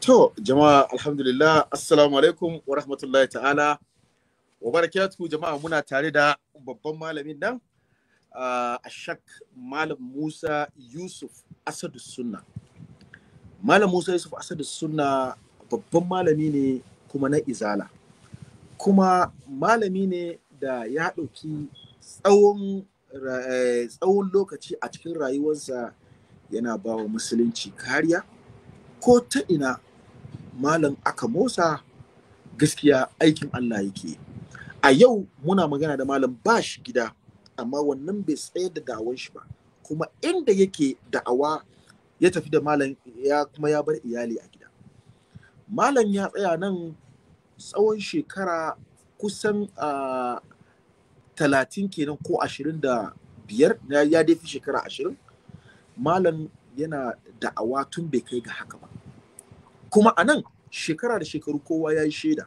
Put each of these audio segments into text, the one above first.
To, jama'a alhamdulillah, assalamu alaikum wa rahmatullahi ta'ala. Wa barakatuhu jama'a muna tare da babban malamin nan, a ah, Ashak Malam Musa Yusuf Asadu Sunna. Malam Musa Yusuf Asadu Sunna babban malami ne kuma na izala. Kuma malami ne da ya ɗauki tsawon eh, lokaci a cikin rayuwarsa yana ba wa musulunci kariya ko ta ina malam aka motsa gaskiya aikin Allah yake a yau muna magana da malam bash gida amma wannan bai tsayar da dawon shi ba kuma inda yake da'awa ya tafi da malam ya kuma ya bar iyali a gida malam ya tsaya nan tsawon shekara kusan talatin kenan ko ashirin da biyar ya dai fi shekara ashirin malam yana da'awa tun bai kai ga haka ba kuma a nan shekara da shekaru kowa ya yi shaida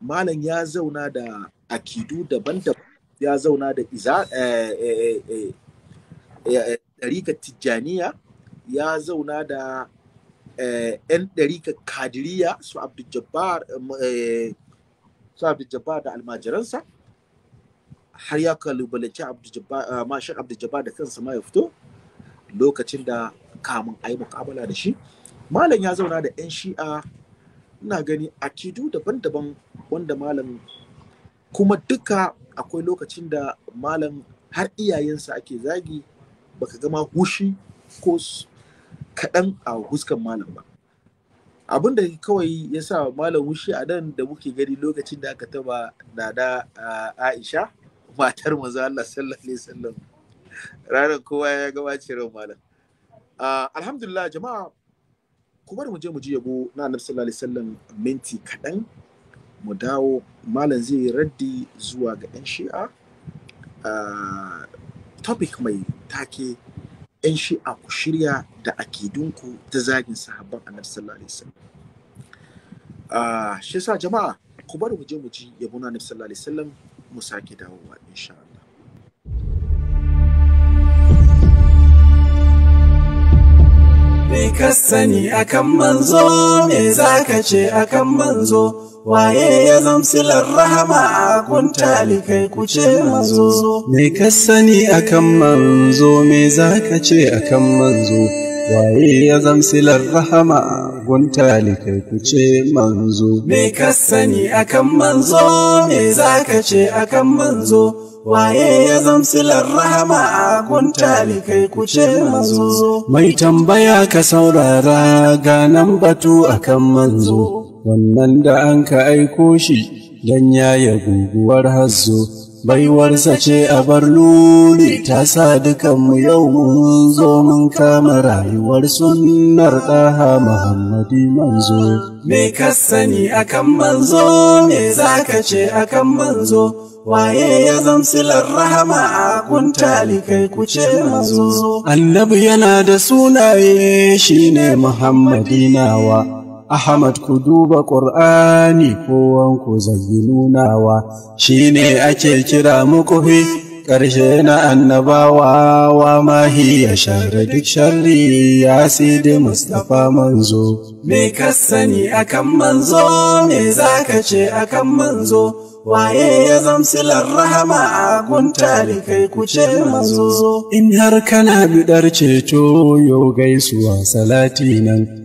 malam ya zauna da akidu daban-daban ya zauna da iza eh, eh, eh, ɗarika tijjaniya ya zauna da 'yan ɗarika kadiriya su su jabbar da almajiransa har ya kalubalanci mashin abdul da kansa ma ya fito lokacin da kamun a yi mukabala da shi malam ya zauna da 'yan shi'a ina gani akidu daban-daban wanda malam kuma duka akwai lokacin da malam har iyayensa ake zagi baka gama hushi ko kaɗan a huskan malam ba abin da kawai ya sa malam hushi a nan da muke gani lokacin da aka taba dada aisha matar maza Allah sallallahu alaihi wasallam ranar kowa ya gabace ran malam alhamdulillah jama'a ku bari mu je mu ji yabo na annabi sallallahu alaihi wasallam minti kaɗan mu dawo malam zai raddi zuwa ga 'yan shi'a ah, topic mai take 'yan shi'a ku shirya da akidunku ta zagin sahabban annabi sallallahu alaihi wasallam ah, shi sa jama'a ku bari mu je mu ji yabo na annabi sallallahu alaihi wasallam mu sake dawowa insha Allah me ka sani akan manzo me za ce akan manzo waye ya zamsilar rahama a kuntali kai kuce manzo me ka sani akan manzo me za ce akan manzo waye ya zamsilar rahama gunta ce manzo me ka sani akan manzo me zaka ce akan manzo waye ya zamsilar rahama gunta ce manzo mai tambaya ka saurara ganan batu akan manzo wannan da an ka aiko shi don yi guguwar hazo baiwarsa ce a bar luli ta sa dukan mu yau mun zo mun kama rayuwar sunnar ɗaha muhammadi manzo me ka sani akan manzo me za ka ce akan manzo waye ya zamsilar rahama a kuntali kai kuce manzo annabi yana da sunaye shine muhammadi nawa Ahmad ku duba ƙur'ani kowanku zayyinunawa shi ne ake kira mukufi ƙarshe na annabawa wa mahi ya share duk sharri ya sidi Mustapha manzo. Me ka sani akan manzo, me za ka ce akan manzo, waye ya zamsilar rahama a kuntali kai kuce manzo. In har kana biɗar ceto yo gaisuwa salati nan.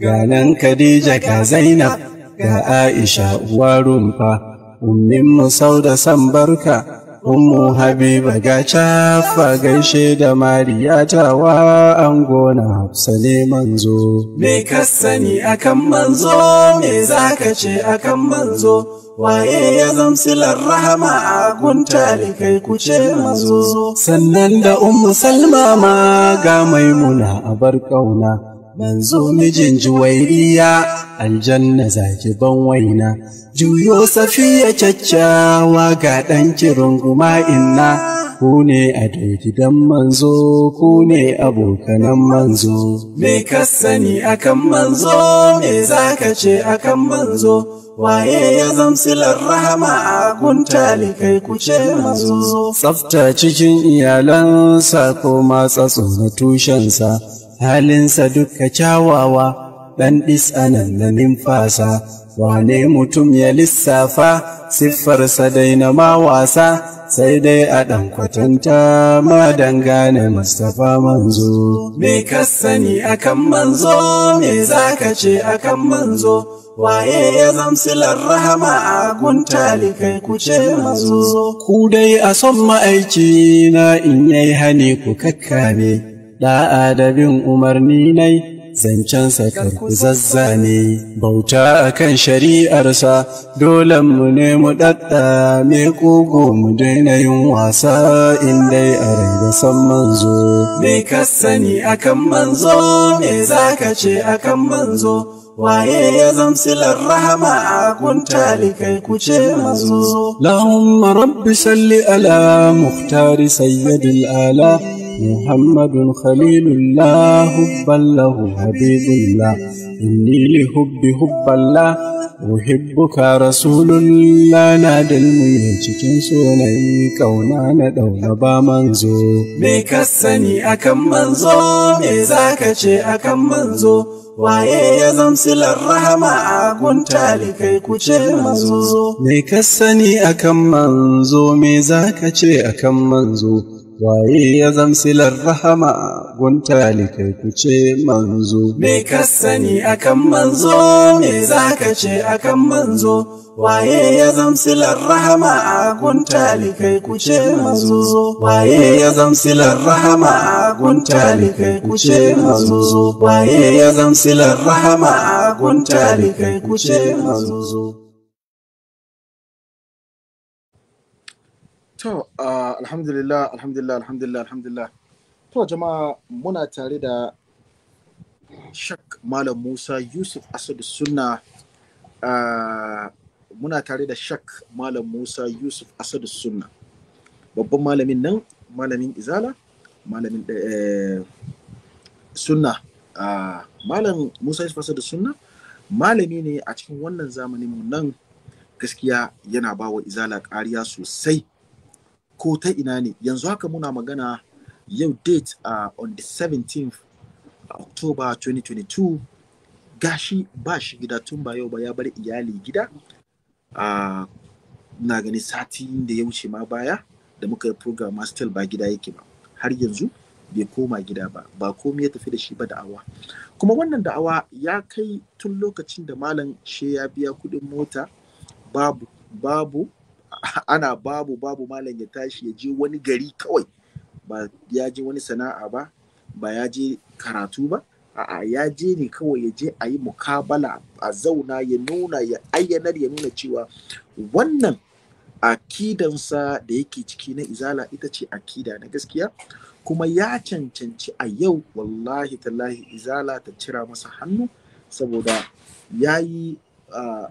ga nan Khadija ga Zainab ga Aisha uwa rumfa ummin musau da san barka ummu habiba ga cafa gaishe da mariya wa, an gona hafsale manzo me ka sani akan manzo me zaka ce akan manzo waye ya zamsilar rahama a gunta kai kuce manzo sannan da ummu salma ma ga maimuna abar ƙauna. manzo mijin juwairiya aljanna zaki ban waina juyo safiya caccawa ga kirin runguma inna ku ne a gidan manzo ku ne abokanan manzo me ka sani akan manzo me za ka ce akan manzo waye ya zamsilar rahama a kuntali kai ce manzo tsafta cikin iyalansa ko matsatsu na tushensa halinsa duka kyawawa ɗan ɗis'anan na nimfasa wane mutum ya lissafa siffarsa daina ma wasa sai dai a ɗan kwatanta ma dangane mustapha manzo me ka sani akan manzo me za ka ce akan manzo waye ya zamsilar rahama a kuntali kai kuce manzo ku dai a son ma'aiki na in yai hane ku kakkame da'a da bin umarni nai zancensa karkuzazza ne bauta a kan shari'arsa dolenmu ne mu ɗaɗɗa me ƙugu mu daina yin wasa in dai a rai san manzo me ka sani akan manzo me za ka ce akan manzo waye ya zamsilar rahama a kuntali kai ce manzo lahumma rabbi salli ala muhtari sayyidil ala محمد خليل الله حبا له حبيب الله إني لحب حب الله أحبك رسول الله نادى الميتشكين سوني كونا ندو نبا منزو ميك السني أكم منزو ميزاك أكم منزو waye ya zamsilar rahama a gunta kai kuce manzo me ka sani akan manzo me zaka ce akan manzo waye ya zamsilar rahama gunta likai kuce manzo me ka akan manzo me zaka ce akan manzo waye ya zamsilar rahama gunta likai kuce manzo waye ya zamsilar rahama gunta likai kuce manzo waye ya zamsilar rahama gunta likai kuce manzo To, alhamdulillah, alhamdulillah, alhamdulillah, alhamdulillah. To, jama'a muna tare da Shak Malam Musa Yusuf Asadu Sunna. muna tare da Shak Malam Musa Yusuf Asadu Sunna. Babban malamin nan, malamin Izala, malamin eh, Sunna. Malam Musa Yusuf Asadu Sunna, malami ne a cikin wannan zamanin mu nan gaskiya yana bawa Izala ƙariya sosai. ko ta ina ne yanzu haka muna magana yau date uh, on the 17th october 2022 gashi ba shi gida tun ba yau ba ya bar iyali gida uh, na gani sati da ya wuce ma baya da muka yi program ma still ba gida yake ba har yanzu bai koma gida ba ba komai ya tafi da shi ba da'awa kuma wannan da'awa ya kai tun lokacin da malam she ya biya kudin mota babu babu ana babu babu malam ya tashi ya je wani gari kawai ba ya je wani sana'a ba ba ya je karatu ba a'a ya je ne kawai ya je a yi mukabala a zauna ya nuna ya ayyanar ya nuna cewa wannan akidansa da yake ciki na izala ita ce akida na gaskiya kuma ya cancanci a yau wallahi tallahi izala ta cira masa hannu saboda ya yi ah,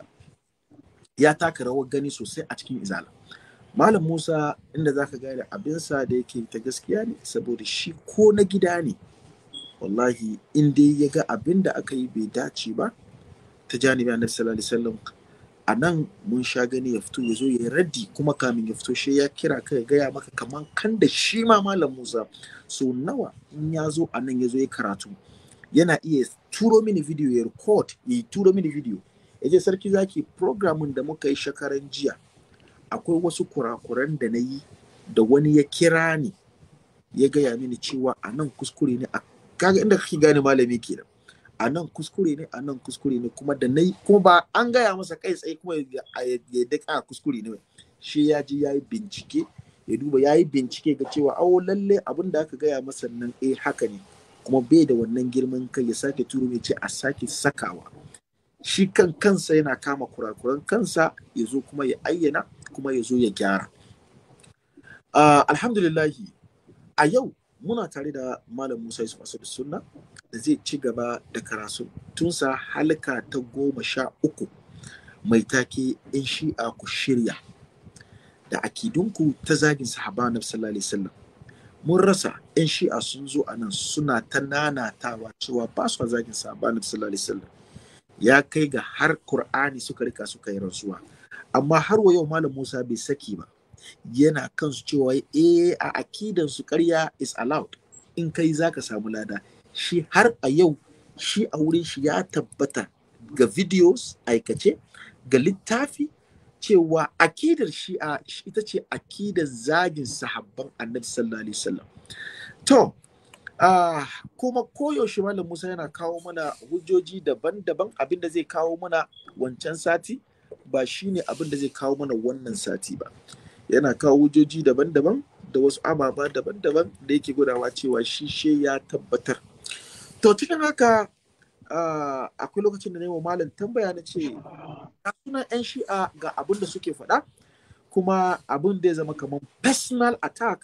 ya taka rawar gani sosai a cikin izala malam musa inda zaka gane abinsa da yake ta gaskiya ne saboda shi ko na gida ne wallahi in dai ya ga abin da aka yi bai dace ba ta janibi annabi sallallahu alaihi wasallam a nan mun sha gani ya fito ya zo ya raddi kuma kamin ya fito shi ya kira ka ya gaya maka kaman kan da shi ma malam musa so nawa in ya zo a nan ya zo ya karatu yana iya turo mini video ya record ya turo mini video ya sarki zaki programin da muka yi shekaran jiya akwai wasu kurakuran da na yi da wani ya kira ni ya gaya mini cewa a nan kuskure ne kaga inda kake gane malami kenan a nan kuskure ne a nan kuskure ne kuma da na kuma ba an gaya masa kai tsaye kuma ya daka kuskure ne shi ya ji ya yi bincike ya duba ya yi bincike ga cewa awo lalle abin da aka gaya masa nan eh haka ne kuma bai da wannan girman kai ya sake turo mai ce a sake sakawa shi kan kansa yana kama kurakuran kansa ya zo kuma ya ayyana kuma ya zo ya gyara uh, alhamdulillahi a yau muna tare da malam musa yusuf asadu sunna da zai ci gaba da karatu sa halka ta goma sha uku mai take in shi'a ku shirya da akidunku ta zagin sahaba na sallallahu mun rasa yan shi'a sun zo a nan suna ta nanatawa cewa ba su zagin sahaba na sallallahu ya kai ga har Kur'ani suka rika suka yi rantsuwa amma har wa yau malam Musa bai saki ba yana kansu cewa eh a akidan su ƙarya is allowed in kai zaka samu lada shi har a yau shi a wurin shi ya tabbata ga videos aikace ga littafi cewa akidar shi'a ita ce akidar zagin sahabban annabi sallallahu alaihi wasallam to Aa, ah, kuma koyaushe Malam Musa yana kawo mana hujjoji daban-daban abin da zai kawo mana wancan sati ba shi ne abin da zai kawo mana wannan sati ba. Yana kawo hujjoji daban-daban da wasu ababa daban-daban da yake gudawa cewa shi she ya tabbatar. To cikin haka ah, akwai lokacin da wa malam tambaya na ce sunan 'yan shi'a ga abin da suke faɗa kuma abin da ya zama kamar personal attack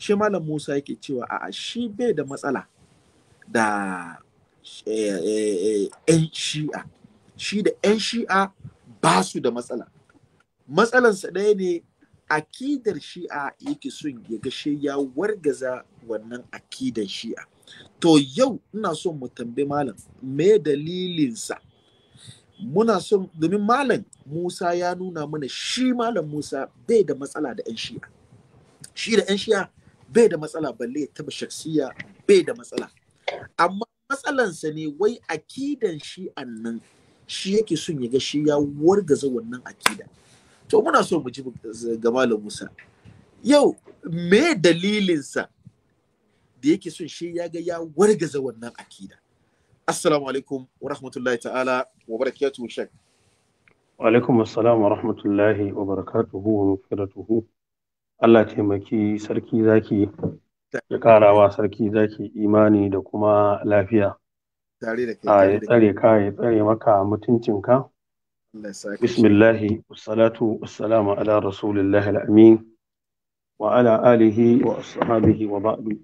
shi malam musa yake cewa a shi bai da matsala da yan eh, eh, eh, shi'a shi da yan shi'a ba su da matsala matsalansa ɗaya ne akidar shi'a yake son ya shi ya wargaza wannan akidar shi'a to yau ina son mu tambayi malam me dalilinsa muna son domin malam musa ya nuna mana shi malam musa bai da matsala da 'yan shi'a shi da 'yan shi'a bai da matsala balle ya taba shaksiya bai da matsala amma matsalansa ne wai akidan shi annan shi yake son ya ga shi ya wargaza wannan akida to muna so mu ji ga malam Musa yau me dalilinsa da yake son shi ya ga ya wargaza wannan akida assalamu alaikum wa rahmatullahi ta'ala wa barakatuhu shek wa alaikum assalam wa rahmatullahi wa barakatuhu wa barakatuhu Allah taimaki sarki zaki ya karawa sarki zaki imani da kuma lafiya a ah, ya tsare ka ya tsare maka mutuncinka bismillahi wassalatu wassalamu ala rasulillahi al'amin wa ala alihi wa ashabihi wa ba'du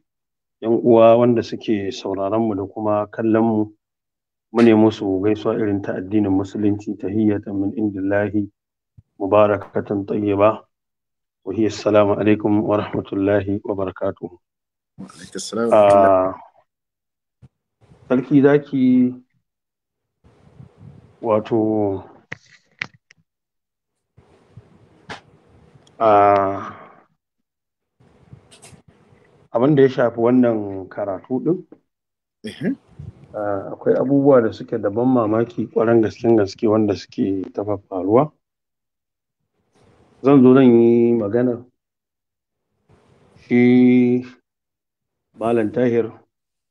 yan uwa wanda suke sauraron mu da kuma kallon mu mune musu gaisuwa irin ta addinin musulunci tahiyyatan min indillahi mubarakatan tayyiba Wahi وهي rahmatullahi wa ورحمة الله وبركاته sarki zaki wato ah, abin da ya shafi wannan karatu din? Ah, akwai abubuwa da suke daban mamaki kwaran gasken gaske wanda suke tafafaruwa faruwa zan zo zan yi magana shi balantahir tahir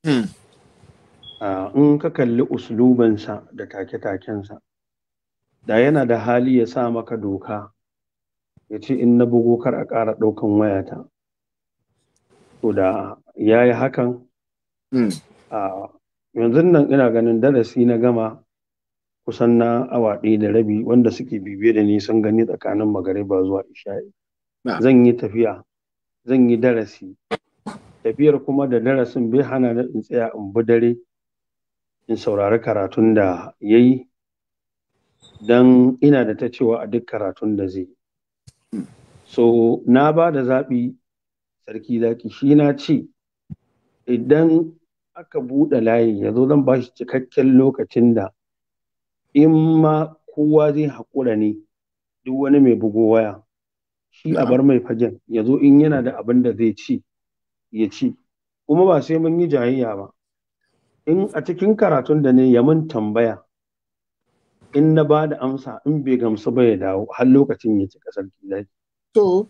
hmm. in ka kalli uslubansa da take-takensa da yana da hali ya sa maka doka ya ce in na bugo kar a ƙara ɗaukan wayata to da ya yi hakan hmm. yanzu nan ina ganin darasi na gama kusan na awa ɗaya da rabi wanda suke bibiye da ni sun gani tsakanin magariba zuwa isha'i zan yi tafiya zan yi darasi tafiyar kuma da darasin bai hana na in tsaya in bi dare in saurari karatun da ya yi don ina da ta cewa a duk karatun da zai so na ba da zaɓi sarki zaki shi na ce idan aka buɗe layi ya zan ba shi cikakken lokacin da in ma kowa zai haƙura ne duk wani mai bugo waya shi a bar mai fagen ya zo in yana da abin da zai ci ya ci kuma ba sai mun yi jayayya ba in a cikin karatun da ne ya mun tambaya in na ba da amsa in bai gamsu ba ya dawo har lokacin ya ci kasar zaki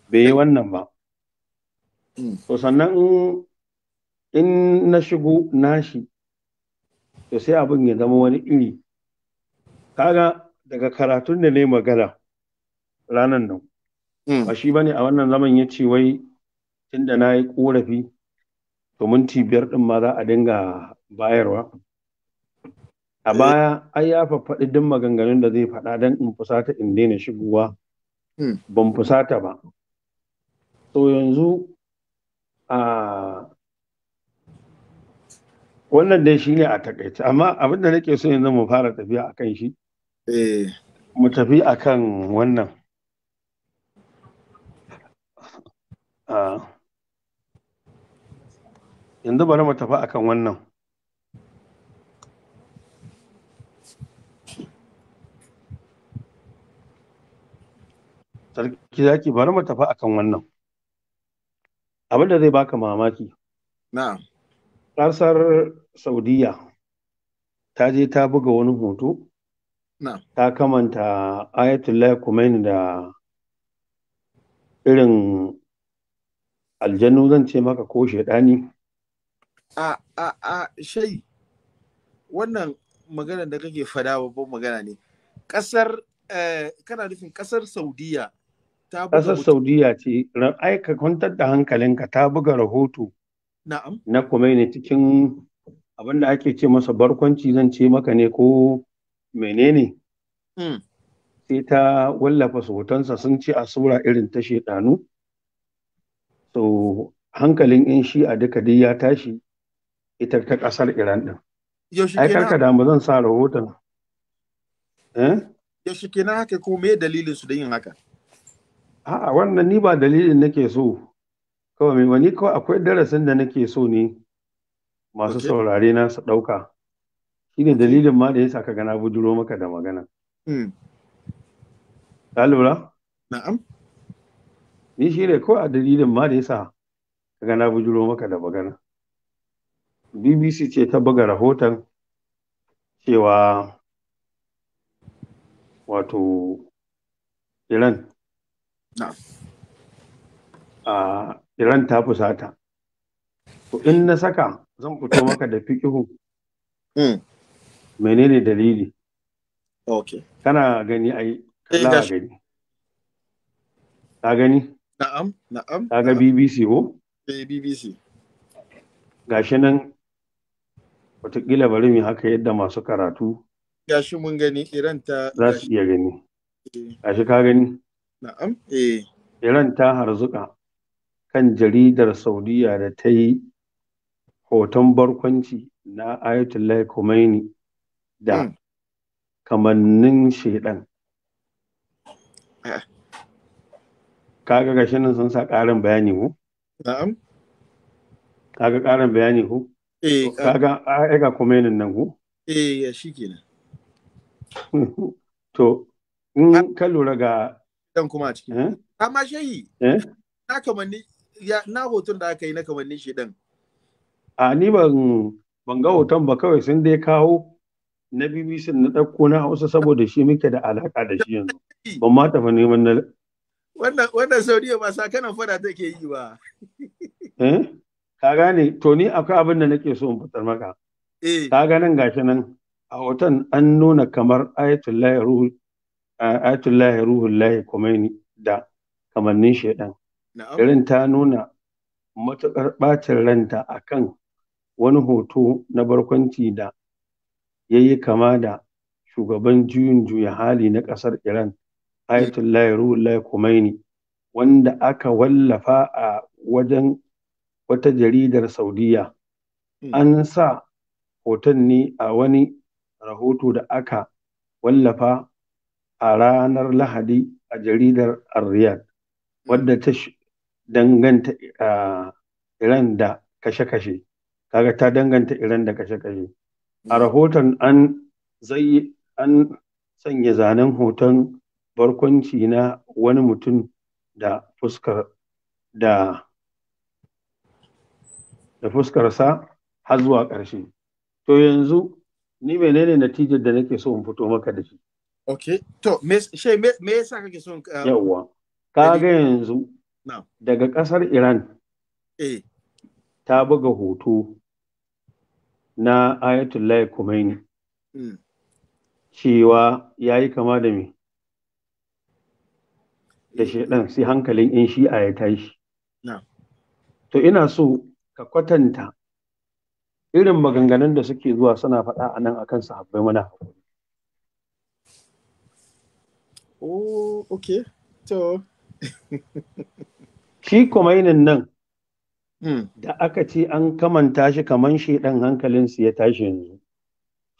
bai yi wannan ba mm. to sannan in na shigo nashi to sai abin ya zama wani iri kaga daga karatun da ne magana ranar nan hmm. ba shi bane a wannan zaman ya ce wai tunda na yi korafi to minti biyar din ma za a dinga bayarwa a eh. baya ai ya faɗi duk maganganun da zai faɗa don in fusata in daina shigowa hmm. ban fusata ba to yanzu a wannan dai shi ne a takaice amma abin da nake so yanzu mu fara tafiya a kan shi Eh. mu tafi akan wannan yanzu bari mu tafi akan wannan sarki zaki bari mu tafi akan wannan abin da zai baka mamaki na'am ƙasar saudiya ta je ta buga wani hoto ta kamanta ayatollah Khomeini da irin aljanu zan ce maka ko shaidani a a a shai wannan magana da kake fada babban magana ne kasar eh, kana nufin kasar saudiya ta kasar saudiya ce ai ka kwantar da hankalinka ta buga rahoto na'am na kumaini cikin abinda ake ce masa barkwanci zan ce maka ne ko menene hmm. sai ta wallafa hotonsa sun ce a sura irin ta shaidanu so hankalin yan shi a duka dai ya tashi ita ta kasar iran din ai karka da zan sa rahoton eh yaushe kina haka ko me dalilin su da yin haka a'a wannan ni ba dalilin nake so kawai wani kawai akwai darasin da nake so ne masu saurare na su ɗauka shine dalilin ma da sa ka gana buduro maka da magana hmm. ka lura na'am ni shi ne ko a dalilin ma da ya sa ka gana buduro maka da magana bbc ce ta buga rahoton cewa wato iran a iran ta fusata to in na saka zan fito maka da fikihu hmm. menene dalili okay kana gani ai eh, kana gani ka gani na'am na'am ka ga BBC ko eh BBC gashi nan watakila bari mu haka yadda masu karatu gashi mun gani Iran ta za su iya gani eh. gashi ka gani na'am eh Iran ta harzuka kan jaridar Saudiya da ta yi hoton barkwanci na Ayatollah Khomeini da hmm. kamannin shaidan kaga gashi nan sun sa ƙarin bayani ko na'am kaga ƙarin bayani ko eh kaga ai ga yin nan ko eh ya shi shikenan to in ka lura ga dan kuma a ciki eh? amma shehi eh? na kamanni na hoton da aka yi na kamannin shaidan a ni ban ban ga hoton ba kawai sun dai kawo na BBC na ɗauko na Hausa saboda shi muke da alaƙa da shi yanzu. Ban ma tafi neman na. Wannan wannan ba sakanan fada take yi ba. Eh? Ka gane to ni akwai abin da nake so in fitar maka. Eh. Ka ga nan gashi nan a hoton an nuna kamar Ayatullahi Ruhu Ayatullahi Ruhullahi Khomeini da kamannin shaiɗan, Irin ta nuna matuƙar ɓacin ranta akan wani hoto na barkwanci da ya yi kama da shugaban juyin juya hali na ƙasar Iran, Ayatollah Ruhollah Khomeini, wanda aka wallafa a wajen wata jaridar saudiyya hmm. An sa hoton ne a wani rahoto da aka wallafa a ranar Lahadi a jaridar Riyadh, hmm. wadda ta danganta ah, Iran da kashe-kashe. Kaga ta danganta Iran da kashe-kashe. a rahoton an zai an sanya zanen hoton barkwanci na wani mutum da fuskar da da fuskarsa har zuwa ƙarshe to yanzu ni menene natijar da nake so in fito maka da shi okay to me she me yasa kake so eh, yawa kaga yanzu daga ƙasar Iran eh ta buga hoto na ayatullahi kumaini hmm. cewa ya yi kama da me da eh. shaidan sai hankalin in shi a ya tashi to ina so ka kwatanta irin maganganun da suke zuwa suna faɗa a nan kan sahabbai mana Oh, okay. To. Shi kumainin nan, Hmm. da aka ce an kamanta shi kaman shaidan hankalinsu ya tashi yanzu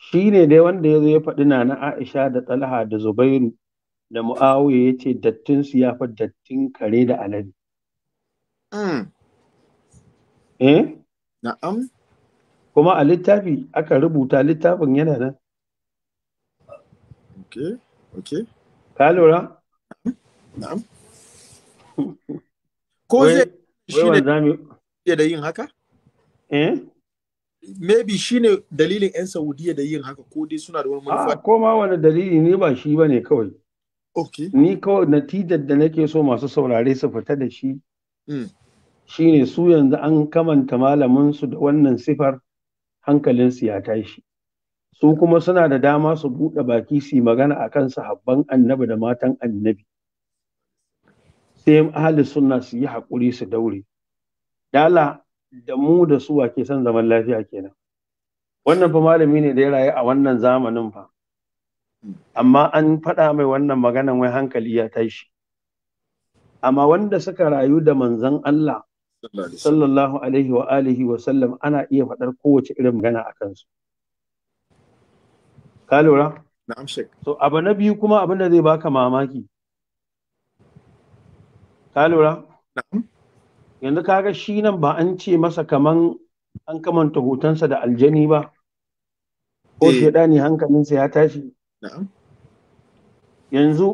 shi ne dai wanda ya zo ya faɗi na na aisha da talha da zubairu da mu'awiyu ya ce dattinsu ya fi dattin kare da alade hmm. eh? na'am kuma a littafi aka rubuta littafin yana nan ok ok ka lura na'am ko zai shi ne da yin haka? Eh? Maybe shi ne dalilin 'yan Saudiya da yin haka ko dai suna da wani manufa. Ah, ko ma wani dalili ne ba shi ba ne kawai. Ni kawai natijar da nake so masu saurare su fita da shi. Hmm. Shi ne su yanzu an kamanta malaminsu da wannan sifar hankalinsu ya tashi. Su kuma suna da dama su buɗe baki su yi magana a kansu habban annabi da matan annabi. Sai ahalin suna su yi haƙuri su daure. Yala da mu da su ke son zaman lafiya kenan wannan fa malami ne da ya rayu a wannan zamanin fa amma an faɗa mai wannan maganan wai hankali ya tashi amma wanda suka rayu da manzan Allah sallallahu alaihi wa alihi wa sallam ana iya faɗar kowace irin magana a kansu ka lura na'am shek so abu na biyu kuma abin da zai baka mamaki ka lura na'am yanzu kaga shi nan ba an ce masa kaman an kamanta hotonsa da aljani ba ko eh. shaida ne hankalinsa ya tashi yanzu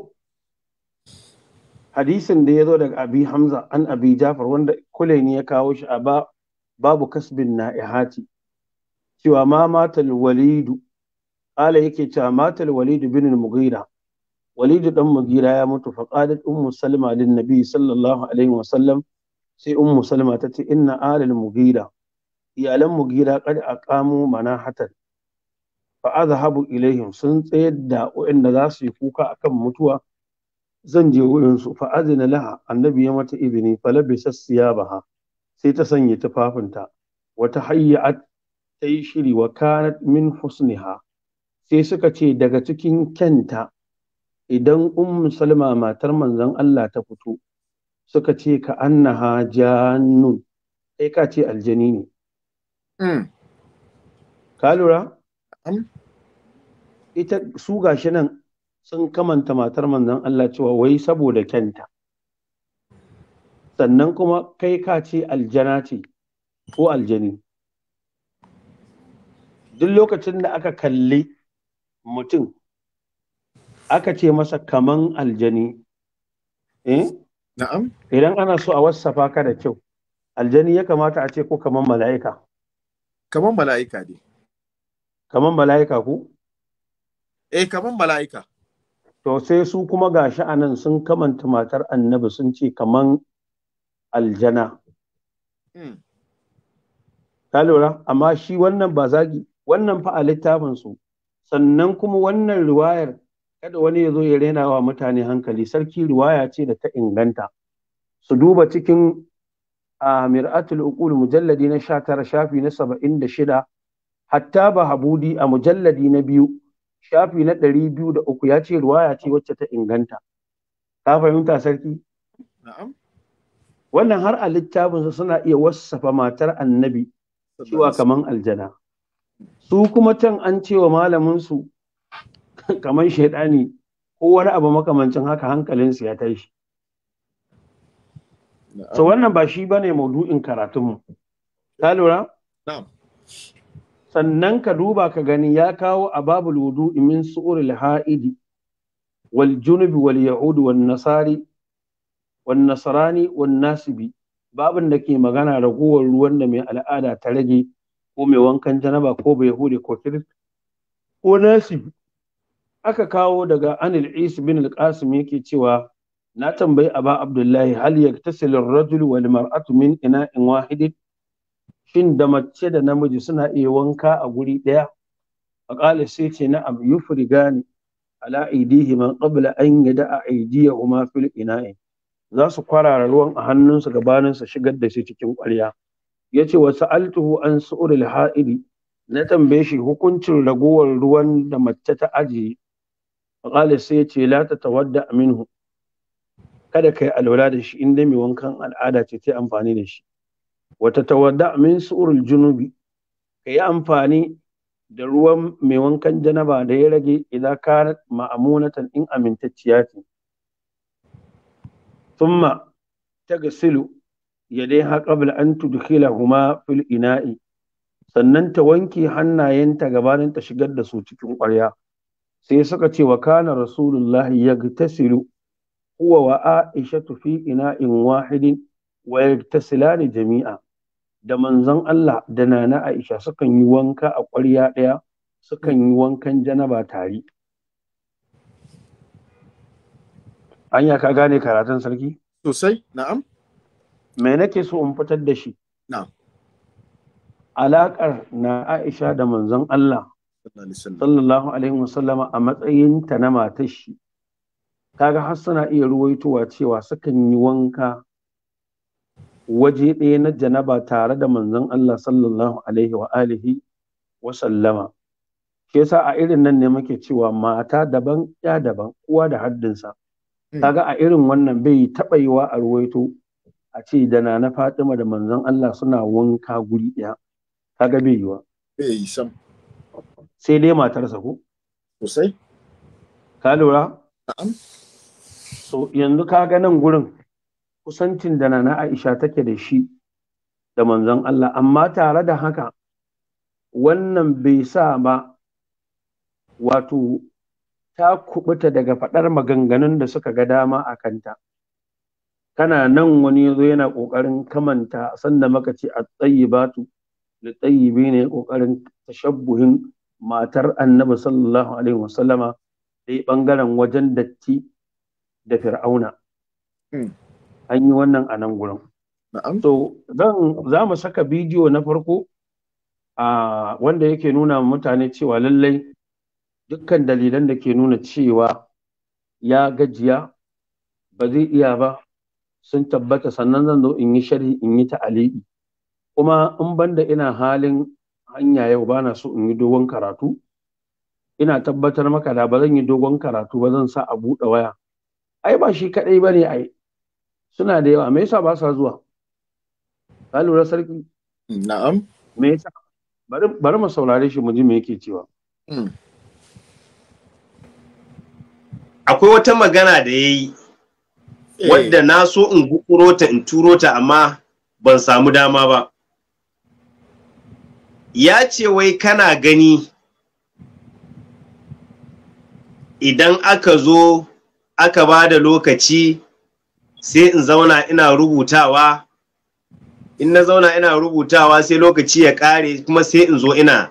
hadisin da ya zo daga abi hamza an abi jafar wanda kule ne ya kawo shi a babu kasbin na'ihati cewa ma matal walidu ala yake cewa matal walidu bin mugira walidu dan mugira ya mutu faqalat ummu salma lin nabi sallallahu alaihi wa sai ummu salma ta ce inna alal mugira iyalan mugira kad aqamu manahatan fa azhabu ilaihim sun tsayar da wa'anda za su yi kuka akan mutuwa zan je wurin su fa azina laha annabi ya mata izini fa labisa siyabaha sai ta sanya tufafinta wata hayyat ta yi shiri wa kanat min husniha sai suka ce daga cikin kyanta idan ummu salma matar manzon Allah ta fito suka ce ka annaha nun kai ka ce aljani ne hmm. ka lura ita su gashi nan sun kamanta matar manzon Allah cewa wai saboda kyanta sannan kuma kai ka ce aljana ce ko aljani duk lokacin da aka kalli mutum aka ce masa kaman aljani eh Na'am. Idan ana so a wassafa ka da kyau, aljani ya kamata a ce ko kaman mala'ika. Kaman mala'ika ne. Kamar mala'ika ku? Eh, kaman mala'ika. To sai su kuma ga sha'anan sun kamanta matar annabi sun ce kaman aljana. Hmm. Ka lura, amma shi wannan ba zagi, wannan fa a littafinsu, sannan kuma wannan riwayar kada wani ya zo ya rena wa mutane hankali sarki riwaya ce da ta inganta su duba cikin a mir'atul uqul mujalladi na 19 shafi na 76 hatta bahabudi a mujalladi na biyu shafi na 203 ya ce riwaya ce wacce ta inganta ka fahimta sarki na'am wannan har a littafinsa suna iya wasafa matar annabi cewa kaman aljana su kuma can an cewa malamin su kamar shaidani ko wani abu makamancin haka hankalinsu ya tashi so wannan ba shi bane maudu'in karatunmu ta lura sannan ka duba ka gani ya kawo a babul wudu min su'uril ha'idi wal junubi wal ya'ud wal nasari wal nasrani wal nasibi babin da ke magana ragowar ruwan da mai al'ada ta rage ko mai wankan janaba ko bai hude ko kirist ko nasibi aka kawo daga anil is bin al-qasim yake cewa na tambayi aba abdullahi hal yaktasilu ar-rajulu wal mar'atu min ina'in wahid shin da mace da namiji suna iya wanka a guri daya qala sai ce na'am yufrigani ala aidihi man qabla an yada'a huma fil ina'i za su kwarara ruwan a hannunsu gabanin su shigar da shi cikin ƙwarya yace wa sa'altuhu an su'uril ha'idi na tambaye shi hukuncin ragowar ruwan da mace ta ajiye qala sai ya ce la tatawadda minhu kada kai alwala da shi inda mai wankan al'ada ce ta amfani da shi wata tawadda min su'urul junubi kai amfani da ruwan mai wankan janaba da ya rage idan ka ma'amunatan in amintacciya ce thumma tagsilu ha qabla an tudkhilahuma fil ina'i sannan ta wanke hannayenta gabanin ta shigar da su cikin ƙwarya sai suka ce wa kana rasulullahi tasiru huwa wa aisha fi ina in wahidin wa yagtasilani jami'a da manzon Allah da nana Aisha sukan yi wanka a ƙwarya ɗaya sukan yi wankan janaba tare anya ka gane karatun sarki sosai na'am me nake so in fitar da shi na'am alaƙar na Aisha da manzon Allah sallallahu alaihi wasallama a matsayin ta na matar shi kaga har suna iya ruwaitowa cewa sukan yi wanka waje ɗaya na janaba tare da manzon Allah sallallahu alaihi wa alihi wa sallama shi yasa a irin nan ne muke cewa mata daban ya daban kowa da haddinsa hmm. kaga a irin wannan bai taɓa yiwa a ruwaito a ce da na Fatima da manzon Allah suna wanka guri ɗaya kaga bai yi wa. sai dai matarsa ko sosai ka lura na'am so yanzu ka ga nan gurin kusancin da nana Aisha take da shi da manzon Allah amma tare da haka wannan bai sa ba wato ta kubuta daga faɗar maganganun da suka ga dama a kanta kana nan wani yazo yana ƙoƙarin kamanta sanda maka ce a tsayibatu da tsayibi ne ƙoƙarin tashabbuhin matar annabi sallallahu alaihi wasallama ɗaya ɓangaren wajen datti da fir'auna hmm. an yi wannan a nan gurin so zan za mu saka bidiyo na farko a wanda yake nuna mutane cewa lallai dukkan dalilan da ke nuna cewa ya gajiya ba zai iya ba sun tabbata sannan zan zo in yi shari'a in yi ta'aliki kuma in banda ina halin hanya yau ba na so in yi dogon karatu ina tabbatar maka da ba zan yi dogon karatu ba zan sa a buɗe waya ai ba shi kaɗai ba ne ai suna da yawa me yasa ba sa zuwa ka lura sarki na'am me yasa bari bari mu saurare shi mu ji me yake cewa hmm. akwai wata magana da yayi eh. wadda na so in gukuro ta in turo ta amma ban samu dama ba ya ce wai kana gani idan aka zo aka ba da lokaci sai in zauna ina rubutawa in na zauna ina rubutawa sai lokaci ya kare kuma sai in zo ina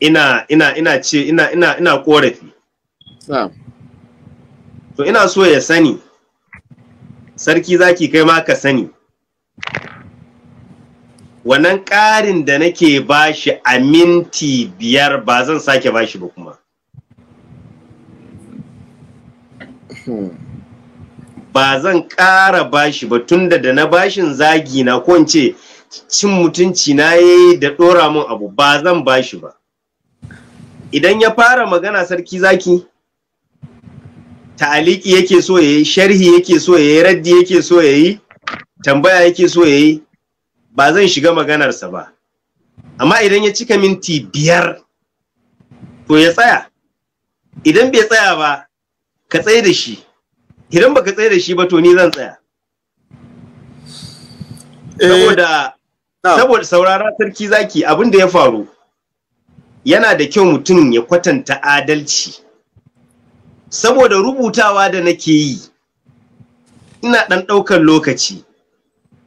ina ina ina ce ina ina ina korafi to ina so ya sani sarki zaki kai ma ka sani wannan ƙarin da nake bashi a minti biyar ba zan sake bashi ba kuma ba zan ƙara bashi ba tunda da na bashin zagi na ko ce cin mutunci na yi da ɗora mun abu ba zan bashi ba idan ya fara magana sarki zaki ta'aliki yake so yi, sharhi yake so yi, raddi yake so yi, tambaya yake so yayi ba zan shiga maganarsa ba amma idan ya cika minti biyar to ya tsaya idan bai tsaya ba ka tsaye da shi idan baka tsaye da shi ba to ni zan tsaya eh, saboda saboda saurara sarki zaki abin da ya faru yana da kyau mutum ya kwatanta adalci saboda rubutawa da nake yi ina ɗan ɗaukar lokaci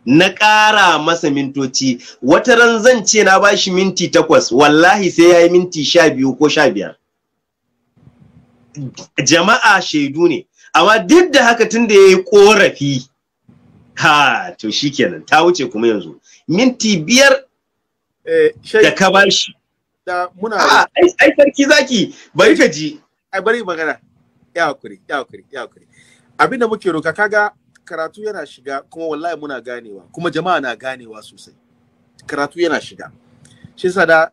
na ƙara masa mintoci wata ran zan ce na ba shi minti takwas wallahi sai ya yi minti sha biyu ko sha biyar jama'a shaidu ne amma duk da haka tun da ya yi ƙorafi ha to shi kenan ta wuce kuma yanzu minti biyar eh, da ka bashi da muna ai sarki zaki bari ka ji ai bari magana ya hakuri ya hakuri ya hakuri abinda muke roka kaga karatu yana shiga kuma wallahi muna ganewa kuma jama'a na ganewa sosai karatu yana shiga shi da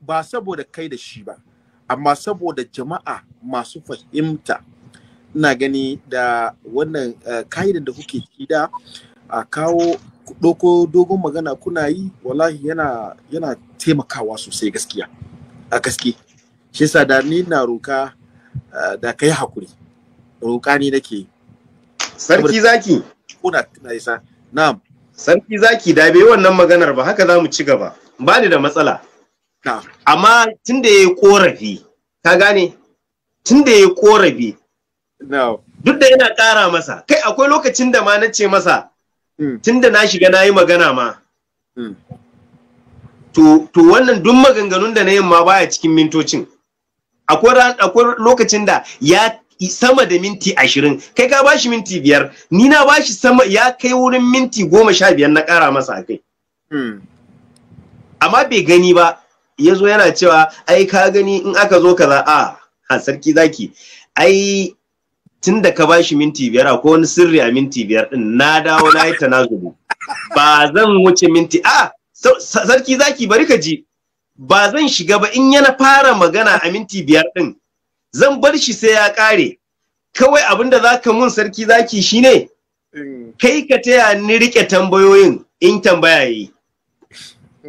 ba saboda kai da shi ba amma saboda jama'a masu fahimta ina gani da wannan eh, ka'idan da kuke ciki da a kawo doko dogon magana kuna yi wallahi yana yana taimakawa sosai gaskiya a gaske shi yasa da ni na roka eh, da kai hakuri roka ni nake sarki zaki kuna tuna isa na'am sarki zaki da bai wannan maganar ba haka za mu ci gaba ba ni da matsala amma tun da ya yi korafi ka gane tun da ya yi duk da yana ƙara masa kai akwai lokacin da ma na ce masa mm. tun da na shiga na yi magana ma mm. to wannan duk maganganun da na yin ma baya cikin mintocin akwai lokacin da ya sama da minti ashirin kai ka bashi minti biyar ni na bashi sama ya kai wurin minti goma sha biyar na kara masa kai hmm. amma bai gani ba ya zo yana cewa ai ka gani in aka zo kaza a ha sarki zaki ai tun da ka bashi minti biyar ko wani sirri a minti biyar din na dawo na yi zubu ba zan wuce minti a sarki zaki bari ka ji ba zan shiga ba in yana fara magana a minti biyar din zan bar shi sai ya ƙare kawai abin da za mun sarki zaki shi ne kai ka taya ni riƙe tambayoyin in tambaya yi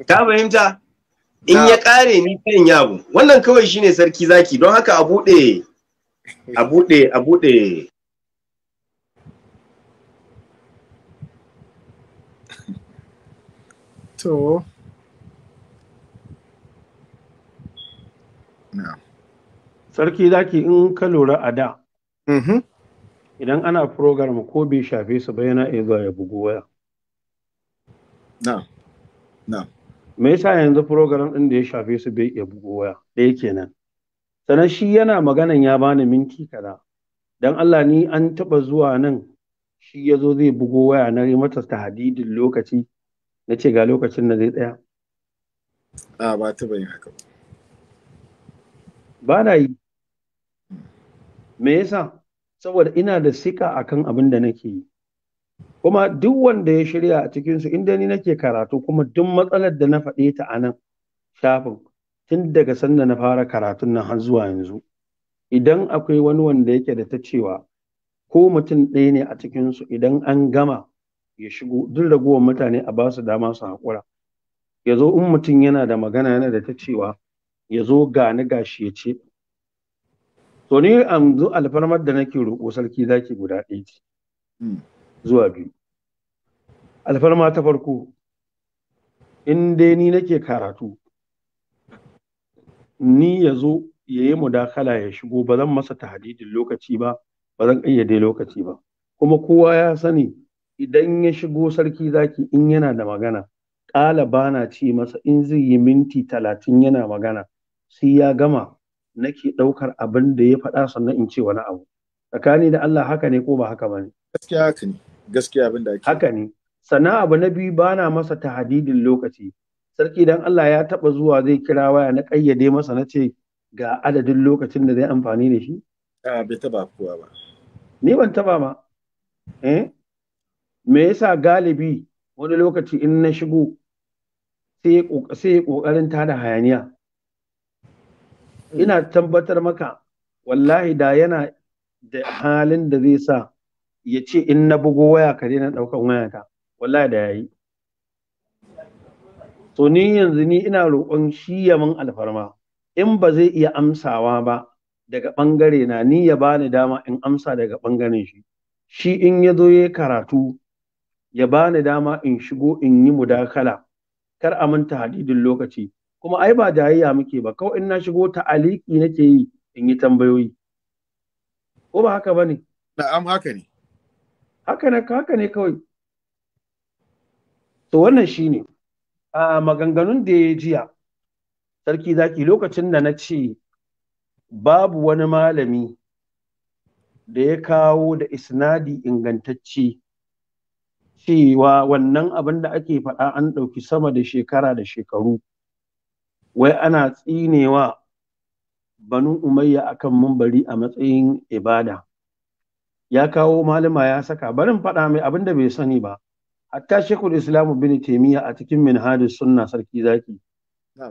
ka fahimta in ya ƙare ni kan yabo wannan kawai shine sarki zaki don haka a buɗe a buɗe a buɗe to now sarki zaki in ka lura a da mm-hmm. idan ana program ko bai shafe su ba yana iya ya bugu waya na na me yasa yanzu program din da ya shafe su bai iya bugu waya yake kenan sannan shi yana maganan ya bani minti kaza dan Allah ni an taba zuwa nan shi ya zo zai bugo waya na yi mata hadidin lokaci na ce ga lokacin da zai tsaya a ba ta bayan haka ba na yi me yasa saboda ina da sika akan abin da nake yi kuma duk wanda ya shirya a cikin su inda ni nake karatu kuma duk matsalar da na faɗe ta a nan shafin tun daga sanda na fara karatun nan har zuwa yanzu idan akwai wani wanda yake da ta cewa ko mutum ɗaya ne a cikin su idan an gama ya shigo duk ragowar mutane a ba su dama su haƙura ya zo in mutum yana da magana yana da ta cewa ya zo gani gashi ya ce to ni yanzu alfarmar da nake roƙo sarki zaki guda ɗaya ce hmm. zuwa biyu alfarma ta farko in dai ni nake karatu ni ya zo ya yi mudakala ya shigo ba zan masa tahdidin lokaci ba ba zan ƙayyade lokaci ba kuma kowa ya sani idan ya shigo sarki zaki in yana da magana ƙala bana ce masa in zai yi minti talatin yana magana sai ya gama nake ɗaukar abin da ya faɗa sannan in ce wani abu tsakani da Allah haka ne ko ba haka ba ne gaskiya haka ne gaskiya abin da ake haka ne sannan abu na biyu ba na masa tahadidin lokaci sarki dan Allah ya taɓa zuwa zai kira waya na ƙayyade masa na ce ga adadin lokacin da zai amfani da shi a bai taɓa kowa ba ni ban taɓa ba eh me yasa galibi wani lokaci in na shigo sai ya ƙoƙarin tada hayaniya ina tabbatar maka wallahi da yana da halin da zai sa ya ce in na bugo waya ka daina ɗaukan ta wallahi da yayi to ni yanzu ni ina roƙon shi ya min alfarma in ba zai iya amsawa ba daga bangare na ni ya bani dama in amsa daga ɓangaren shi shi in ya zo yayi karatu ya bani dama in shigo in yi mudakala kar a manta hadidin lokaci kuma ai ba jayayya muke ba kawai in na shigo ta'aliki nake yi in yi tambayoyi ko ba haka bane na'am haka ne haka ne haka ne kawai to wannan shine a maganganun da ya jiya sarki zaki lokacin da na ce babu wani malami da ya kawo da isnadi ingantacce cewa wannan abin da ake faɗa an ɗauki sama da shekara da shekaru wai ana tsinewa banin umayya akan mumbari a matsayin ibada ya kawo malama ya saka barin faɗa mai abin da bai sani ba hatta shekul islam bin taimiyya a cikin minhajus sunna sarki zaki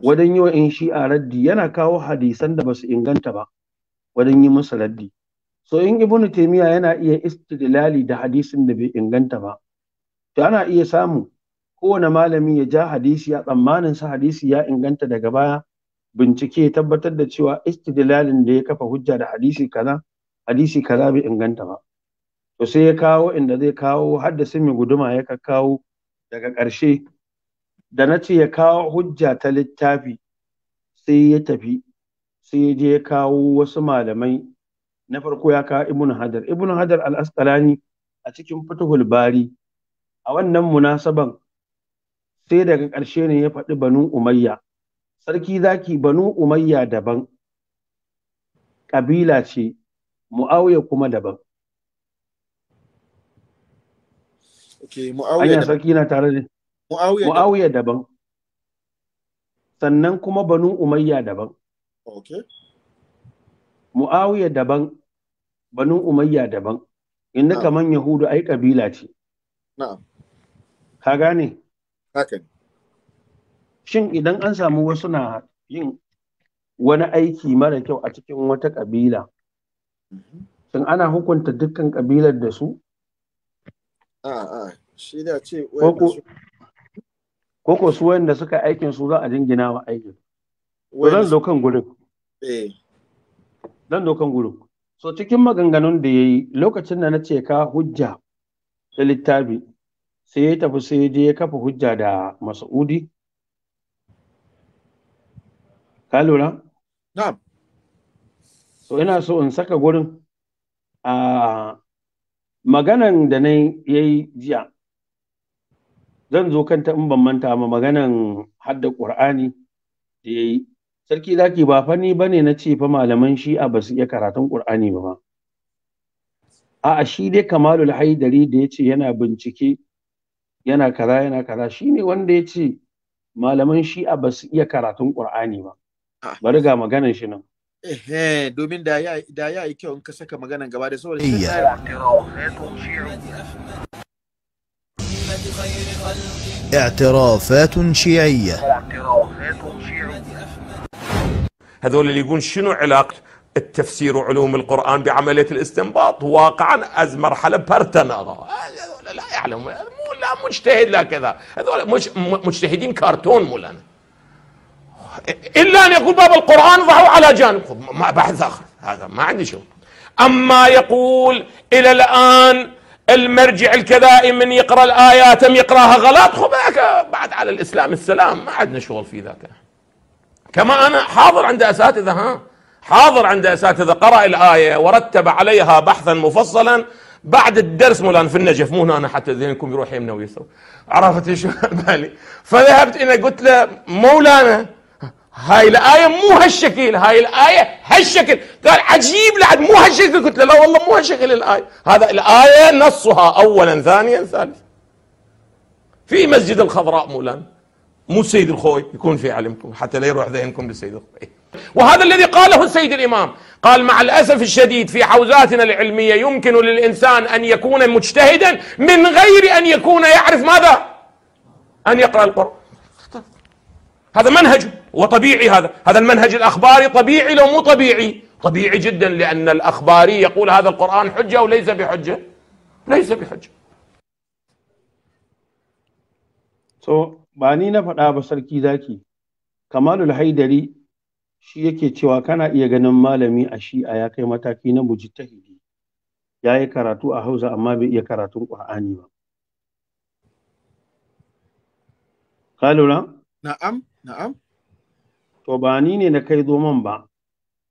wadan yi wa in a raddi yana kawo hadisan da basu inganta ba wadan yi musu raddi so in ibnu taimiyya yana iya istidlali da hadisin da bai inganta ba to ana iya samu kowane malami ya ja hadisi a tsammanin sa hadisi ya inganta daga baya bincike ya tabbatar da cewa istidlalin da ya kafa hujja da hadisi kaza hadisi kaza bai inganta ba to sai ya kawo inda zai kawo har da mai guduma ya kawo daga ƙarshe da na ce ya kawo hujja ta littafi sai ya tafi sai ya je ya kawo wasu malamai na farko ya kawo ibn hajar ibn hajar al-asqalani a cikin fatuhul bari a wannan munasaban sai daga ƙarshe ne ya faɗi banu umayya sarki zaki banu umayya daban ƙabila ce mu'awiya kuma daban okay, mu'awiya sarki na tare mu'awiya daban sannan kuma banu umayya daban okay. mu'awiya daban banu umayya daban inda kamar yahudu ai ƙabila ce na'am ka gane haka ne shin idan an samu wasu na yin wani aiki mara kyau a cikin wata ƙabila shin ana hukunta dukkan ƙabilar da su a'a shi da ce koko su wanda suka aikin su za a jingina wa aikin zan dokan gurin eh. zan dokan gurin so cikin maganganun da ya yi lokacin da na ce ka hujja da littafi sai ya tafi sai je ya kafa hujja da Mas'udi ka lura Na. so ina so in saka gurin a maganan da na yi jiya zan zo kanta in ban manta ma maganan hadda ƙur'ani da ya yi. sarki zaki ba fani ne na ce fa malaman shi'a ba su iya karatun ƙur'ani ba ba a'a shi dai Kamalul Haidari da ya ce yana bincike yana kaza yana kaza shine wanda yace malaman shi'a ba su iya karatun qur'ani ba bari ga maganar shi nan eh eh domin da ya da ya yi kyau in ka saka maganar gaba da saboda اعترافات شيعية هذول اللي يقول شنو علاقة التفسير وعلوم القرآن بعملية الاستنباط واقعا از مرحلة برتنغة لا يعلم لا مجتهد لا كذا هذول مج... مجتهدين كرتون مولانا الا ان يقول باب القران ضعوا على جانب ما بحث اخر هذا ما عندي شغل اما يقول الى الان المرجع الكذا من يقرا الايات ام يقراها غلط خب بعد على الاسلام السلام ما عندنا شغل في ذاك كما انا حاضر عند اساتذه ها حاضر عند اساتذه قرا الايه ورتب عليها بحثا مفصلا بعد الدرس مولانا في النجف مو هنا أنا حتى ذهنكم يروح يمنا ويسرى عرفت شو بالي فذهبت انا قلت له مولانا هاي الآية مو هالشكل هاي الآية هالشكل قال عجيب لعد مو هالشكل قلت له لا والله مو هالشكل الآية هذا الآية نصها أولا ثانيا ثالثا في مسجد الخضراء مولانا مو سيد الخوي يكون في علمكم حتى لا يروح ذهنكم لسيد الخوي وهذا الذي قاله السيد الإمام قال مع الأسف الشديد في حوزاتنا العلمية يمكن للإنسان أن يكون مجتهدا من غير أن يكون يعرف ماذا أن يقرأ القرآن هذا منهج وطبيعي هذا هذا المنهج الأخباري طبيعي لو مو طبيعي طبيعي جدا لأن الأخباري يقول هذا القرآن حجة وليس بحجة ليس بحجة so ba ni na faɗa ba kamalul haidari shi yake cewa kana iya ganin malami a shi'a ya kai mataki na mujtahidi yayi karatu a hausa amma bai iya karatun qur'ani ba ka lura na'am na'am to ba ni ne na kai zoman ba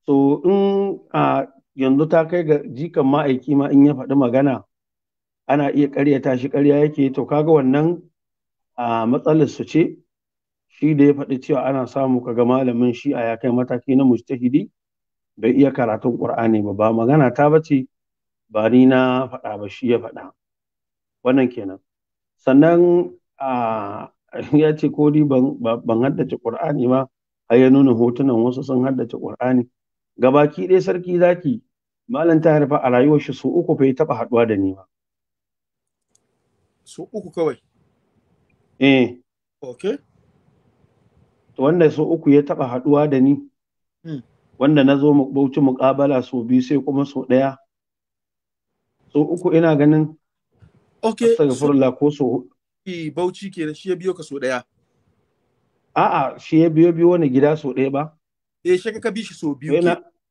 so in a yanzu ta kai ga jikan ma'aiki ma in ya faɗi magana ana iya ƙaryata shi ƙarya yake to kaga wannan a matsalar su ce shi da ya faɗi cewa ana samu ka ga malamin shi'a ya kai mataki na mujtahidi bai iya karatun ƙur'ani ba ba magana ta bace ba ni na faɗa ba shi ya faɗa wannan kenan sannan ya ce ko ni ban haddace qur'ani ba har ya nuna hotunan wasu sun haddace qur'ani gabaki ɗaya sarki zaki malam ta harfa a rayuwar shi su uku fa ya taɓa haɗuwa da ni ba su uku kawai eh okay wanda so uku ya taba haduwa da ni hmm. wanda na zo bauchi muƙabala so biyu sai kuma so ɗaya so uku ina ganin okay astaghfirullah ko so bauchi ke shi ya biyo ka so ɗaya a'a shi ya biyo biyo wani gida so ɗaya ba eh shi ka bi shi so biyu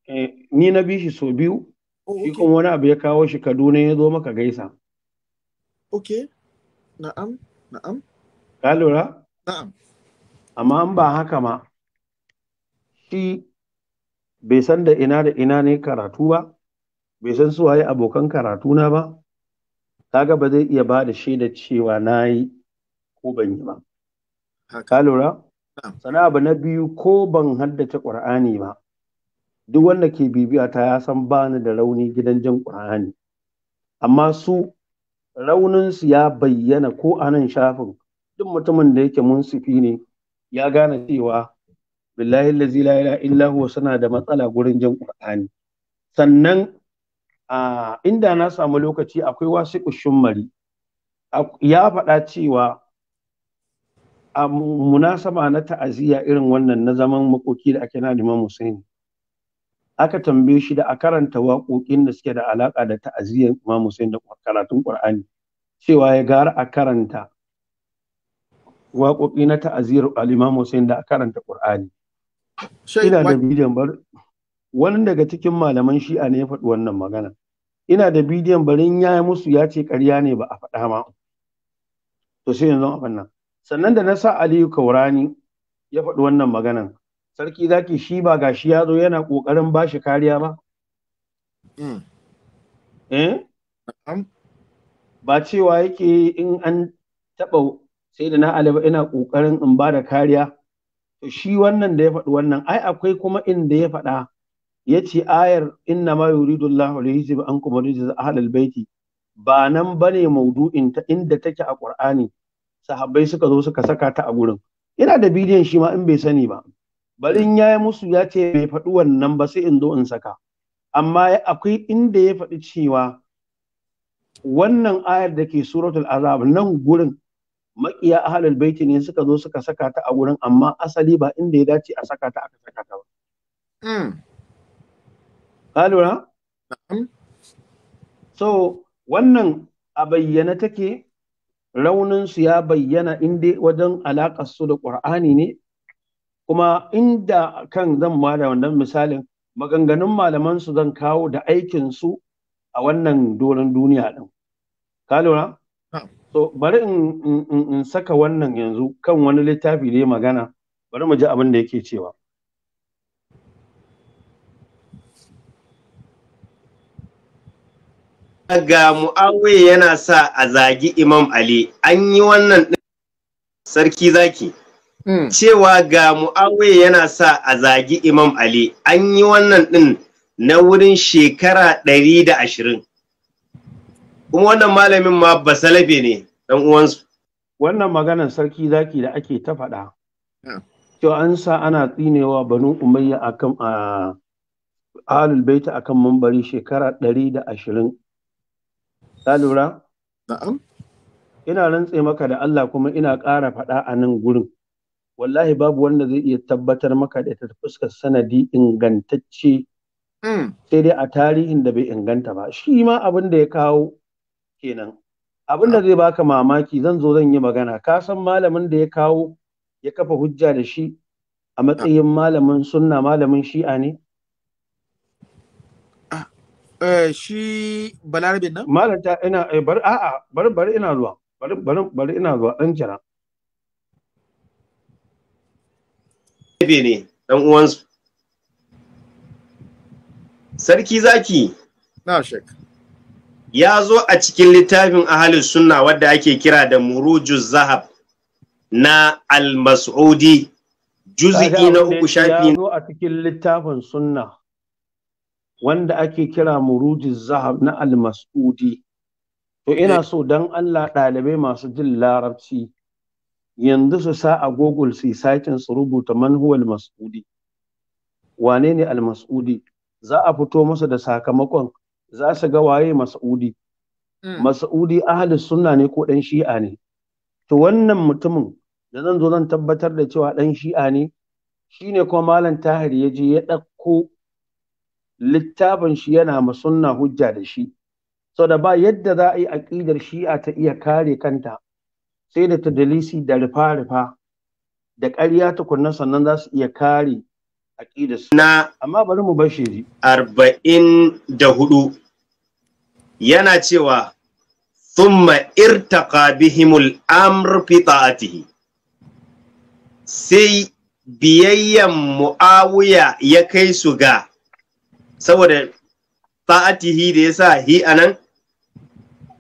eh, ni na bi shi so biyu oh, shi kuma wani abu ya kawo shi Kaduna ya zo maka gaisa okay na'am na'am ka lura na'am amma an ba haka ma shi bai san da ina da ina ne karatu ba bai san su waye abokan karatu na ba kaga ba zai iya ba da shaida cewa na yi ko ban yi ba ka lura sana abu na biyu ko ban haddace ƙur'ani ba duk wanda ke bibiya ta ya san ba ni da rauni gidan jan ƙur'ani amma su rauninsu ya bayyana ko a nan shafin duk mutumin da yake munsifi ne ya gane cewa billahi la ilaha illa huwa suna da matsala gurin jin qur'ani sannan a inda na samu lokaci akwai wasu mari ya faɗa cewa a munasaba na ta'aziyya irin wannan na zaman makoki da ake na Imam Hussein aka tambaye shi da a karanta waƙoƙin da suke da alaƙa da ta'aziyyar Imam Hussein da karatun Qur'ani cewa ya gara a karanta waƙoƙi na ta'aziyar al'imam Hussein da karanta ƙur'ani ina da bidiyon bar wani daga cikin malaman shi'a ne ya faɗi wannan magana ina da bidiyon barin ya musu ya ce ƙarya ne ba a faɗa ma to sai yanzu a nan sannan da na sa Aliyu Kaurani ya faɗi wannan maganan sarki zaki shi ba ga shi ya zo yana ƙoƙarin ba shi kariya ba hmm. eh? ba cewa yake in an taɓa sai da na aliba ina ƙoƙarin in ba da kariya To shi wannan da ya faɗi wannan ai akwai kuma inda ya faɗa ya ce ayar inna ma yuridu Allah li yuzhiba ankum ahlal baiti ba nan bane maudu'in ta inda take a Qur'ani sahabbai suka zo suka saka ta a gurin ina da bidiyon shi ma in bai sani ba in yayi musu ya ce bai faɗi wannan ba sai in zo in saka amma akwai inda ya faɗi cewa wannan ayar da ke suratul azab nan gurin maƙiya ahalul baiti ne suka zo suka saka ta a gurin amma asali ba inda ya dace a saka ta aka saka ta ba hmm. ka lura so wannan a bayyana take raunin su ya bayyana inda wajen alaƙar su da ƙur'ani ne kuma inda kan zan ma da wannan misalin maganganun malaman su zan kawo da aikin su a wannan doron duniya ɗin. ka lura So bari in saka wannan yanzu kan wani littafi ne magana, bari mu ji abin da yake cewa. Ga Mu'awiya yana sa a zagi Imam Ali, an yi wannan sarki zaki. Hmm. Cewa ga Mu'awiya yana sa a zagi Imam Ali, an yi wannan ɗin na wurin shekara ɗari da ashirin. kuma wannan malamin ma salafi ne dan uwansu wannan maganar sarki zaki da ake ta faɗa to an sa ana tsinewa banu umayya akan a alul baita akan mambari shekara ɗari da ashirin ta lura na'am ina rantse maka da Allah kuma ina ƙara faɗa a nan gurin wallahi babu wanda zai iya tabbatar maka da ta fuskar sanadi ingantacce hmm. sai dai a tarihin da bai inganta ba shi ma abin da ya kawo kenan abin da ah. zai baka mamaki zan zo zan yi magana ka san malamin da ya kawo ya kafa hujja da shi a matsayin malamin sunna malamin shi'a ne ah, eh, shi balarabe nan malata ina eh, bar a'a bar bar ina zuwa bar bar bar ina zuwa dan jira Ebe ne dan uwansu sarki zaki na shek ya zo a cikin littafin ahalin sunna wadda ake kira da muruju zahab na al-mas'udi juzi'i na uku shafi ya zo a cikin littafin sunna wanda ake kira muruju zahab na al-mas'udi to ina eh. so dan Allah ɗalibai masu jin larabci yanzu su sa a google su sakin su rubuta manhuwal mas'udi wane ne al-mas'udi za a fito masa da sakamakon za su ga waye mas'udi hmm. mas'udi ahli sunna ne ko ɗan shi'a ne to wannan mutumin da zan zo zan tabbatar da cewa ɗan shi'a ne shine kuma malam Tahir ya je ya ɗauko littafin shi yana ma masunna hujja da shi sau da ba yadda za a yi aƙidar shi'a ta iya kare kanta sai da ta dalisi da rufa-rufa da ƙarya tukunna sannan za su iya kare Na suna amma bari mu bashiri 44 yana cewa thumma irtaqa bihimul amr fi ta'atihi sai biyayyan mu'awiya ya kai su ga saboda ta'atihi da ya sa hi anan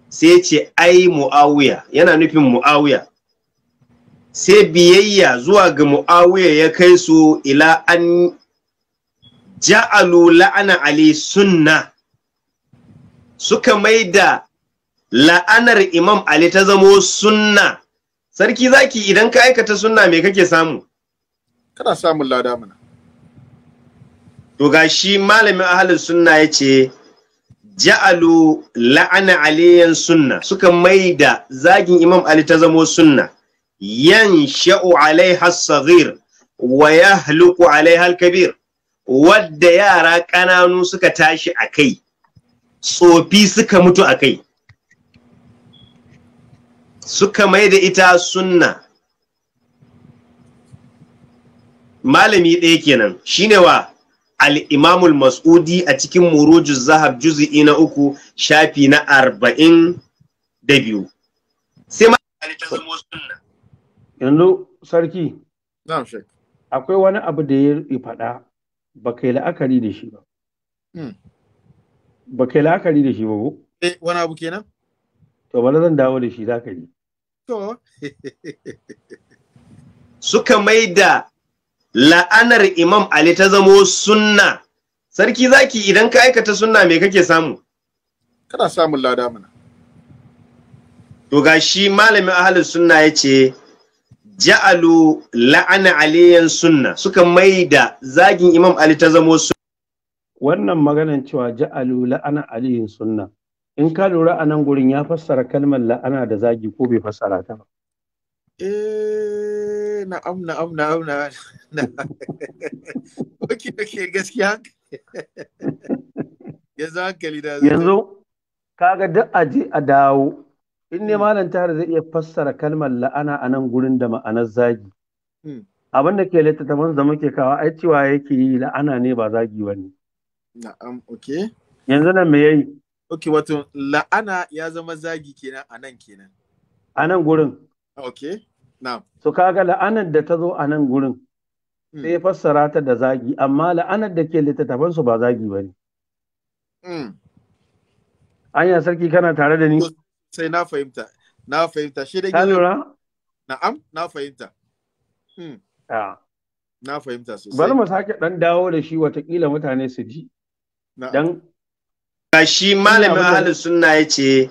sai ce ai mu'awiya yana nufin mu'awiya sai biyayya zuwa ga mu'awiyar ya kai su ila an ja'alu la'ana ali sunna suka mai da la'anar imam ali ta zamo sunna sarki zaki idan ka aikata sunna me kake samu kana samun lada mana to gashi malamin ahalin sunna ya ce ja'alu la'ana aliyan sunna suka mai da zagin imam ali ta zamo sunna yansha'u alaiha as-saghir wa yahluku alaiha al-kabir wadda yara ƙananu suka tashi a kai tsofi suka mutu a kai suka mai da ita sunna malami ɗaya kenan shine wa al'imamul mas'udi a cikin muruju zahab juzi'i na uku shafi na arba'in da biyu sai ma ta zama sunna yanzu sarki akwai wani abu da ya faɗa ba kai la'akari da shi ba hmm. ba kai la'akari da shi ba ko eh wani abu kenan to bala zan dawo da shi ka yi to suka maida la'anar imam ali ta zamo sunna sarki zaki idan ka aikata sunna me kake samu kana samun lada mana to gashi malamin ahalin sunna ce. ja'alu la'ana aliyan sunna suka maida zagin imam ali ta zamo su wannan maganan cewa ja'alu la'ana Aliyan sunna in ka lura a nan gurin ya fassara kalmar la'ana da zagi ko bai fassara ta ba eh na'am na'am na'am na'am oke oke gaskiya yanzu hankali da yanzu kaga duk aje a dawo in ne hmm. malam tare zai iya fassara kalmar la'ana a nan gurin da ma'anar zagi hmm. abin da ke littattafan da muke kawo ai cewa yake yi la'ana ne ba zagi ba ne na'am okay yanzu nan me yayi okay wato la'ana ya zama zagi kenan a nan kenan a nan gurin okay na'am so kaga la'anar da ta zo a nan gurin hmm. sai fassara ta da zagi amma la'anar da ke littattafan su ba zagi ba ne anya sarki kana tare da ni sai na fahimta na fahimta shi dai lura na'am na fahimta hmm. na fahimta sosai bari mu sake dan dawo da shi watakila mutane su ji dan ga shi malamin ahlus sunna yace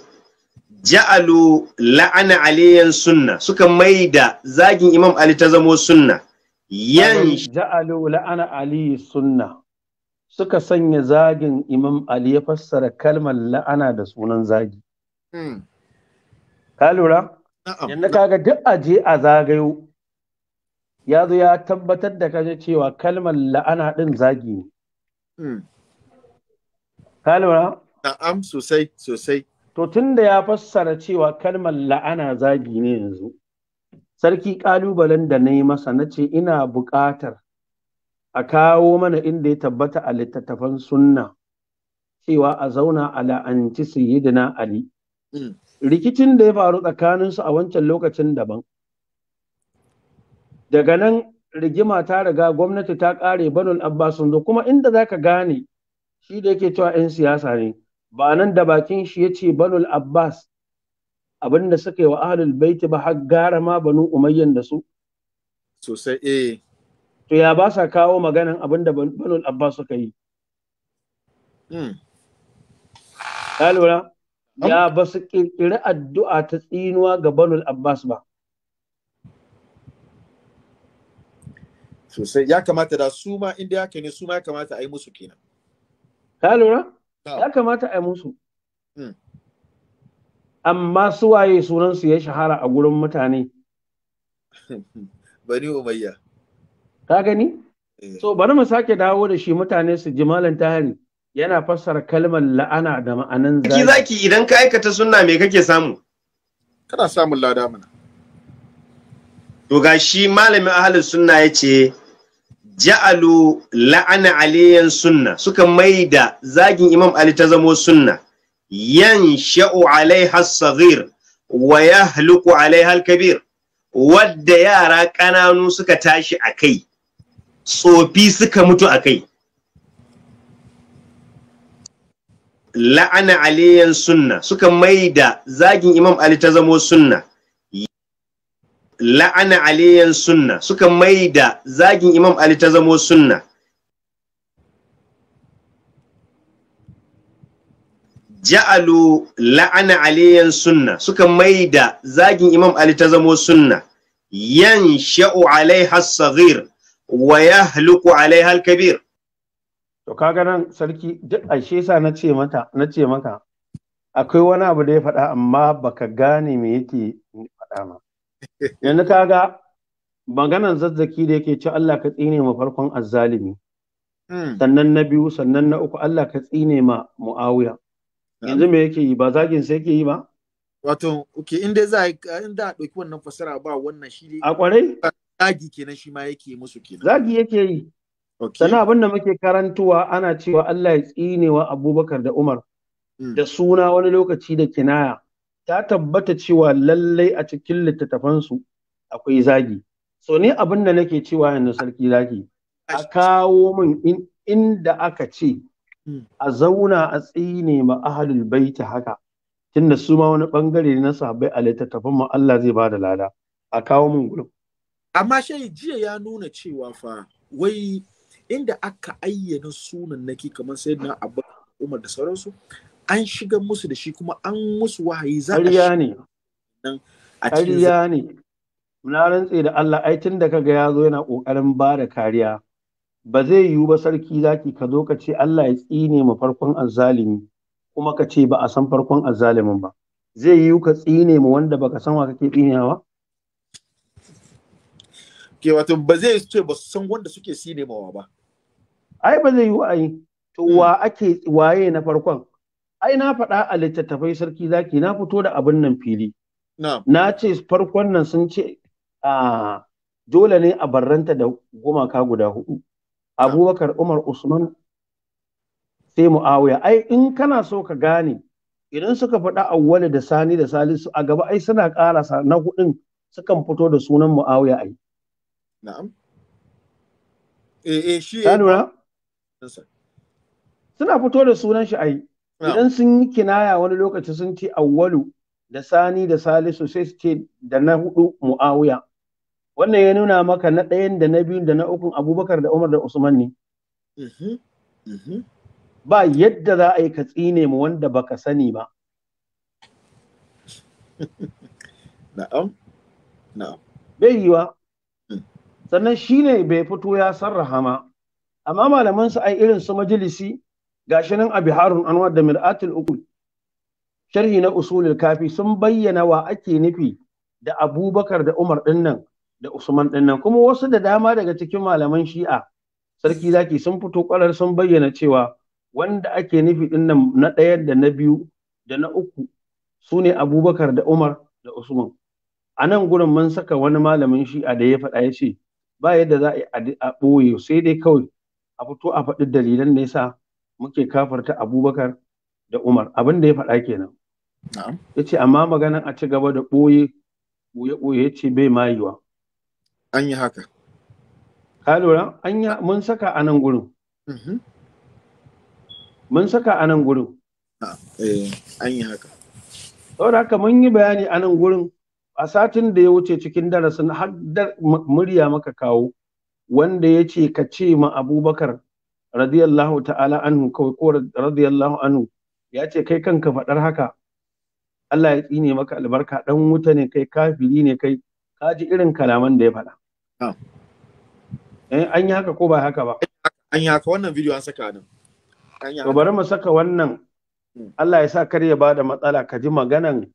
ja'alu la'ana aliyan sunna suka maida zagin imam ali ta zamo sunna yan ja'alu la'ana ali sunna suka sanya zagin imam ali ya fassara kalmar la'ana da sunan zagi Hmm. Ka lura? Yanda kaga duk aje a zagayo ya zo ya tabbatar da kaje cewa kalmar la'ana ɗin zagi ne. Hmm. Ka Na'am sosai sosai. To tun da ya fassara cewa kalmar la'ana zagi ne yanzu. Sarki ƙalubalen da na yi masa na ce ina buƙatar a kawo mana inda ya tabbata a littattafan sunna cewa a zauna a la'anci sayyidina Ali. Mm. rikicin da ya faru tsakaninsu a wancan lokacin daban daga nan rigima ta riga gwamnati ta ƙare banul abbas sun zo kuma inda zaka gane shi da yake cewa 'yan siyasa ne ba nan da bakin shi ya ce banul abbas abinda suka yi wa ahlul baiti ba har gara ma banu umayyan da su sosai eh to ya ba sa kawo maganan abinda banul abbas suka yi hmm. lura ya ba su kirkiri addu'a ta tsinuwa ga banul abbas ba sosai ya kamata da su ma inda yake ne su ma ya kamata a yi musu kenan ka lura ya kamata a yi musu hmm. amma su waye sunansu ya shahara a gurin mutane bani umayya ka gani eh. so bari mu sake dawo da shi mutane su ji malam tahari yana fassara kalmar la'ana da ma'anan zaki zaki idan ka aikata sunna me kake samu kana samun lada mana to gashi malamin ahlus sunna yace ja'alu la'ana aliyan sunna suka maida zagin imam ali ta zamo sunna yan sha'u alaiha saghir wa yahluku alaiha kabir wadda yara ƙananu suka tashi a kai tsofi suka mutu a kai la'ana aliyan sunna suka maida zagin imam ali ta zamo sunna la'ana aliyan sunna suka maida zagin imam ali ta zamo sunna ja'alu la'ana aliyan sunna suka maida zagin imam ali ta zamo sunna yan sha'u alaiha saghir wa yahluku alaiha al-kabir to kaga nan sarki duk ashe sa na ce mata na ce maka akwai wani abu da ya faɗa amma baka gane me yake faɗa ma yanzu kaga maganan zazzaki da yake ci Allah ka tsine ma farkon azzalimi hmm. sannan na biyu sannan na uku Allah ka tsine ma mu'awiya yanzu me yake yi ba zagin sai yake yi ba wato oke in dai za inda a ɗauki wannan fasara ba wannan shi ne. a kwarai zagi kenan shi ma yake musu kenan zagi yake yi Sannan abin da muke karantuwa ana cewa Allah ya tsinewa Abubakar da Umar hmm. da suna wani lokaci da kinaya ta tabbata cewa lallai a cikin littattafansu akwai zagi. So ni abin da nake cewa yanzu sarki zagi. a kawo min inda aka ce hmm. a zauna a tsine ma ahalul baiti haka tunda su ma wani bangare na sahabbai a littattafan mu Allah zai bada lada a kawo min gurin. Amma shai jiya ya nuna cewa fa wai inda aka ayyana sunan naki kamar na abu Umar da sauransu an shiga musu da shi kuma an musu wahayi za a ne ƙarya ne na rantse da Allah ai tun da kaga ya zo yana kokarin ba da kariya ba zai yiwu ba sarki zaki ka zo ka ce Allah ya tsine mu farkon azzalimi kuma ka ce ba a san farkon azzalimin ba zai yiwu ka tsine mu wanda baka san wa kake tsinewa ke wato ba zai ce ba san wanda suke tsine ba ai ba zai yi wa ai to hmm. wa ake waye na farkon ai na faɗa a littattafai sarki zaki na fito da abin nan fili na ce farkon nan sun ce a dole ne a barranta da gumaka guda hudu abubakar umar usman sai mu'awiya ai in kana so ka gane idan suka faɗa awwali da sani da salisu a gaba ai suna kara na hudun sukan fito da sunan mu'awiya ai na'am eh eh shi lura suna fito da sunan shi ai idan sun yi kinaya wani lokaci sun ce awwalu da sani da salisu sai su ce da na hudu muawiya wannan ya nuna maka na ɗayan da na biyun da na ukun abubakar da umar da usman ne mm-hmm. Mm-hmm. ba yadda za a yi ka tsine mu wanda baka sani ba na'am na'am bai yiwa mm. sannan shine bai fito ya sarrafa ma amma malaman su ai irin su majalisi gashi nan a biharun anwar da mir'atul uqul sharhi na usulul kafi sun bayyana wa ake nufi da abubakar da umar din da usman din kuma wasu da dama daga cikin malaman shi'a sarki zaki sun fito kwarar sun bayyana cewa wanda ake nufi din nan na ɗaya da na biyu da na uku su ne abubakar da umar da usman a nan gurin mun saka wani malamin shi'a da ya faɗa ya ce ba yadda za a ɓoye sai dai kawai a fito a faɗi dalilan da yasa muke kafarta abubakar da umar abin da ya faɗa kenan ya ce amma maganan a ci gaba da ɓoye ɓoye ya ce bai mayuwa an yi haka ka lura mun saka a nan gurin mm-hmm. mun saka a nan gurin eh, an yi haka saboda haka mun yi bayani a nan gurin a satin da ya wuce cikin darasin har murya maka kawo wanda ya ce ka ce ma abubakar radiyallahu ta'ala anhu kawai ko radiyallahu anhu ya ce kai kanka faɗar haka Allah ya tsine maka albarka ɗan wuta ne kai kafiri ne kai ka ji irin kalaman da ya faɗa ah. eh an yi haka ko ba haka ba an yi haka wannan bidiyo an saka nan to bari mu saka wannan hmm. Allah ya sa kar ya bada matsala ka ji maganan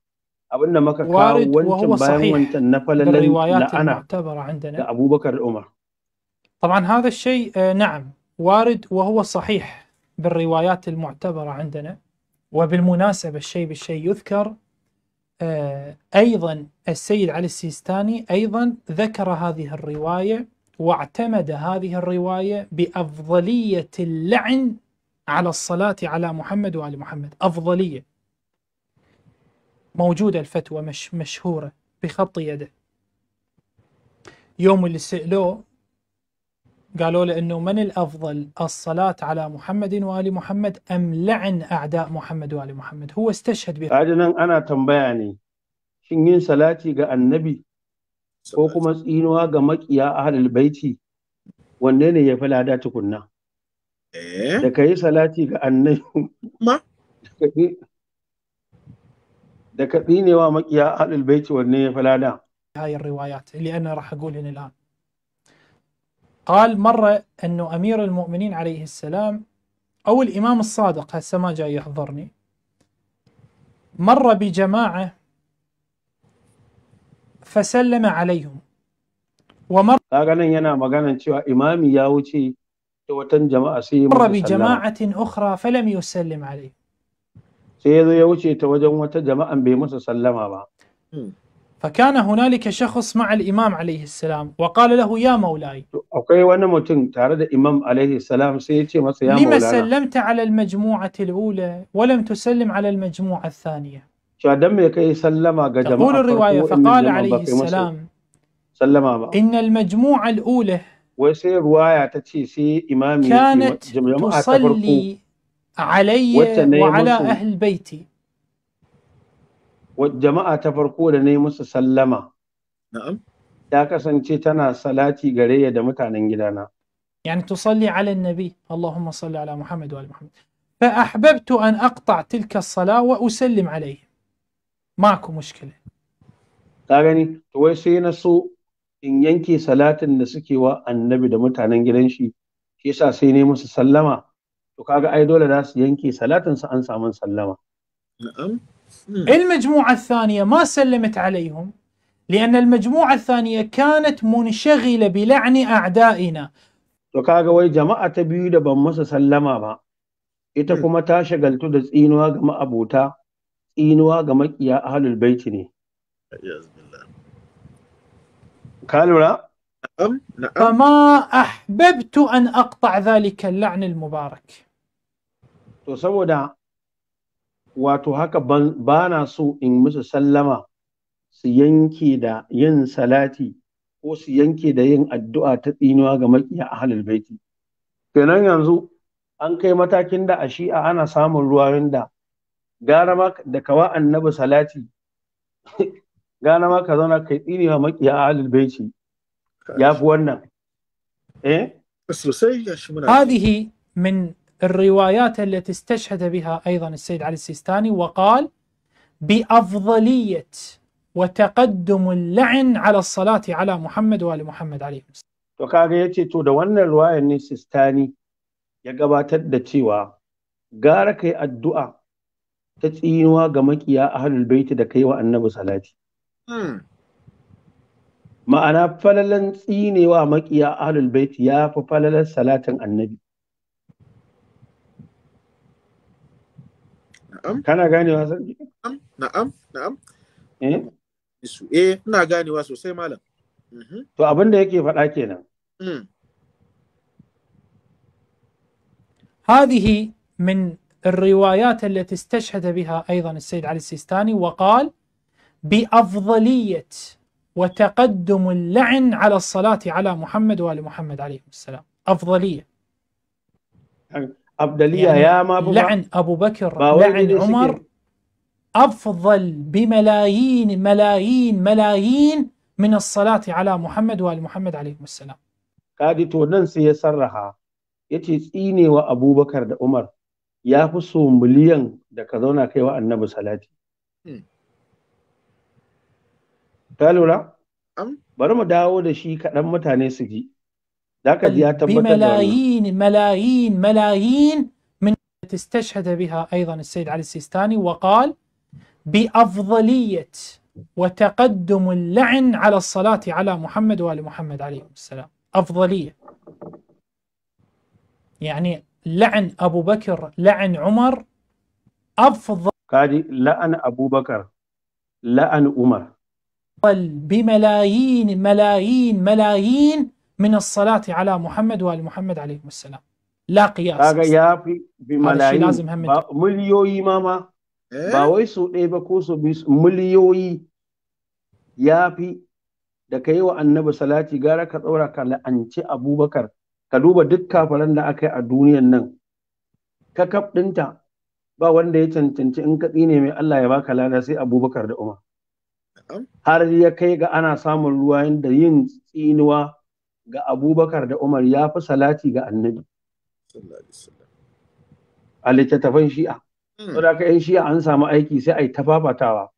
abinda maka kawo wancan bayan wancan na falalan la'ana da Abubakar Umar طبعا هذا الشيء آه، نعم وارد وهو صحيح بالروايات المعتبرة عندنا وبالمناسبة الشيء بالشيء يذكر آه، أيضا السيد علي السيستاني أيضا ذكر هذه الرواية واعتمد هذه الرواية بأفضلية اللعن على الصلاة على محمد وآل محمد أفضلية موجودة الفتوى مش مشهورة بخط يده يوم اللي سألوه قالوا له أنه من الأفضل الصلاة على محمد وآل محمد أم لعن أعداء محمد وآل محمد هو استشهد به أنا تنبيعني shin yin salati ga annabi ko kuma tsinuwa ga makiya ahlul baiti wanne ne ya fi lada tukunna da ka yi salati ga annabi da ka tsinewa makiya ahlul baiti wanne ya fi lada هاي الروايات اللي انا راح اقولهن الان قال مرة أنه أمير المؤمنين عليه السلام أو الإمام الصادق هسه ما جاي يحضرني مر بجماعة فسلم عليهم ومر مر بجماعة أخرى فلم يسلم عليهم فكان هنالك شخص مع الإمام عليه السلام وقال له يا مولاي أوكي وأنا متن تعرض الإمام عليه السلام سيتي يا مولانا لما سلمت على المجموعة الأولى ولم تسلم على المجموعة الثانية تقول الرواية فقال عليه السلام سلم إن المجموعة الأولى ويسي رواية تتشي إمامي كانت تصلي علي وعلى أهل بيتي jama'a ta farko da ne musu sallama na'am ta kasance tana salati gare ya da mutanen gidana يعني تصلي على النبي اللهم صل على محمد وآل محمد فأحببت أن أقطع تلك الصلاة وأسلم عليه ماكو مشكلة تاغني توي سي نسو in yanke salatin da suke wa annabi da mutanen gidan shi shi yasa sai ne musu sallama to kaga ai dole za su yanke salatin su an samu sallama na'am المجموعة الثانية ما سلمت عليهم لأن المجموعة الثانية كانت منشغلة بلعن أعدائنا وكاغا وي جماعة بيو بان مسا سلما با ita kuma ta shagaltu da tsinuwa ga ma'abota tsinuwa ga makiya ahlul baiti ne ka lura فما أحببت أن أقطع ذلك اللعن المبارك to saboda wato haka ba na so in musu sallama su yanke da yin salati ko su yanke da yin addu'a ta tsinuwa ga makiya a halal baiti kenan yanzu an kai matakin da a shi'a ana samun ruwan da gara ma da kawa annabi salati gara ma ka zauna kai tsinewa makiya a halin baiti ya fi wannan eh sosai ya shi muna hadihi min الروايات التي استشهد بها ايضا السيد علي السيستاني وقال بافضليه وتقدم اللعن على الصلاه على محمد وال محمد عليه السلام. وكاغي يتي تو دا وان سيستاني يا غباتت دا غارك الدعاء تتسينوا غمقيا اهل البيت دا كيوا النبي ما انا فللن تسيني ومقيا اهل البيت يا فللن صلاه النبي. Na'am. Kana ganewa sarki? نعم نعم na'am. Eh? Isu, eh, ina ganewa sosai malam. Mhm. To abin da كي faɗa kenan. Mm. هذه من الروايات التي استشهد بها أيضا السيد علي السيستاني وقال بأفضلية وتقدم اللعن على الصلاة على محمد وآل محمد عليهم السلام أفضلية أبدلية يعني يا ما أبو لعن أبو بكر لعن عمر أفضل بملايين ملايين ملايين من الصلاة على محمد وآل محمد عليهم السلام قادي تو ننسي يسرها yace وأبو بكر da umar ya مليان so كذونا da ka zauna قالوا لا أم برمو داود lura bari mu سجي بملايين ملايين ملايين من استشهد بها أيضا السيد علي السيستاني وقال بأفضلية وتقدم اللعن على الصلاة على محمد وآل محمد عليهم السلام أفضلية يعني لعن أبو بكر لعن عمر أفضل قاعدي لعن أبو بكر لعن عمر بملايين ملايين ملايين من الصلاة على محمد وآل محمد عليهم السلام لا قياس kaga ya fi bi malayi ba miliyoyi ma ma ba wai su ɗaya ba ko su biyu miliyoyi ya fi da ka yi wa annabi salati gara ka ɗaura ka la'anci abubakar ka duba duk kafaran da aka yi a duniyan nan ka kaf ɗinta ba wanda ya cancanci in ka tsine mai Allah ya baka lada sai abubakar da umar har ya kai ga ana samun ruwa da yin tsinuwa ga abubakar da umar ya fi salati ga annabi a littattafan shi'a saboda ka yan shi'a an samu aiki sai a yi tafafatawa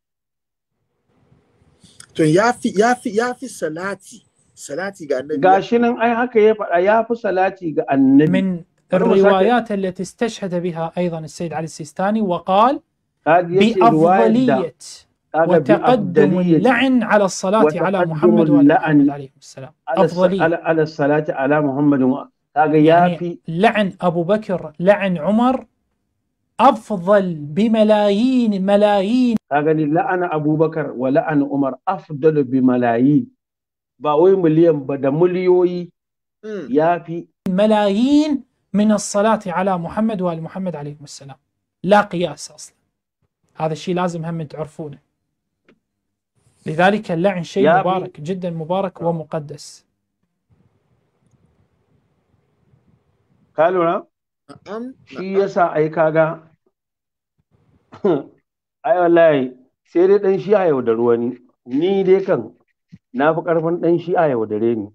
to ya fi ya fi ya fi salati salati ga annabi gashi nan ai haka ya faɗa ya fi salati ga annabi min الروايات التي استشهد بها ايضا السيد علي السيستاني وقال بافضليه وتقدم اللعن على الصلاة على محمد وعلى عليه السلام أفضلية على, الصلاة على محمد و... يعني لعن أبو بكر لعن عمر أفضل بملايين ملايين أغني لعن أبو بكر ولعن عمر أفضل بملايين باوي مليون بدا مليوي يافي ملايين من الصلاة على محمد وآل محمد عليهم السلام لا قياس أصلا هذا الشيء لازم هم تعرفونه لذلك اللعن شيء مبارك جدا مبارك ومقدس قالوا نعم, نعم. شي يسا اي كاغا اي والله سيري دان شي اي ودرواني ني دي كان نافو قرفن دان شي اي ودريني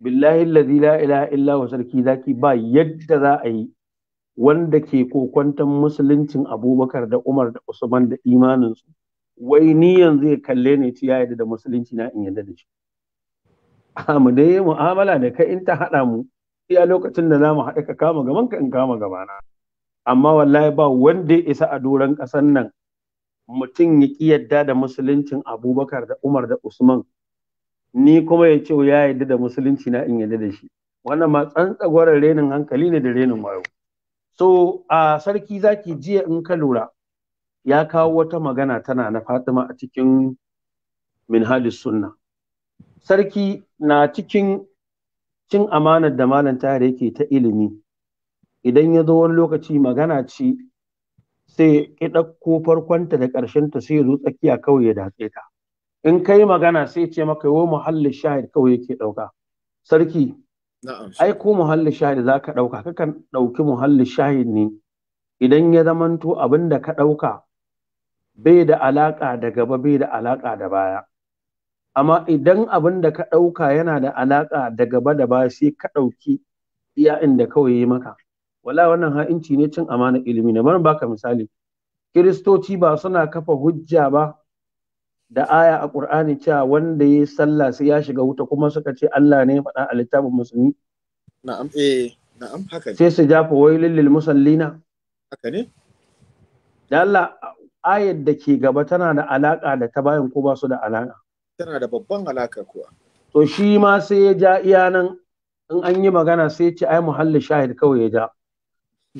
بالله الذي لا اله الا هو سركي ذاكي با يدد ذا اي wanda ke kokwantan musuluncin abubakar da umar da usman da imanin su wai ni yanzu ya kalle ne ci ya yadda da musulunci na in yadda da shi ah, mu dai mu'amala da ka in ta haɗa mu iya lokacin da zamu haɗa ka kama gaban ka in kama gabana amma wallahi ba wanda ya isa a doron ƙasar nan mutum ya ƙi yadda da musuluncin abubakar da umar da usman ni kuma ya ce ya yarda da musulunci na in yarda da shi wannan ma tsantsagwarar renin hankali ne da renin wayo so a sarki zaki jiya in ka lura ya kawo wata magana tana na Fatima a cikin minhalis sunna sarki na cikin cin amanar da malam tare yake ta ilimi idan ya zo wani lokaci magana ce sai ya ɗauko farkonta da ta sai ya zo tsakiya kawai ya datse ta in kai magana sai ce maka wo muhallin shahid kawai yake ɗauka sarki ai ko muhallin shahid za ka ɗauka kakan ɗauki muhallin shahid ne idan ya zamanto abin da ka ɗauka bai da alaƙa da gaba bai da alaƙa da baya amma idan abin da ka ɗauka yana da alaƙa da gaba da baya sai ka ɗauki iya inda kawai yi maka wala wannan ha'inci ne cin amana ilimi ne bari baka misali kiristoci ba suna kafa hujja ba da aya a ƙur'ani cewa wanda ya sallah sai ya shiga wuta kuma suka ce Allah ne faɗa a littafin musulmi eh, sai su jafa wai lil musallina da Allah ayar da ke gaba tana da alaƙa da ta bayan ko ba su da alaƙa tana da babban alaƙa kuwa to shi ma sai ya ja iya nan in an yi magana sai ce ai muhalli shahid kawai ya ja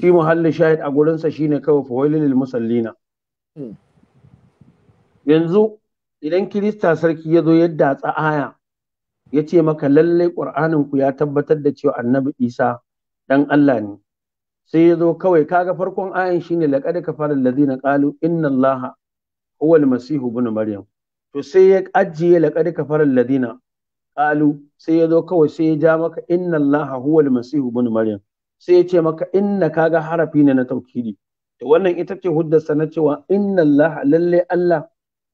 shi muhalli shahid a gurinsa shine kawai fawailil musallina hmm. yanzu idan kirista sarki ya zo yadda tsa'aya aya ya ce maka lallai ƙur'anin ku ya tabbatar da cewa annabi isa dan Allah ne sai ya zo kawai kaga farkon ayan shine laqad kafara alladhina qalu inna allaha huwa almasih ibn maryam to sai ya ajiye laqad kafara alladhina qalu sai ya zo kawai sai ya ja maka inna allaha huwa almasih ibn maryam sai ya ce maka inna kaga harafi ne na taukidi to wannan ita ce hudda na cewa inna allaha lalle allah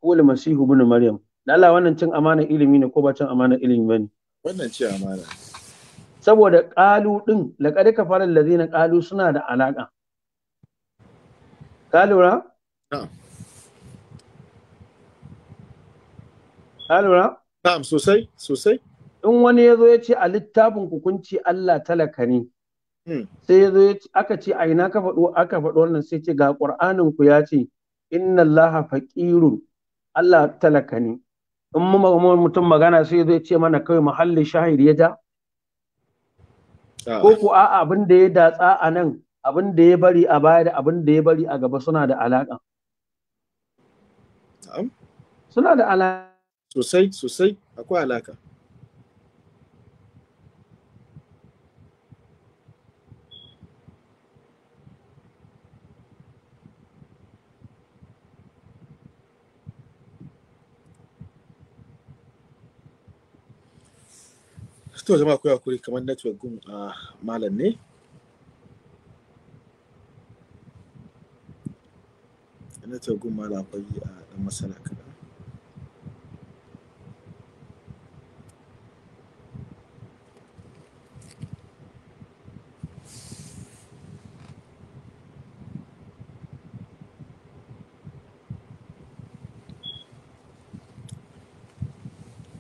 huwa almasih ibn maryam Allah wannan cin amana ilimi ne ko ba cin amana ilimi bane wannan ce amana saboda ƙalu ɗin laƙari kafarar lazina ƙalu suna da alaƙa ka lura? ka lura? na'am sosai sosai in wani ya zo ya ce a littafin hukunci Allah talaka ne hmm. sai ya zo aka ce a ina ka faɗo aka faɗo wannan sai ce ga ƙur'anin ku ya ce inna Allah faqirun Allah talaka ne in mutum magana sai ya zo ya ce mana kawai muhallin shahid ya ja Ah. ko ku a abin da ya datsa a nan abin da ya bari a baya da abin da ya bari a gaba suna da alaƙa suna da alaƙa sosai sosai akwai alaƙa to jama'a ku hakuri kamar network gun a ah, malam ne network gun malam akwai a ah, dan masala kaɗan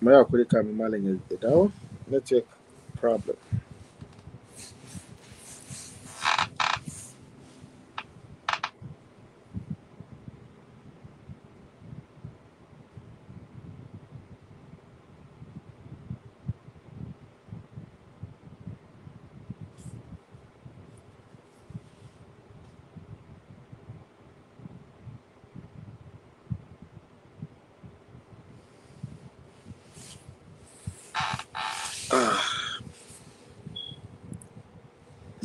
Maya hakuri kamin malam ya dawo network problem.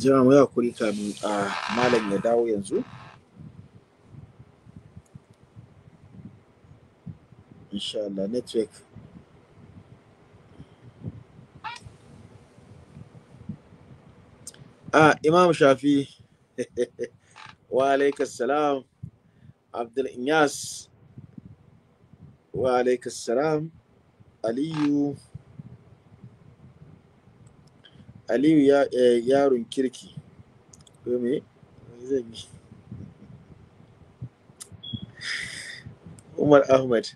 jama'a mu yi hakuri kamin a malam ya dawo yanzu insha Allah network ah imam shafi wa alaikas salam abdul inyas wa alaikas salam aliyu aliyu ya eh, yaron kirki me zai yi umar Ahmed,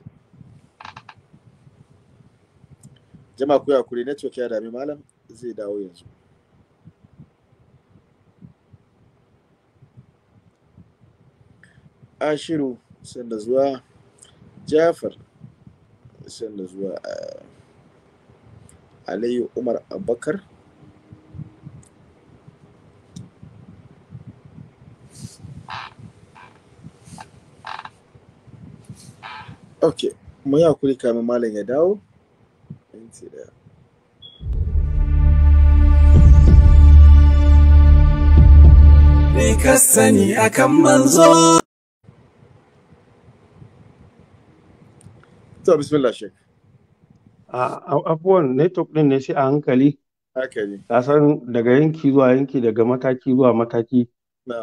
jama ku kuri network ya dami malam zai dawo yanzu ashiru sanda zuwa jafar sanda zuwa eh, aliyu umar abubakar ok mun yi hakuri kamin malam ya dawo Me ka sani akan manzo? To, bismillah shek. Abubuwan network ɗin ne sai a hankali. Hankali. san daga yanki zuwa yanki daga mataki zuwa mataki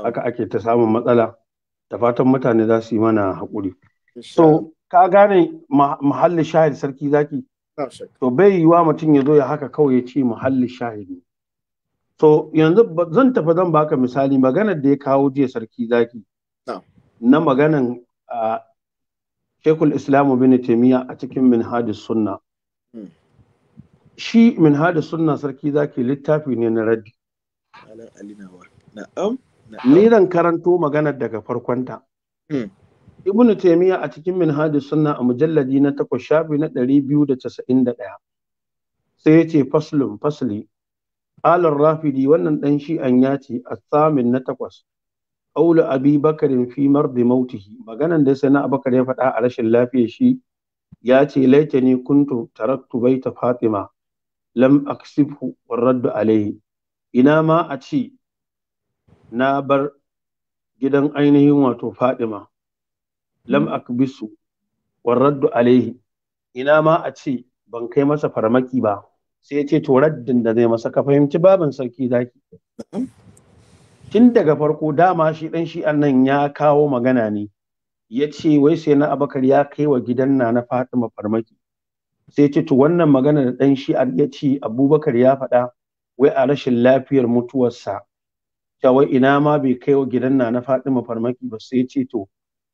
haka ake ta samun matsala. Da fatan mutane za su yi mana haƙuri. So, ka gane mahallin shahid sarki zaki to bai yi wa mutum ya zo ya haka kawai ya ce mahallin shahidi to yanzu zan tafi zan baka misali maganar da ya kawo jiya sarki zaki na maganan shekul islamu bin taimiyya a cikin minhajus sunna hmm. shi minhajus sunna sarki zaki littafi ne na raddi ni zan karanto maganar daga farkonta hmm. ibnu taymiya a cikin minhajus sunna a mujalladi na takwas shafi na ɗaya. sai ya ce faslun fasli alar rafidi wannan dan shi'an ya ce asamin na takwas aulu abi bakarin fi mardi mautihi maganan da sai na abakar ya faɗa a rashin lafiya shi ya ce ne kuntu taraktu baita fatima lam aksibhu warraddu alaihi ina ma a ce na bar gidan ainihin wato fatima lam hmm. akbisu raddu alaihi ina ma a ce ban kai masa farmaki ba sai ya ce to raddin da zai masa ka fahimci babin sarki zaki hmm. tun daga farko dama shi dan shi nan ya kawo magana ne ya ce wai sai na abakar ya kai wa gidan na na fatima farmaki sai ce to wannan magana da dan shi ya ce abubakar ya faɗa wai a rashin lafiyar mutuwarsa ta wai ina ma bai kai wa gidan na na fatima farmaki ba sai ce to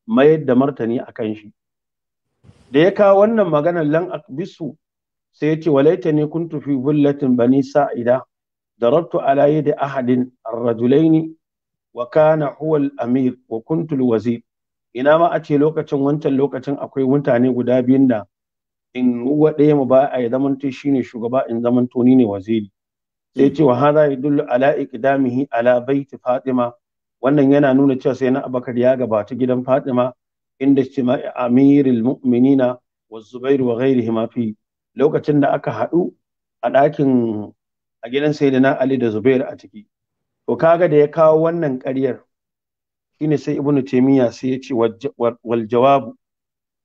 mayar da martani a kan shi da ya kawo wannan maganar lan bisu sai ya ce walaita ne kun tufi bullatin bani sa'ida rabtu ala yadi ahadin ar-rajulaini wa kana huwa amir wa kuntu al-wazir ina ma a ce lokacin wancan lokacin akwai mutane guda biyun da in uwa ɗaya mu ba a ya to shine shugaba in zamanto ni ne waziri sai ce wa hada yadullu ala iqdamihi ala baiti fatima wannan yana nuna cewa sai na abakar ya gabata gidan fatima inda istima'i amiril mu'minina wa zubair wa ghairihi ma fi lokacin da aka hadu a ɗakin a gidan sayyidina ali da zubair a ciki to kaga da ya kawo wannan ƙaryar shine sai ibnu taymiya sai ya ce wal jawabu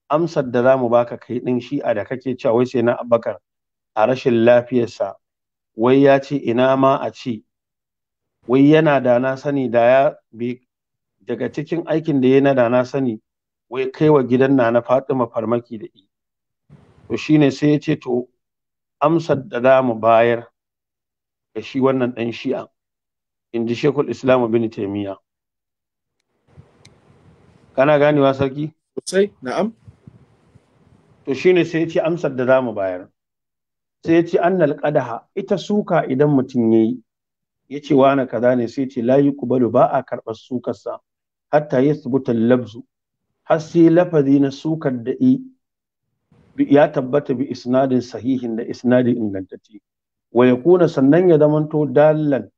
amsar da zamu baka kai din shi a da kake cewa wai sai na abakar a rashin lafiyarsa wai ya ce ina ma a ce wai yana da na sani da ya bi daga cikin aikin da ya na da na sani wai kai wa gidan na na fatima farmaki da i to shine sai ya ce to amsar da za mu bayar ga shi wannan dan shi'a in ji shekul islamu bin taimiyya kana ganewa sarki sosai na'am to shine sai ya ce amsar da za mu bayar sai ya ce annal qadaha ita suka idan mutum yayi ya ce wa ana kaza ne sai ce layi kubalu ba a karɓar sukarsa hatta ya subuta labzu har sai lafazi na sukar da i ya tabbata bi isnadin sahihin da isnadin ingantacce wa ya kuna sannan ya zamanto dalan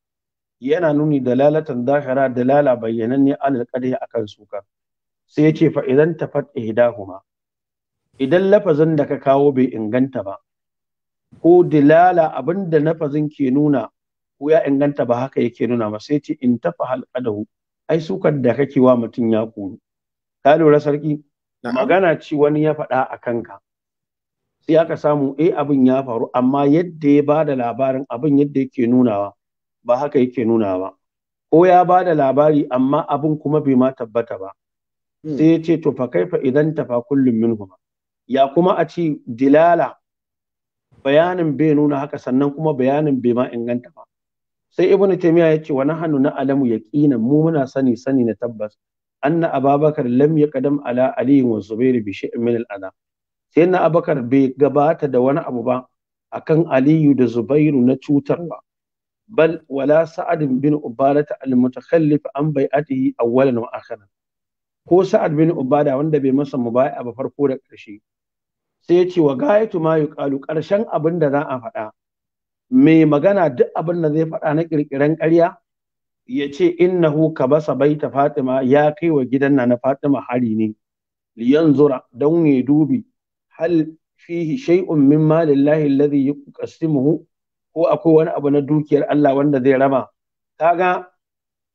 yana nuni dalalatan zahira dalala ne ne qadhi akan sukar? sai yace fa idan tafat ihdahuma idan lafazin da ka kawo bai inganta ba ko dilala abinda lafazin ke nuna ko ya inganta ba haka yake nuna ba sai ce in tafa halqadahu ai sukar da kake wa mutum ya kuru ka lura sarki magana ci wani ya faɗa a kanka sai aka samu eh abin ya faru amma yadda ya ba da labarin abin yadda yake nunawa ba haka yake nunawa ko ya bada labari amma abin kuma bai ma tabbata ba hmm. sai ya ce to fa kaifa idan tafa kullum minhum ya kuma a ci dilala bayanin bai nuna haka sannan kuma bayanin bai ma inganta ba sai ibn taymiya yace wa nahnu na'lamu ƙina, mu muna sani sani na tabbas anna ababakar lam yaqdam ala ali wa zubair bi shay'in min al-ana sai na abakar bai gabata da wani abu ba akan aliyu da zubairu na cutarwa bal wala sa'ad bin ubadata al-mutakhallif an bai'atihi awwalan wa akhiran ko sa'ad bin ubada wanda bai masa mubai'a ba farko da ƙarshe sai ya ce wa gayatu ma yuqalu ƙarshen abin da za a faɗa mai magana duk abin da zai faɗa na ƙirƙiran ƙarya ya ce in innahu ka basa ta fatima ya kai wa gidan na fatima hari ne zura don ya dubi hal fihi shai'un min malillahi alladhi yuqassimuhu ko akwai wani abu na dukiyar Allah wanda zai raba kaga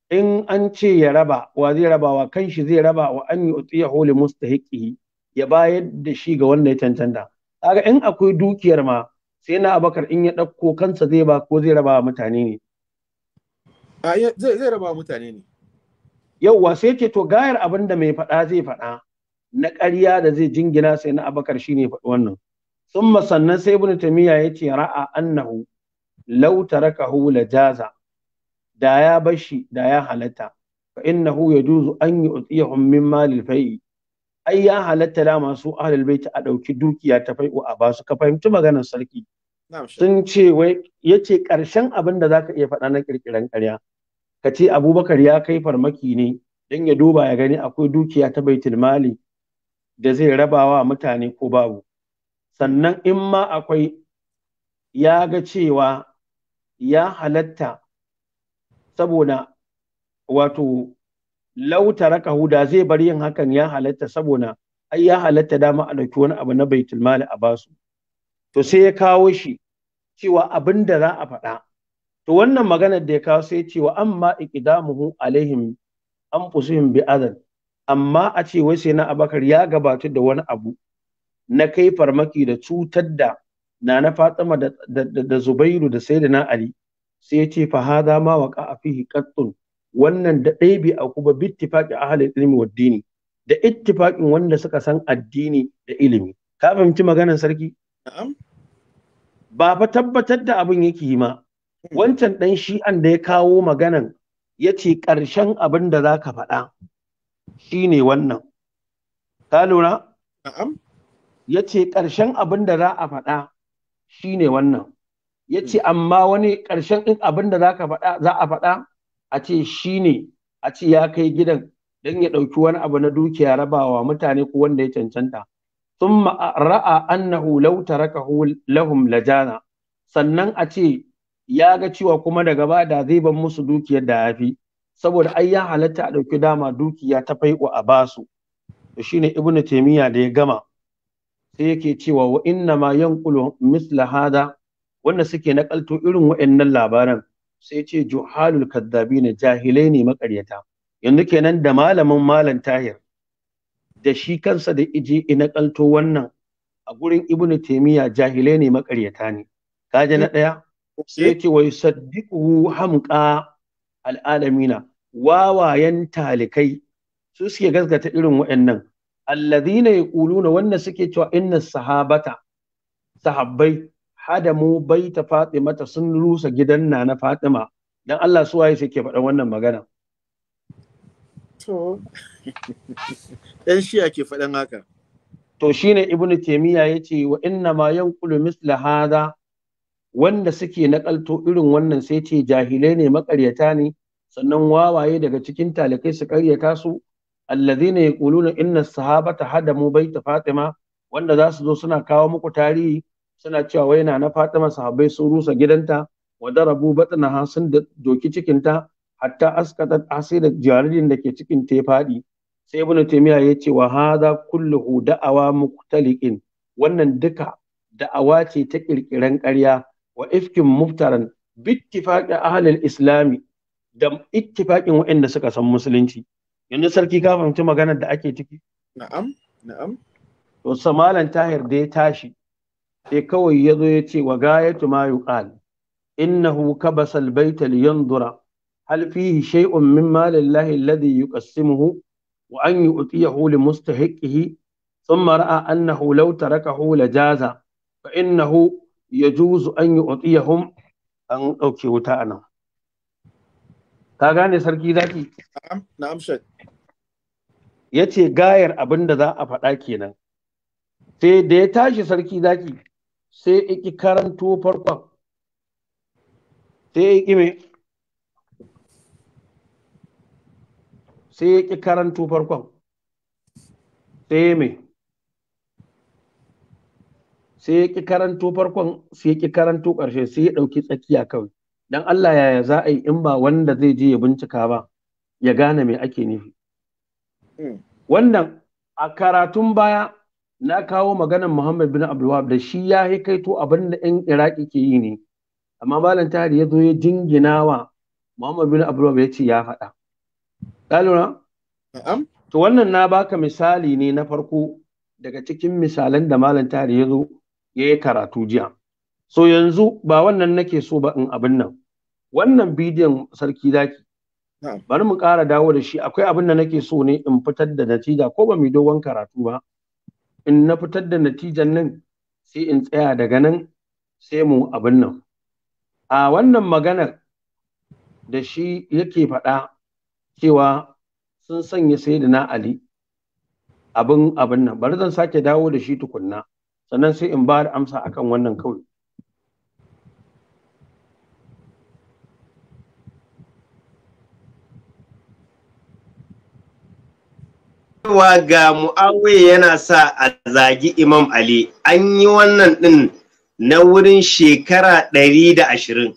in an ce ya raba wa zai raba wa kan shi zai raba wa an yutiyahu musta haƙƙi ya bayar da shi ga wanda ya cancanta kaga in akwai dukiyar ma sai na abakar in ya ɗauko kansa zai ba ko zai raba mutane ne zai raba mutane ne yauwa sai ce to gayar abin da mai faɗa zai faɗa na ƙarya da zai jingina sai na abakar shi ne faɗi wannan sun sannan sai Ibn tamiya ya ce ra'a annahu law tarakahu la jaza da ya bashi da ya halatta fa innahu yajuzu an yu'tiyahum min malil fai'i ai ya halatta da masu ahlul bait a dauki dukiya ta fai'u a basu ka fahimci maganar sarki sun ce wai yace karshen abin da zaka iya faɗa na kirkiran ƙarya ka ce abubakar ya kai farmaki ne don ya duba ya gani akwai dukiya ta baitul mali da zai rabawa mutane ko babu sannan in ma akwai ya ga cewa ya halatta saboda wato lau taraka huda zai bar yin hakan ya halatta saboda ai ya halatta dama a ɗauki wani abu na baitul mali a basu to sai ya kawo shi cewa abin da za a faɗa to wannan maganar da ya kawo sai cewa amma iqdamuhu alaihim anfusihim bi adan amma a ce wai sai na abakar ya gabatar da wani abu na kai farmaki da cutar da na na fatima da, zubairu da sayyidina ali sai ya ce fa hadha ma waqa fihi qattun wannan da ɗaya bi a kuma a ahlul ilmi wad dini da ittifaqin wanda suka san addini da ilimi ka fahimci maganar sarki ba fa tabbatar da abin yake yi ma hmm. wancan ɗan shi'an da ya kawo maganan ya ce ƙarshen abin da za ka faɗa shi ne wannan ka lura ya ce ƙarshen abin da za a faɗa shi ne wannan ya ce hmm. amma wani ƙarshen abin da za a faɗa a ce shi ne a ce ya kai gidan don ya ɗauki wani abu na dukiya rabawa mutane ko wanda ya cancanta sun ra'a annahu law tarakahu lahum lajana sannan a ce ya ga cewa kuma daga ba da zai ban musu dukiyar da yafi saboda ai ya halatta a ɗauki dama dukiya ta faiƙo a basu to ne ibnu taimiyya da ya gama sai yake cewa wa inna ma yanqulu misla hada wanda suke nakalto irin waɗannan labaran sai ce juhalul na jahilai ne makaryata yanzu kenan da malamin malam tahir da shi kansa da iji ina kalto wannan a gurin ibnu taymiya jahilai ne makaryata ne kaje na daya eh. sai ce wa yusaddiquhu hamqa al'alamina wawayen talikai su suke gaskata irin waɗannan alladhina yaquluna wannan suke cewa inna sahabata sahabbai hadamu baita ta sun rusa gidan na na fatima dan Allah su waye suke faɗan wannan magana to dan shiya ke faɗan haka to shine ibnu taymiya yace wa inna ma yanqulu misla hada wanda suke nakalto irin wannan sai ce jahilai ne makaryata ne sannan wawaye daga cikin talakai su karyata su alladhina yaquluna inna sahabata hadamu baita fatima wanda za su zo suna kawo muku tarihi suna cewa wai na na Fatima sahabbai sun rusa gidanta wa darabu batnaha sun doki cikinta hatta askatat da jaririn da ke cikin ta fadi sai ibnu taymiya ya ce wa hadha kulluhu da'awa muktaliqin wannan duka da'awa ce ta kirkiran ƙarya wa ifkin muftaran bittifaqi ahlil islami da ittifaqin waɗanda suka san musulunci yanzu sarki ka fahimci maganar da ake ciki na'am na'am to samalan tahir da ya tashi sai kawai ya zo ya ce wa gayatu ma yuqal innahu kabasa albayta liyanzura hal fihi shay'un mimma lillahi alladhi yuqassimuhu wa an yu'tiyahu limustahiqihi thumma ra'a annahu law tarakahu lajaza fa innahu yajuzu an yu'tiyahum an dauke wuta anan ka gane sarki zaki na'am na'am shek yace gayar abinda za a faɗa kenan sai da ya tashi sarki zaki sai iki karanto farkon sai iki me sai iki karanto farkon sai me sai ya ƙi karanto farkon sai ya ƙi karanto ƙarshe sai ya ɗauki tsakiya kawai dan Allah yaya za a yi in ba wanda zai je ya bincika ba ya gane me ake nufi hmm. wannan a karatun baya na kawo maganar Muhammad bin Abdulwahab da shi ya kaito abin da ƴan Iraki ke yi ne amma malam Tahir ya zo ya jingina wa Muhammad bin Abdulwahab ya ce ya faɗa ka na'am to wannan na baka misali ne na farko daga cikin misalan da malam Tahir ya zo ya yi karatu jiya so yanzu ba wannan nake so ba in abin nan wannan bidiyon sarki zaki bari mu ƙara dawo da shi akwai abin da nake so ne in fitar da natija ko ba mu dogon karatu ba in na fitar da natijan nan sai in tsaya daga nan sai mu abin nan a wannan maganar da shi yake faɗa cewa sun sanya sayyidina ali abin abin nan bari zan sake dawo da shi tukunna sannan sai in ba da amsa akan wannan kawai cewa ga mu'awiya yana sa a zagi imam ali an yi wannan ɗin na wurin shekara ɗari da ashirin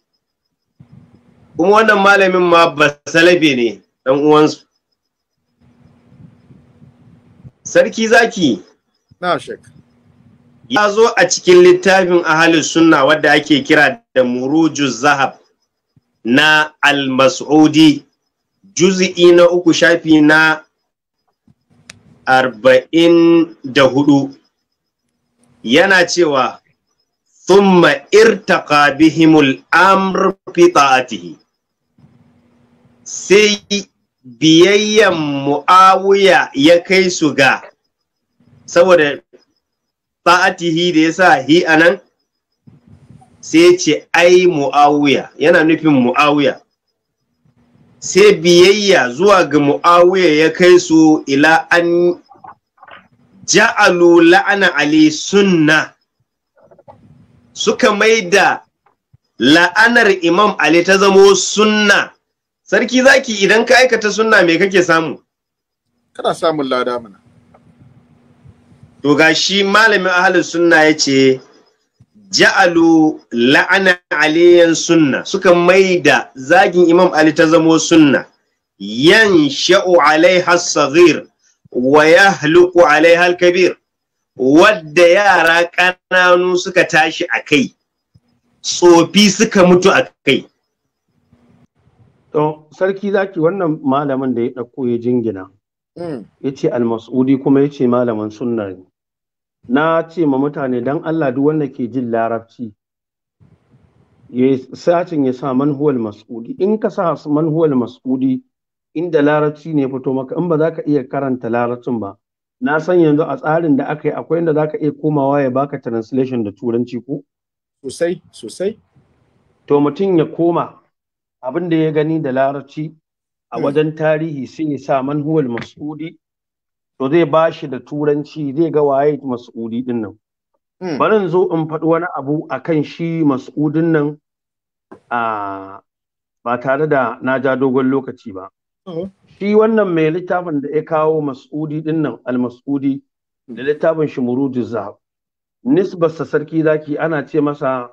kuma wannan malamin ma ba salabe ne ɗan uwansu sarki zaki na shek ya zo a cikin littafin ahalin sunna wadda ake kira da muruju zahab na al-mas'udi juzi'i na uku shafi na arba'in da yana cewa thumma irtaqa bihimul amr fi ta'atihi sai biyayyan mu'awiya ya kai su ga saboda ta'atihi da ya sa hi anan sai ce ai mu'awiya yana nufin mu'awiya sai biyayya zuwa ga mu'awiya ya kai su ila an ja'alu la'ana ali sunna suka mai da la'anar imam ali ta zamo sunna sarki zaki idan ka aikata sunna me kake samu kana samun lada mana to gashi malamin ahalin sunna ce. ja'alu la'ana aliyan sunna suka maida zagin imam ali ta zamo sunna yan sha'u alaiha saghir wa yahluku alaiha kabir wadda yara ƙananu suka tashi a kai tsofi suka mutu a kai to sarki zaki wannan malamin da ya ɗauko ya jingina hmm. ya ce almasudi kuma ya ce malamin sunna ne na ce ma mutane don Allah duk wanda ke jin larabci ya sacin ya sa manhuwal mas'udi in ka sa manhuwal mas'udi inda larabci ne fito maka in ba za ka iya karanta larabcin ba na san yanzu a tsarin da aka yi akwai inda za ka iya komawa ya baka translation da turanci ko sosai sosai to mutum ya koma abin da ya gani da larabci a hmm. wajen tarihi sai ya sa manhuwal mas'udi to zai ba shi da turanci zai ga waye mas'udi din nan hmm. bari zo in faɗi wani abu akan shi mas'udin nan ba tare da na ja dogon lokaci ba oh. shi wannan mai littafin da ya kawo mas'udi din nan al-mas'udi da littafin shi murudu zahab nisbarsa sarki zaki ana ce masa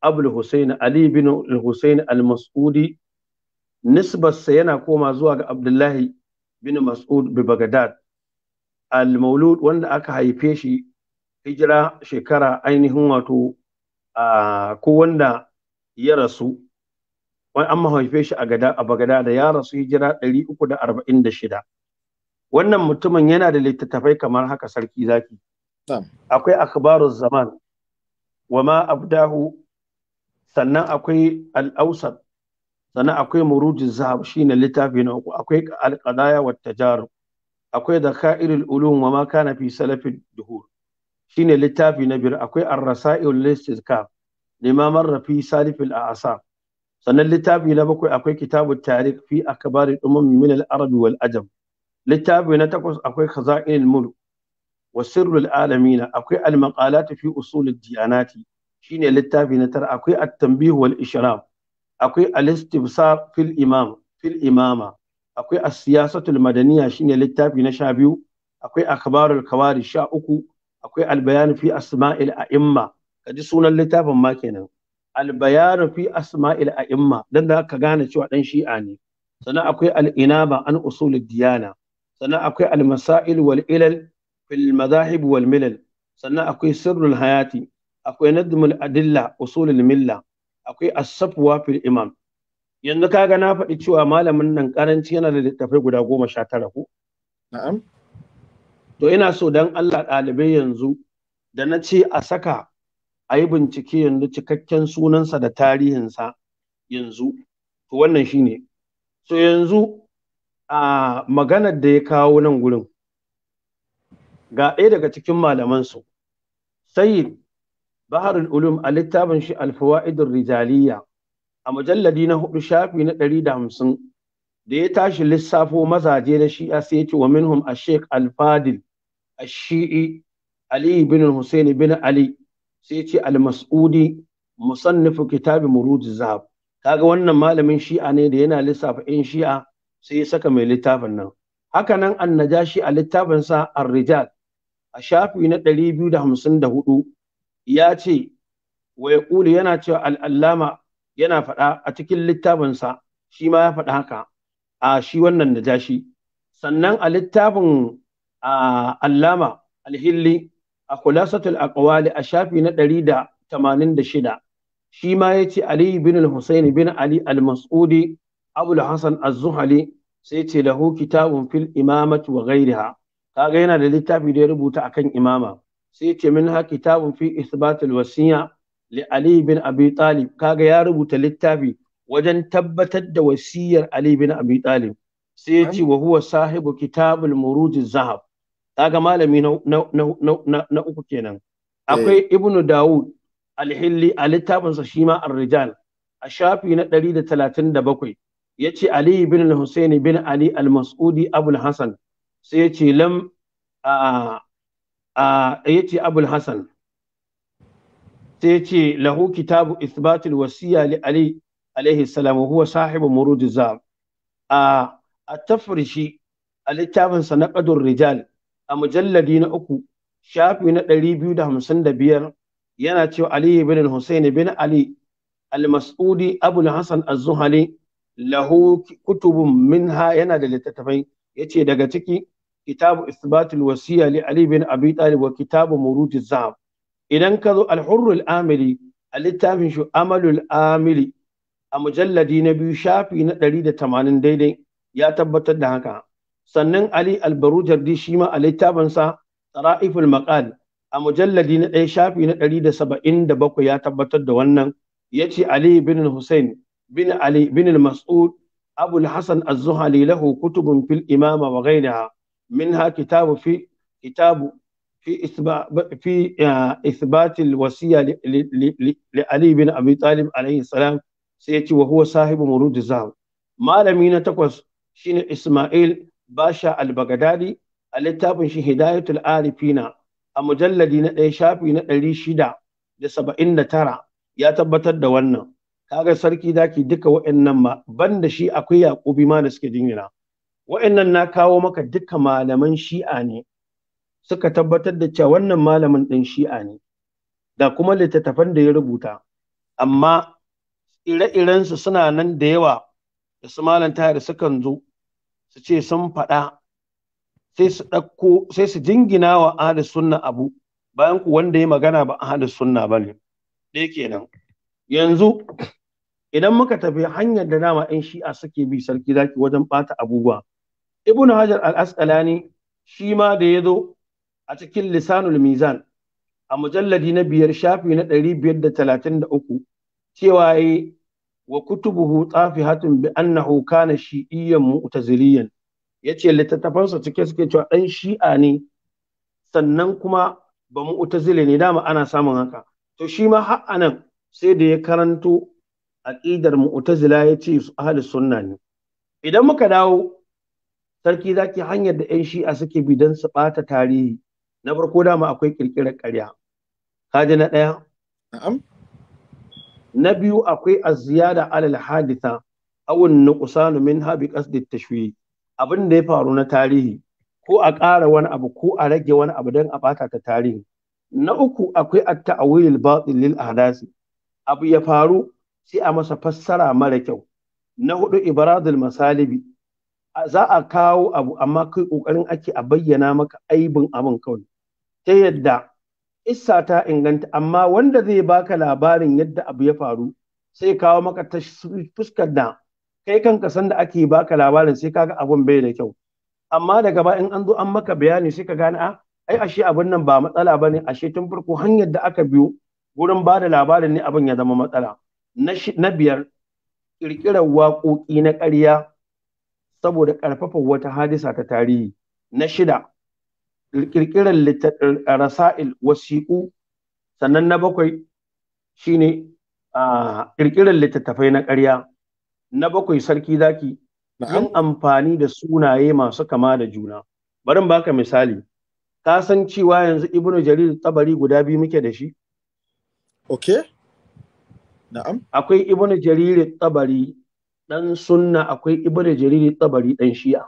abul husaini ali bin husaini al-mas'udi nisbarsa yana koma zuwa ga abdullahi bin mas'ud bi bagdad al-maulud wanda aka haife shi hijira shekara ainihin wato ko wanda ya rasu wani an mahaife shi a gada a bagada da ya rasu hijira 346 wannan mutumin yana da littattafai kamar haka sarki zaki akwai akhbarus zaman wa ma abdahu sannan akwai al-awsat sannan akwai murujiz zahab shine littafi na uku akwai al-qadaya wat tajarub akwai da ka'irul ulum wa ma kana fi salafid duhur shine littafi na biyar akwai ar-rasa'il listizkaf lima marra fi salifil a'sab sannan littafi na bakwai akwai kitabu tarikh fi akbari umam min al-arab wal ajam littafi na takwas akwai khaza'il mulk wa sirrul alamin akwai al-maqalat fi usul ad-diyanat shine littafi na tara akwai at-tanbih wal ishraf akwai al-istibsar fil imam fil imama akwai a siyasatul madaniya shine littafi na sha biyu akwai akhbarul kawari sha uku akwai al fi asma'il a'imma ji sunan littafin ma kenan al fi asma'il a'imma dan da ka gane cewa dan shi'a ne sannan akwai al-inaba an usulid diyana sannan akwai al-masail wal ilal fil madahib wal milal sannan akwai sirrul hayati akwai nadmul adilla usulul milla akwai as-safwa fil imam yanzu kaga na faɗi cewa malamin nan karanci yana da littafai guda goma sha tara ko na'am to ina so dan Allah ɗalibai yanzu da na ce a saka a yi bincike yanzu cikakken sunansa da tarihinsa yanzu to wannan shi ne. so yanzu a maganar da ya kawo nan gurin ga ɗaya daga cikin malamansu sayyid baharul ulum a littafin shi alfawa'idur rijaliya a mujalladi na hudu shafi na ɗari da hamsin da ya tashi lissafo mazaje na shi'a sai ce wa minhum a sheik alfadil a shi'i ali bin husaini bin ali sai ce al musannifu kitabi muruji zahab kaga wannan malamin shi'a ne da yana lissafa in shi'a sai ya saka mai littafin nan haka nan annajashi a sa ar-rijal a shafi na ɗari da hudu ya ce wa yaqulu yana cewa al-allama yana faɗa a cikin littafinsa shi ma ya faɗa haka a shi wannan jashi. sannan a littafin allama alhilli a kulasatul aqwali a shafi na ɗari da tamanin da shida shi ma ya ce ali bin al bin ali al-mas'udi abul hasan az-zuhali sai ce lahu kitabun fil imamati wa ghairiha kaga yana da littafi da ya rubuta akan imama sai ce min ha kitabun fi isbatul wasiya li Ali bin Abi Talib kaga ya rubuta littafi wajen tabbatar da wasiyar Ali bin Abi Talib sai ya ce wa huwa sahibu kitabul muruj zahab kaga malami na uku kenan eh. akwai Ibn Dawud al-Hilli a littafinsa sa shima ar-Rijal a shafi na 137 yace Ali bin al-Husayn bin Ali al-Mas'udi Abul Hasan sai yace lam a yace Hasan sai ya ce lahu kitabu isbatul wasiya li ali alaihi salam huwa sahibu murud zam a tafrishi a littafin sa na qadur rijal a mujalladi na uku shafi na 255 yana cewa ali ibn husayn bin ali al-mas'udi abu hasan az-zuhali lahu kutubun minha yana da littattafai yace daga ciki kitabu isbatul wasiya li ali bin abi talib wa kitabu murud idan ka zo alhurrul amili a littafin shi amalul amili a mujalladi na biyu shafi na 180 daidai ya tabbatar da haka sannan ali albarujardi shi ma a littafinsa tsara'iful maqal a mujalladi na ɗaya shafi na ɗari da saba'in da ya tabbatar da wannan ya ce ali bin hussein bin ali bin mas'ud abul hasan az-zuhali lahu kutubun fil imama wa ghayriha minha kitabu fi kitabu في إثبات الوصية لعلي بن أبي طالب عليه السلام سيأتي وهو صاحب مرود الزهر ما لم ينتقص شين إسماعيل باشا A littafin shi hidayatul arifina a mujalladi na ɗaya shafi na ɗari shida da saba'in da tara ya tabbatar da wannan ga sarki daki duka wa'annan ma banda shi akwai yaƙubi ma da suke jingina wa'annan na kawo maka duka malaman shi'a ne suka tabbatar da cewa wannan malamin ɗin shi'a ne da kuma littattafan da ya rubuta amma ire-irensu suna nan da yawa da su malam tayar sukan zo su ce sun faɗa sai su ɗauko sai su jingina wa ahli sunna abu bayan ku wanda ya magana ba ahli sunna ba ne kenan yanzu idan muka tafi hanyar da nama 'yan shi'a suke bi sarki zaki wajen ɓata abubuwa ibnu hajar al-asqalani shi ma da ya zo a cikin lisanul mizan a mujalladi na biyar shafi na ɗari biyar da talatin da uku cewa ya yi wa kutubuhu hatun bi annahu kana shi'iyyan mu'taziliyan ce littattafansa cike suke cewa ɗan shi'a ne sannan kuma ba mu'tazili ne dama ana samun haka to shi ma har anan sai da ya karanto aqidar ya ce su ahli sunna ne idan muka dawo sarki zaki hanyar da ƴan shi'a suke bi don su ɓata tarihi na farko dama akwai kirkirar ƙarya kaji na ɗaya na'am na biyu akwai da alal haditha awun nuqsanu minha bi qasdi tashwi abin da ya faru na tarihi ko a ƙara wani abu ko a rage wani abu don a bata ta tarihi na uku akwai at-ta'wil batil lil ahdasi abu ya faru sai a masa fassara mara kyau na hudu ibradul masalibi za a kawo abu amma kai kokarin ake a bayyana maka aibin abin kawai ta yadda issa ta inganta amma wanda zai baka labarin yadda abu ya faru sai kawo maka ta fuskar da kai kanka san da ake baka labarin sai kaga abun bai da kyau amma daga ba in an zo an maka bayani sai ka gane a ah, ai ashe abun nan ba matsala bane ashe tun farko hanyar da aka biyo wurin ba da labarin ne abin ya zama matsala na biyar ƙirƙirar waƙoƙi na ƙarya saboda ƙarfafa wata hadisa ta tarihi na shida ƙirƙirar rasa'il wasiƙu sannan na bakwai shine ƙirƙirar littattafai na ƙarya na bakwai sarki zaki yin amfani da sunaye masu kama da juna bari baka misali ka san cewa yanzu ibnu jarir tabari guda biyu muke da shi okay na'am akwai ibnu jarir tabari ɗan sunna akwai ibada jariri tsabari ɗan shi'a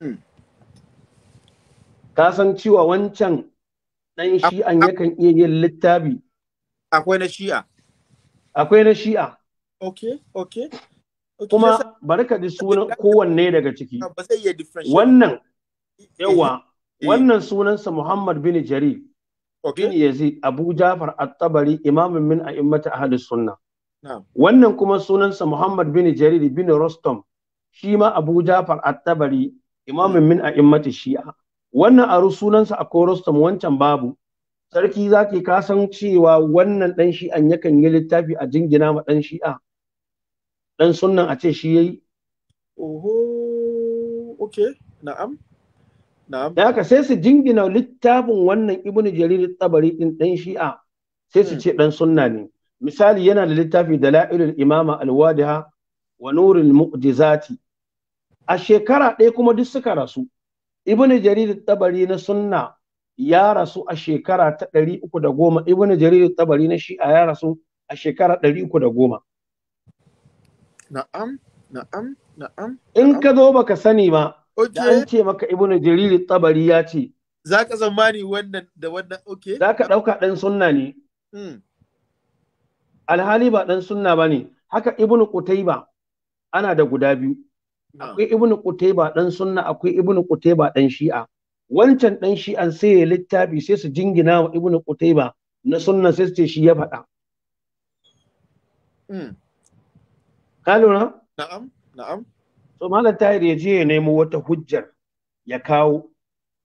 hmm. ka san cewa wancan ɗan shi'an yakan iya yin littafi akwai na shi'a akwai na shi'a okay okay kuma bari ka ji sunan kowanne daga ciki ah, wannan eh, yawa eh. wannan sunansa Muhammad bin Jarir bin Yazid Abu Jafar At-Tabari imamin min a'immat ahlus sunnah wannan kuma sunansa Muhammad bin Jarir bin Rostom shi ma Abu Ja'far At-Tabari imamin min a a'immati Shi'a wannan aru sunansa akwai Rostom wancan babu sarki zaki ka san cewa wannan dan Shi'an yakan yi littafi a jingina ma dan Shi'a dan sunnan a ce shi yayi oho okay na'am na'am da haka sai su jingina littafin wannan Ibn Jarir At-Tabari din dan Shi'a sai su hmm. ce dan sunna ne misali yana da littafi da la'ilul imama alwadiha wa nurul mu'jizati a shekara ɗaya kuma duk suka rasu ibnu jarir tabari na sunna ya rasu a shekara ta ɗari uku da goma ibnu jarir tabari na shi'a ya rasu a shekara ɗari uku da goma na'am na'am na'am in ka zo baka sani ma. da an ce maka ibnu jarir tabari ya ce za ka ni wannan da wannan okay za ka ɗauka ɗan sunna ne hmm. alhali ba dan sunna bane haka ibnu qutayba ana da guda biyu akwai ibnu qutayba dan sunna akwai ibnu qutayba dan shi'a wancan dan shi'an sai ya littafi sai su jingina wa ibnu qutayba na sunna sai su ce shi ya faɗa hmm. ka lura na'am na'am to malam tahir ya je ya nemo wata hujjar ya kawo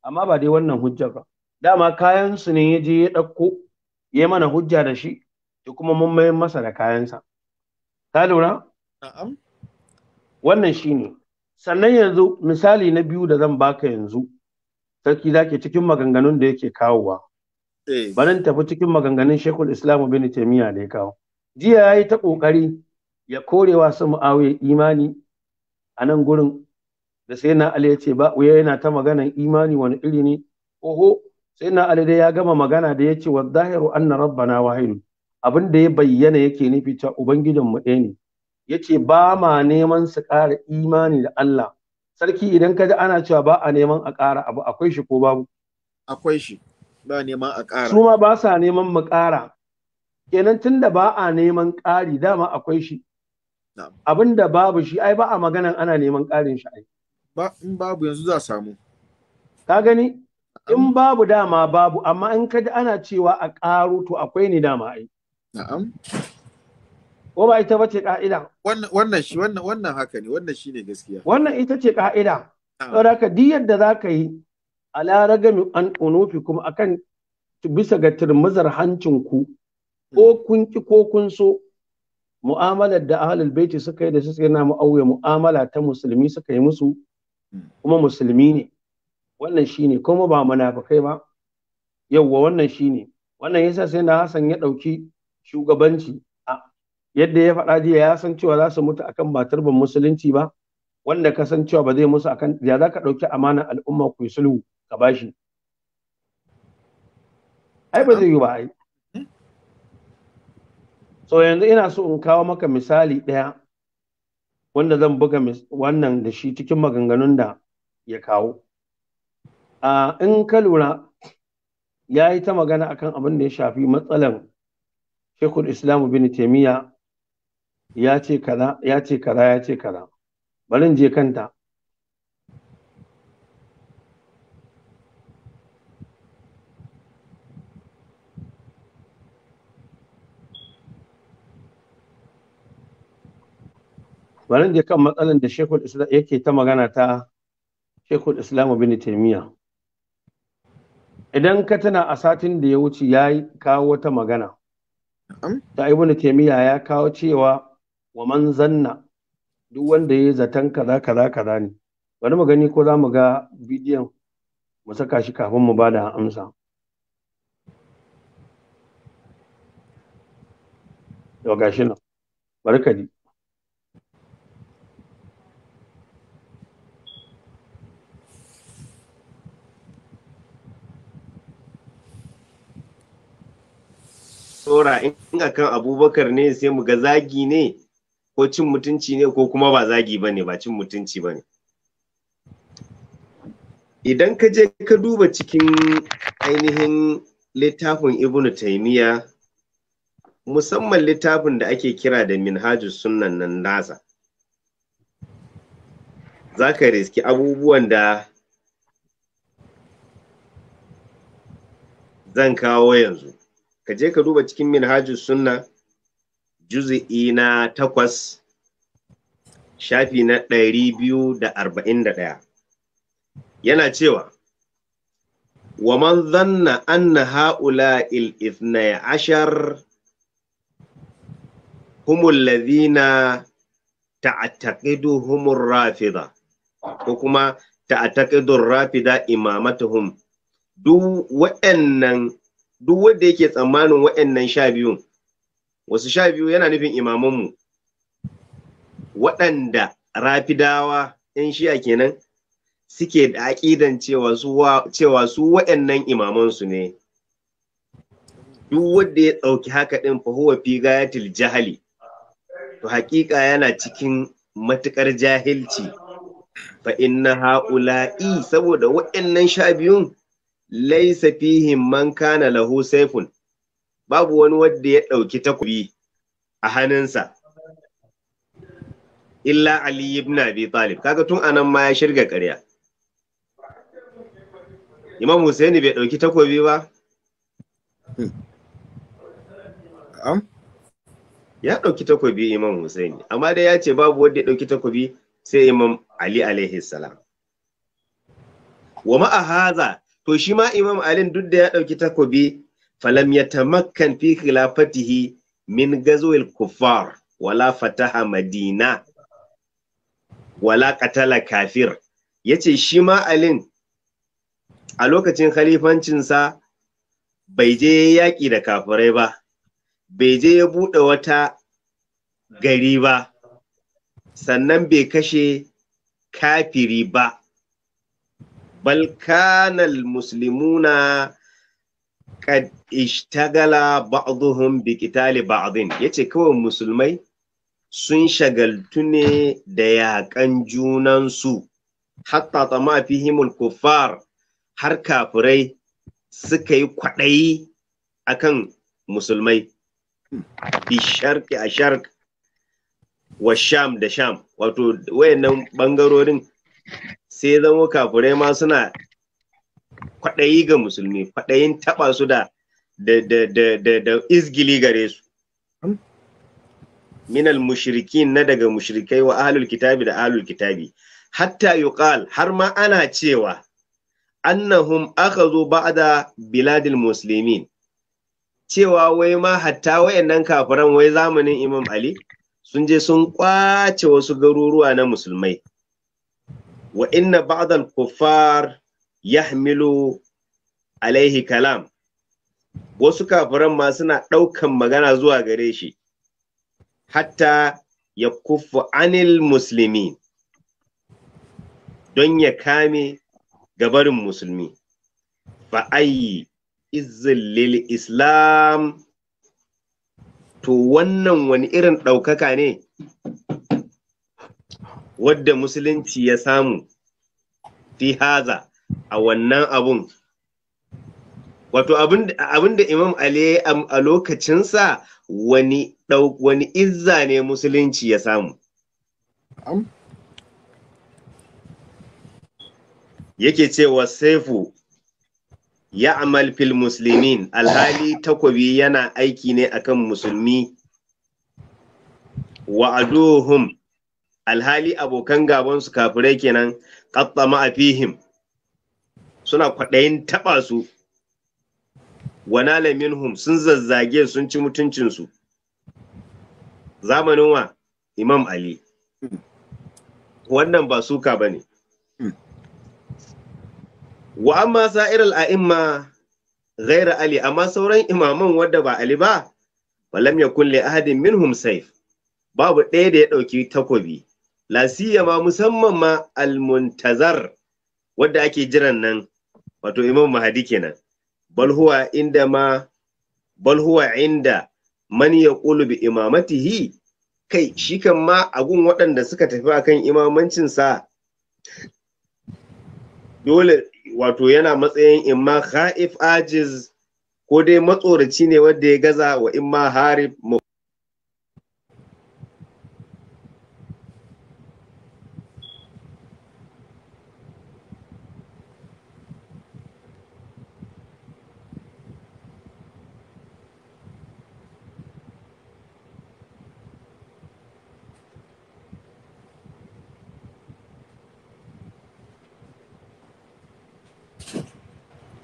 amma ba dai wannan hujjar ba dama kayan su ne ya je ya ɗauko ya mana hujja da shi to kuma mun mayar masa da kayansa Ta lura na'am wannan shi ne. sannan yanzu misali na biyu da zan baka yanzu sarki zake cikin maganganun da yake kawowa eh. barin tafi cikin maganganun shekul islamu bin taimiyya da ya kawo jiya ya yi ta ƙoƙari ya korewa su mu'awiya imani a nan gurin da sai na ali ya ce ba uya yana ta maganan imani wani iri ne oho sai na ali dai ya gama magana da ya ce wa zahiru anna na wahidu abin da ya bayyana yake nufi cewa ubangijin mu ɗaya ne yace ba ma neman su ƙara imani da Allah sarki idan ka ji ana cewa ba a neman a ƙara abu akwai shi ko babu akwai shi ba neman a ƙara su ma ba sa neman mu ƙara kenan tunda ba a neman ƙari dama akwai shi abin da babu shi ai ba a maganan ana neman ƙarin shi ai ba in babu yanzu za samu ka gani in babu dama babu amma in ka ji ana cewa a ƙaro to akwai ne dama ai Na'am. Ko ba ita bace ka'ida. Wannan shi wannan wannan haka ne wannan shine gaskiya. Wannan ita ce ka'ida. Saboda ka duk yadda za ka yi ala ragami an unufi kuma akan bisa ga turmuzar hancin ku hmm. ko kun ki ko kun so mu'amalar da ahlul baiti suka yi da suka na mu'auya mu'amala ta musulmi suka yi musu hmm. kuma musulmi ne wannan shine kuma ba munafikai ba yawwa wannan shine wannan yasa sai na Hassan ya dauki shugabanci A yadda ya faɗa jiya ya san cewa za su mutu akan ba turban musulunci ba wanda ka san cewa ba zai musu akan ya za ka ɗauki amanar al'umma ku yi sulhu ka bashi ai ba zai yi ba ai so yanzu ina so in kawo maka misali ɗaya wanda zan buga wannan da shi cikin maganganun da ya kawo A in ka lura ya yi ta magana akan abin da ya shafi matsalan shekul islamu bin taimiyya ya ce kaza ya ce kaza ya ce kaza barin je kanta bari je kan matsalar da shekul islam yake ta magana ta shekul islam bin taimiyya idan ka tana a satin da ya wuce ya kawo wata magana da ibn taymiya ya kawo cewa wa man zanna duk wanda ya zaton kaza kaza kaza ne bari mu gani ko za mu ga bidiyon mu saka shi kafin mu bada amsa yau gashi nan barkadi Tsora, in kan abubakar ne sai mu ga zagi ne ko cin mutunci ne ko kuma ba zagi ba ne ba cin mutunci ba ne idan ka je ka duba cikin ainihin littafin ibnu taimiya musamman littafin da ake kira da minhajus sunan nan nasa za ka riski abubuwan da zan kawo yanzu ka je ka duba cikin minhajus sunna juz'i na takwas shafi na ɗari biyu da arba'in da ɗaya yana cewa wa man zanna anna ha'ula il ashar humul Ta'atakidu Humul rafida ko kuma ta'atakidun rafida imamatuhum duk waɗannan duk wanda yake tsammanin waɗannan sha biyun wasu sha biyu yana nufin imamanmu waɗanda rafidawa ‘yan shi'a kenan suke da aƙidan cewa su waɗannan imamansu ne duk wanda ya ɗauki haka ɗin fahuwa fi gayatil jahali to haƙiƙa yana cikin matuƙar jahilci fa inna ha'ula'i saboda waɗannan sha biyun laisa fihim man kana lahu saifun babu wani wanda ya ɗauki takobi a hannunsa illa Ali ibn Abi Talib kaga tun anan ma ya shirga ƙarya Imam Husaini bai ɗauki takobi ba am ya ɗauki takobi Imam Husaini amma dai ya ce babu wanda ya ɗauki takobi sai Imam Ali alaihi salam wa ma'a haza to shi ma imam alin duk da ya ɗauki takobi falam ya tamakkan fi khilafatihi min gazwil kufar wala fataha madina wala katala kafir ya ce shi ma alin a lokacin khalifancinsa bai je ya yaƙi da kafirai ba bai je ya buɗe wata gari ba sannan bai kashe kafiri ba Balkanal Musulmuna muslimuna kad ishtagala ba'duhum bi qitali ba'din yace kawai musulmai sun shagaltu ne da yaƙan junansu hatta tama fihimul kuffar har kafirai suka yi kwaɗayi akan musulmai bi sharqi a shark wa sham da sham wato wayannan ɓangarorin sai zama kafurai ma suna kwaɗayi ga musulmi kwaɗayin taɓa su da da izgili gare su minal mushrikin na daga mushrikai wa ahlul kitabi da ahlul kitabi hatta yuqal har ma ana cewa aka annahum akhadhu da biladil muslimin cewa wai ma hatta wayannan kafiran wai zamanin Imam Ali sun je sun kwace wasu garuruwa na musulmai wa inna ba'dal kuffar yahmilu alaihi kalam wasu kafiran ma suna ɗaukan magana zuwa gare shi hatta ya kufu anil musulmi don ya kame gabarin musulmi fa ayi izin islam to wannan wani irin ɗaukaka ne wadda musulunci ya samu fi haza a wannan abun wato abin da imam ali a lokacinsa wani wani izza ne musulunci ya samu yake cewa saifu ya amal fil musulmin, alhali takobi yana aiki ne akan musulmi wa aduhum alhali abokan gaban gabansu kafirai kenan ma afihim suna kwaɗayin taɓa su wanala minhum sun zazzage sun ci mutuncinsu zamanin wa imam ali hmm. wannan ba suka ba ne hmm. wa amma sa'iral a'imma ghaira ali amma sauran imaman wanda ba ali ba falam yakun li ahadin minhum saif babu ɗaya da ya ɗauki takobi Lasiya ma musamman ma almuntazar wadda ake jiran nan wato imam mahadi kenan bal huwa inda ma bal huwa inda man yaqulu bi imamatihi kai shi kan ma agun waɗanda suka tafi akan imamancin sa dole wato yana matsayin imma kha'if ajiz ko dai matsoraci ne wanda ya gaza wa imma harif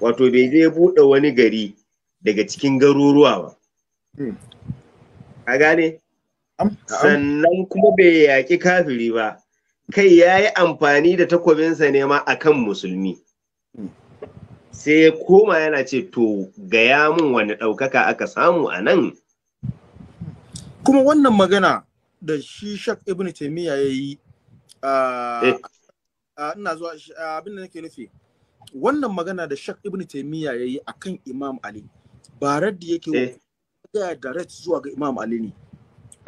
wato bai je buɗe wani gari daga cikin garuruwa ba hmm. a gane sannan kuma bai yaƙi kafiri ba kai ya yi amfani da takobinsa ne ma a kan musulmi hmm. sai ya koma yana ce to gaya mun wani ɗaukaka aka samu a nan kuma wannan magana da shi shak ibn taimiyya ya yi ah, eh. ah, ina zuwa ah, abin da nake nufi wannan magana da shak ibn taimiyya ya yi a kan imam ali ba raddi yake eh. gaya da direct zuwa ga imam ali ne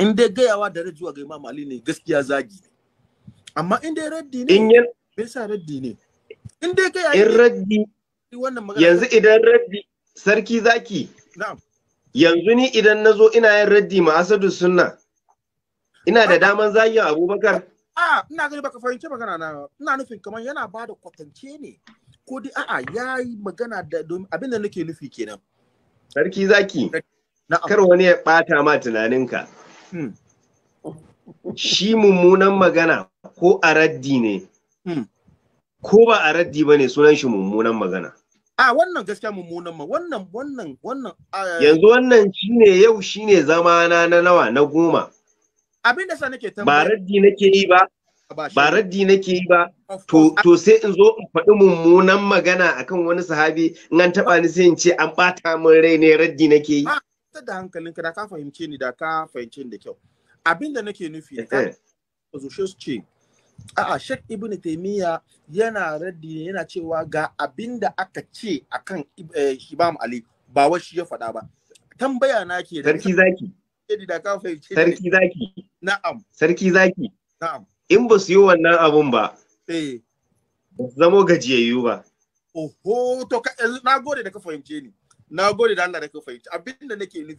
in dai gayawa direct zuwa ga imam ali ne gaskiya zagi amma in dai raddi ne in bai sa raddi ne in dai gaya in raddi yanzu idan raddi sarki zaki yanzu ni idan na zo ina yin raddi ma asadu sunna ina da ah. daman zagi abubakar a ah, ina gani baka fahimci magana na ina nufin kamar yana ba da kwatance ne ko dai a'a ya yi magana da abin da nake nufi kenan sarki zaki kar wani ya ɓata ma tunaninka hmm. shi mummunan magana ko a raddi ne hmm. ko ba a raddi ba ne sunan shi mummunan magana a wannan gaskiya mummunan ma wannan wannan wannan yanzu wannan shine yau shine zama na na nawa na goma abin da sa nake tambaya ba raddi nake yi ba ba raddi nake yi ba To, to sai in zo in faɗi mummunan magana akan wani sahabi in an taɓa ni sai in ce an ɓata min rai ne raddi nake yi. Ta da hankalinka da ka fahimce ni da ka fahimce ni da kyau. Abin da nake nufi ka zushe su ce a'a shek Ibn Taymiya yana raddi ne yana cewa ga abin da aka ce akan eh, Imam Ali ba wai shi ya faɗa ba. Tambaya na ke da Sarki zaki. Sarki zaki. Na'am. Sarki zaki. Na'am. In ba su yi wannan abun ba, Eh. zamo gajiyayyu ba oho to eh, na gode da ka fahimce ni na gode da Allah da ka fahimci abinda nake nufi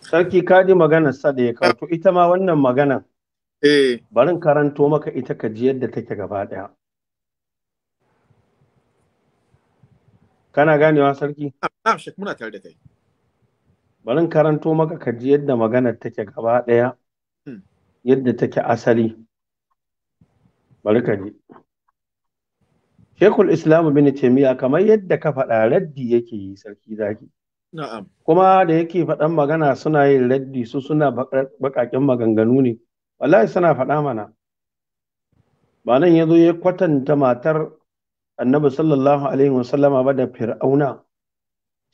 sarki ji magana sa da ya kawo ita ma wannan maganar eh. barin karanto maka ita ka ji yadda take gaba daya kana ganewa sarki na'am ah, ah, shek muna tare da kai barin karanto maka ka ji yadda magana take gaba daya hmm. yadda take asali Barkani, shekul islamu bin taimiyya kamar yadda ka faɗa raddi yake yi sarki zaki na'am kuma da yake faɗan magana suna yin raddi su suna baƙaƙen maganganu ne wallahi suna faɗa mana ba nan yazo ya kwatanta matar annabi sallallahu alaihi wasallama ba da fir'auna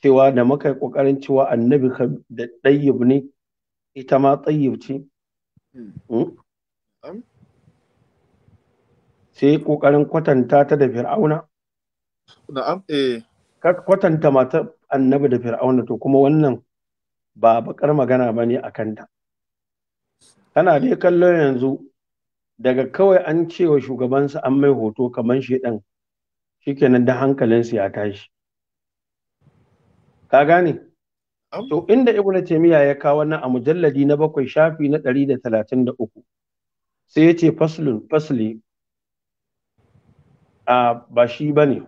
cewa da muka yi ƙoƙarin cewa annabi da ɗayyib ne ita ma ɗayyib ce hmm. Hmm? sai ƙoƙarin kwatanta ta da fir'auna na'am eh ka kwatanta matar annabi da fir'auna to kuma wannan ba bakar magana ba ne a kanta kana dai kallon yanzu daga kawai an cewa shugabansa an mai hoto kamar shi ɗan kenan da hankalinsu ya tashi ka gane to inda ibn Taymiyya ya kawo wannan a mujalladi na bakwai shafi na ɗari da talatin da uku sai ya ce faslun fasli ba shi ba ne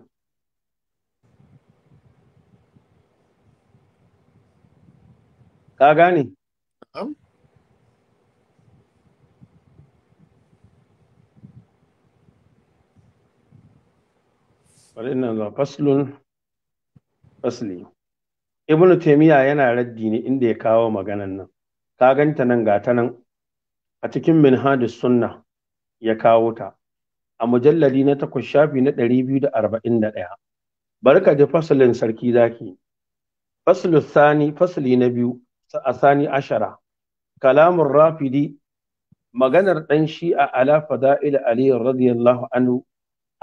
ka gane bari zuwa faslun fasli ibn taimiyya yana raddi ne inda ya kawo maganan nan ka ganta nan ga ta nan a cikin minhajus sunna ya kawo ta a mujallali na takwas shafi na ɗari biyu da arba'in da ɗaya barka da fasalin sarki zaki fasalin sani fasali na biyu a sani ashara kalamun rafidi maganar ɗan shi'a ala fada'il ali radiyallahu anhu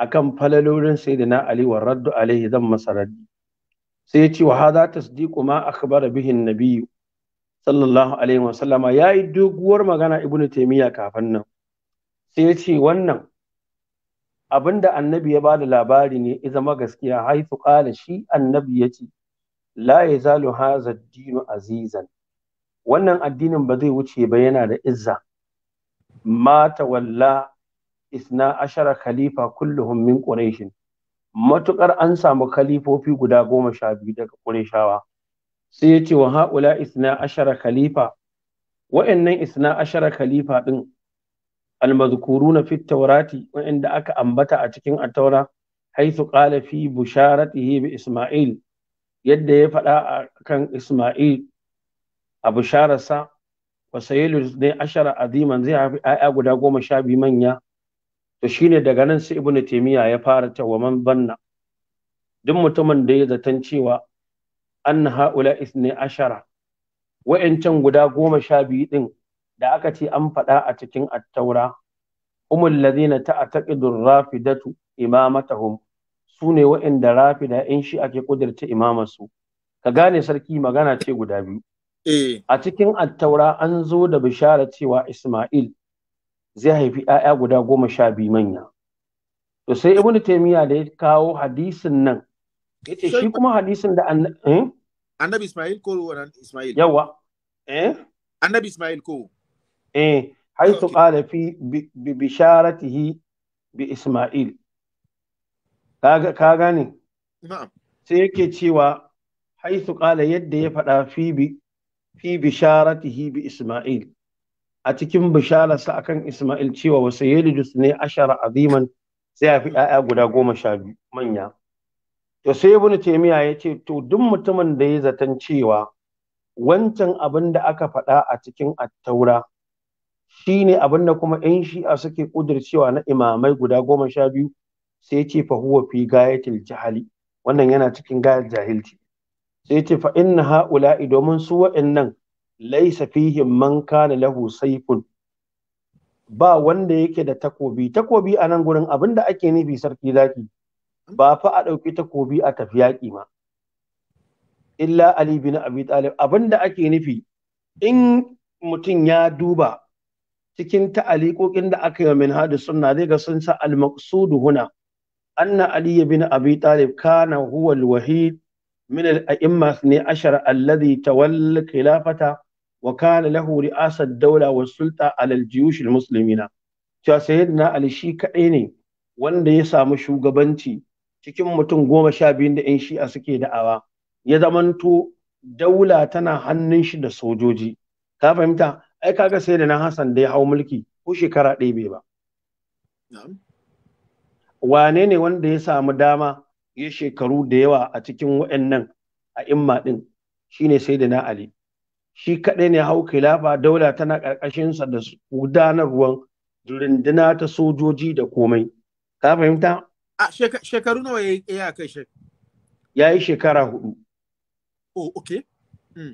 akan falalolin saida ali wa raddu alaihi zan masa sai ya ce wa hadha tasdiqu ma akhbara bihi an-nabiy sallallahu alaihi wa sallama yayi doguwar magana ibnu taimiyya kafin nan sai ya ce wannan abinda annabi ya bada labari ne ya zama gaskiya haifu ƙala shi annabi ya ce. la ya hadha haza azizan wannan addinin ba zai wuce ba yana da izza mata walla isna ashara khalifa kulluhum min quraish matukar an samu khalifofi guda goma sha biyu daga qurayshawa sai ya ce wa haula isna ashara khalifa wa'annan isna ashara khalifa din na fit tawrati wa'inda aka ambata a cikin at haisu haythu qala fi busharatihi bi isma'il yadda ya faɗa kan isma'il a Bushararsa, wa sayyidu ne ashara aziman zai haifi 'ya'ya guda goma sha biyu manya to shine daga nan sai ibnu taymiya ya fara ta banna duk mutumin da ya zaton cewa an haula isne ashara wa'ancan guda goma sha biyu din da aka ce an faɗa a cikin attaura umul ladina ta'taqidur rafidatu imamatahum su ne wa'inda rafida in shi ake kudirce imamansu ka gane sarki magana ce guda biyu eh. a cikin attaura an zo da bishara cewa isma'il zai haifi 'ya'ya guda goma sha biyu manya to sai ibn taymiya da ya kawo hadisin nan yace shi kuma hadisin da eh? annabi isma'il ko wannan isma'il yawa eh annabi isma'il ko eh haythu qala fi bi bisharatihi bi isma'il ka gane sai yake cewa haythu yadda ya faɗa fi bi fi bisharatihi bi isma'il a cikin bishararsa kan isma'il cewa wasu yalidus ne ashara aziman sai a fi ‘ya'ya guda goma sha biyu manya. To sai ibn ce, to duk mutumin da ya zaton cewa wancan abin da aka faɗa a cikin attaura Shi ne abin da kuma yan shi'a suke kudircewa na imamai guda goma sha biyu sai ya ce fa huwa fi gayatil jahali wannan yana cikin gayar jahilci sai ya ce fa inna haula'i domin su wa'annan laisa fihim man kana lahu saifun ba wanda yake da takobi takobi a nan gurin abin da ake nufi sarki zaki ba fa a ɗauki takobi a tafi yaƙi ma illa ali bin abi talib abin da ake nufi in mutum ya duba cikin ta'aliƙoƙin da aka yi min hadu sunna dai ga sun sa al-maqsudu huna anna ali bin abi talib kana huwa al-wahid min al-a'imma 12 alladhi tawalla khilafata wa kana lahu ri'asa ad-dawla wa sulta ala al-jiyush al-muslimina cewa sayyidina ali shi kadai ne wanda ya samu shugabanci cikin mutum goma sha biyun da 'yan shi'a suke da'awa ya zamanto daula tana hannun shi da sojoji ka fahimta ai kaga sai da na Hassan da ya hau mulki ko shekara ɗaya bai ba wane ne wanda ya samu dama ya shekaru da yawa a cikin wa'annan a imma din shine sai da na Ali shi kaɗai ne hau khilafa daula tana ƙarƙashinsa da gudanarwan runduna ta sojoji da komai ka fahimta a shekaru nawa ya yi kai shi ya yi shekara hudu oh okay hmm.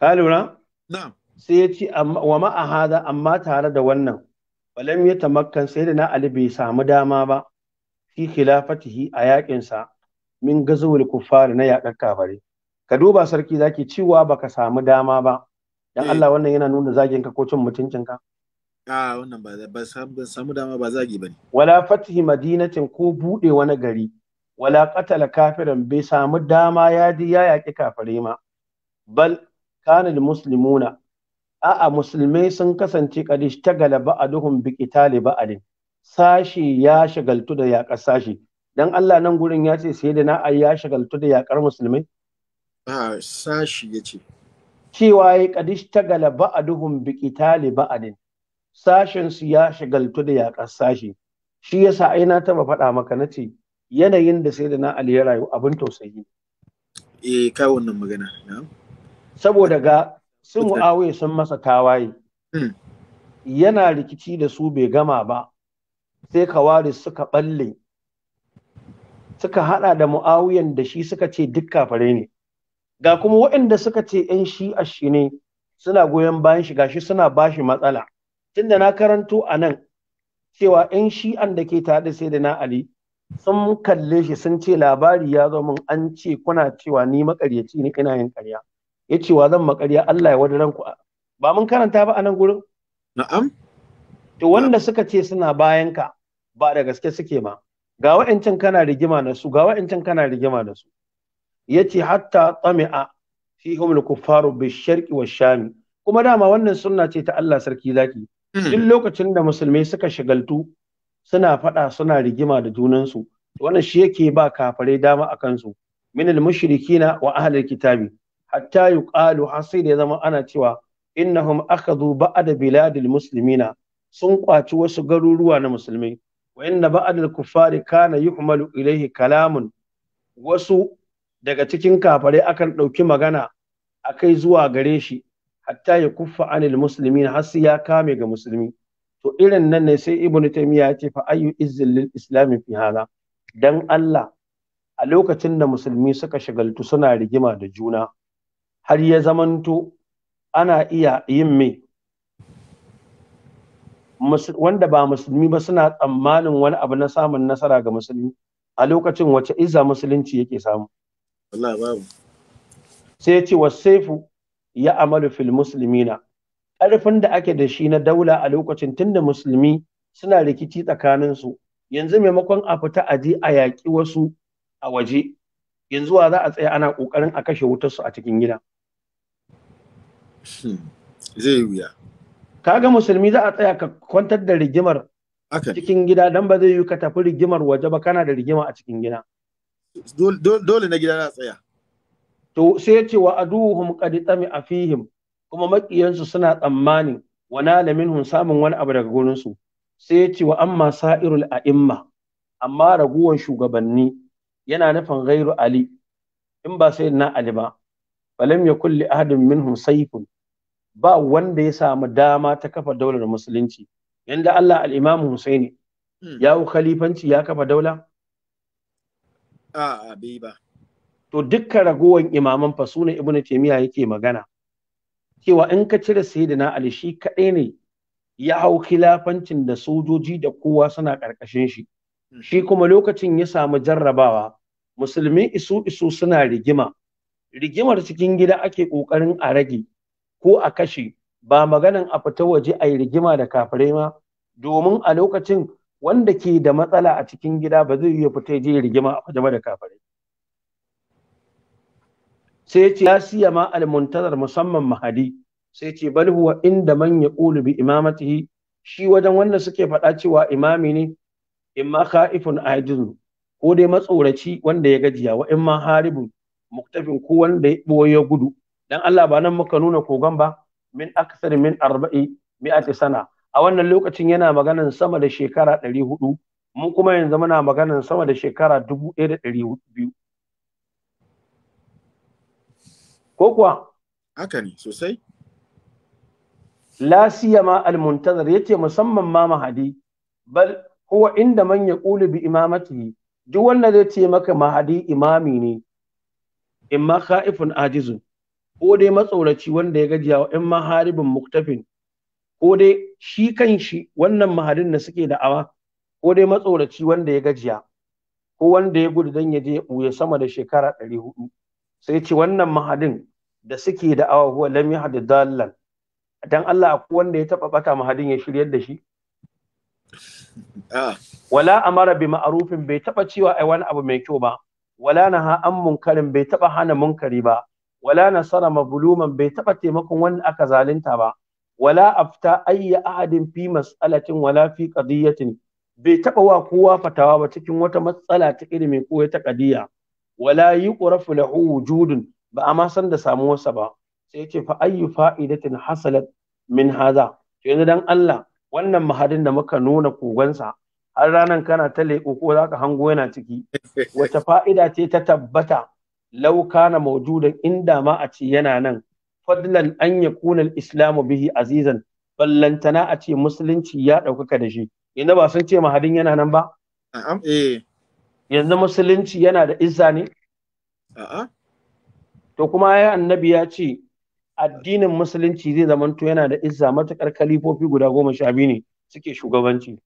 ka lura na'am sai ya ce wa hada, amma tare da wannan balam ya tamakkan sai da na Ali bai samu dama ba fi khilafatihi a yaƙinsa min gazawul kufari na yaƙar kafare ka duba sarki zaki cewa baka samu dama ba dan eh. Allah wannan yana nuna zagin ka ko cin mutuncin ka a wannan ba ba samu dama ba zagi bane wala fatihi madinatin ko bude wani gari wala qatala kafiran bai samu dama ya ji ya yaƙi kafare ma bal kana muslimuna a'a musulmai sun kasance kadish ta galaba a duhun biki ba'alin sashi ya shagaltu da yaƙar sashi dan Allah nan gurin ya ce sai da na ai ya shagaltu da yaƙar musulmai a sashi yace cewa ya kadish ta galaba a duhun biki qitali ba'alin sashin su ya shagaltu da yaƙar sashi shi yasa ai na taba faɗa maka na ce yanayin da sai da na Ali ya rayu abin tausayi eh kai wannan magana na'am saboda ga Sun mu'awiya sun masa tawaye hmm. yana rikici da su bai gama ba sai kawari suka balle suka hada da mu'awiyan da shi suka ce duk kafare ne ga kuma waɗanda suka ce yan shi a shi ne suna goyon bayan shi gashi suna bashi matsala tunda na karanto a nan cewa yan shi'an da ke tare sai da na ali sun kalle shi sun ce labari ya zo min an ce kuna cewa ni makaryaci ne ina yin karya ya ce wa zan makarya Allah ya wadaran ku ba mun karanta ba a nan gurin na'am to wanda suka ce suna bayan ka ba da gaske suke ma ga wa'ancan kana rigima da su ga wa'ancan kana rigima da su yace hatta tsami'a fi humul kuffaru bi wa shami kuma dama wannan sunna ce ta Allah sarki zaki hmm. duk lokacin da musulmai suka shagaltu suna faɗa suna rigima da junansu wannan shi yake ba kafare dama a kansu minal mushrikina wa ahlul kitabi hatta yuqalu har sai da ya zama ana cewa innahum akhadhu ba'da biladil muslimina sun kwaci wasu garuruwa na musulmai wa inna ba'dal kuffari kana yuhmalu ilaihi kalamun wasu daga cikin kafare akan ɗauki magana akai zuwa gare shi hatta ya kuffa anil muslimin har sai ya kame ga musulmi to irin nan ne sai ibnu taymiya ya ce fa ayyu izzil lil islam fi hala dan Allah a lokacin da musulmi suka shagaltu suna rigima da juna har ya zamanto ana iya yin mai wanda ba musulmi ba suna tsammanin wani abu na samun nasara ga musulmi a lokacin wace iza musulunci yake samu sai ya ce saifu ya amalu fil musulmina ƙarfin da ake da shi na daula a lokacin tunda musulmi suna rikici tsakaninsu yanzu maimakon a fita a je a yaƙi wasu a waje yanzu wa za a tsaya ana ƙoƙarin a kashe wutarsu a cikin gida Hmm. zai wuya kaga musulmi za a tsaya ka kwantar da rigimar cikin gida dan ba zai yi ka tafi rigimar waje ba kana da rigima a cikin gida dole na gida za tsaya to sai ya ce wa aduhum qad tami afihim kuma makiyansu suna tsammani wa nala minhum samun wani abu daga gurin su sai ya ce wa amma sa'irul a'imma amma raguwan shugabanni yana nufin ghairu ali in ba sai na ali ba falam ya kulli ahadin minhum sayfun ba wanda ya samu dama ta kafa daular musulunci yanda Allah al-Imam Husaini hmm. ya khalifanci ya kafa daula a bai ba to dukkan ragowan imaman fa sunan ibnu taymiya yake magana cewa in ka cire sayyidina ali shi kadai ne ya hau khilafancin da sojoji da kowa suna karkashin shi hmm. shi kuma lokacin ya samu jarrabawa musulmi isu isu suna rigima rigimar cikin gida ake ƙoƙarin a rage ko a kashe ba maganan a fita waje a yi rigima da kafirai ma domin a lokacin wanda ke da matsala a cikin gida ba zai iya fita je rigima a fajama da kafirai sai ce ya siya ma almuntazar musamman mahadi sai ce bal huwa inda man yaqulu bi imamatihi shi wajen wanda suke faɗa cewa imami ne imma kha'ifun ajizun ko dai matsoraci wanda ya gajiya wa imma haribun muktafin ko wanda ya boye gudu dan Allah ba nan muka nuna kogon ba min aksar min arba'i mi'ati sana a wannan lokacin yana maganan sama da shekara 400 mu kuma yanzu muna maganan sama da shekara 1200 ko kuwa haka ne sosai la siyama al-muntazir yace musamman ma mahadi bal huwa inda man yaqulu bi imamati duk wanda zai ce maka mahadi imami ne in ma kha'ifun ajizun ko dai matsoraci wanda ya gajiya in ma haribin muktafin ko dai shi kan shi wannan mahadin da suke da'awa ko dai matsoraci wanda ya gajiya ko wanda ya gudu dan ya je ya sama da shekara ɗari hudu sai ce wannan mahadin da suke da'awa huwa lam yahdi dallan dan Allah akwai wanda ya taba bata mahadin ya shiryar da shi ah. wala amara bi ma'arufin bai taba cewa ai wani abu mai kyau ba wala naha an munkarin bai taba hana munkari ba wala nasara mabuluman bai taba taimakon wanda aka zalunta ba wala afta ayya ahadin fi mas'alatin wala fi qadiyatin bai taba wa kowa fatawa ba cikin wata matsala ta ilimi ko ta qadiya wala yuqrafu lahu wujudun ba a san da samuwarsa ba sai ce fa ayyu fa'idatin hasalat min hadha to yanzu dan Allah wannan mahadin da muka nuna kogonsa har ranar kana ta leƙo ko za ka hango yana ciki wace fa'ida ce ta tabbata lauka na maujudan inda ma a ce yana nan fadlan an ya kuna islamu bihi azizan ballantana a ce musulunci ya ɗaukaka da shi Yanzu ba sun ce mahadin yana nan ba eh. yanzu musulunci yana da izza ne to kuma ya annabi ya ce addinin musulunci zai zamanto yana da izza matuƙar kalifofi guda goma sha biyu ne suke shugabanci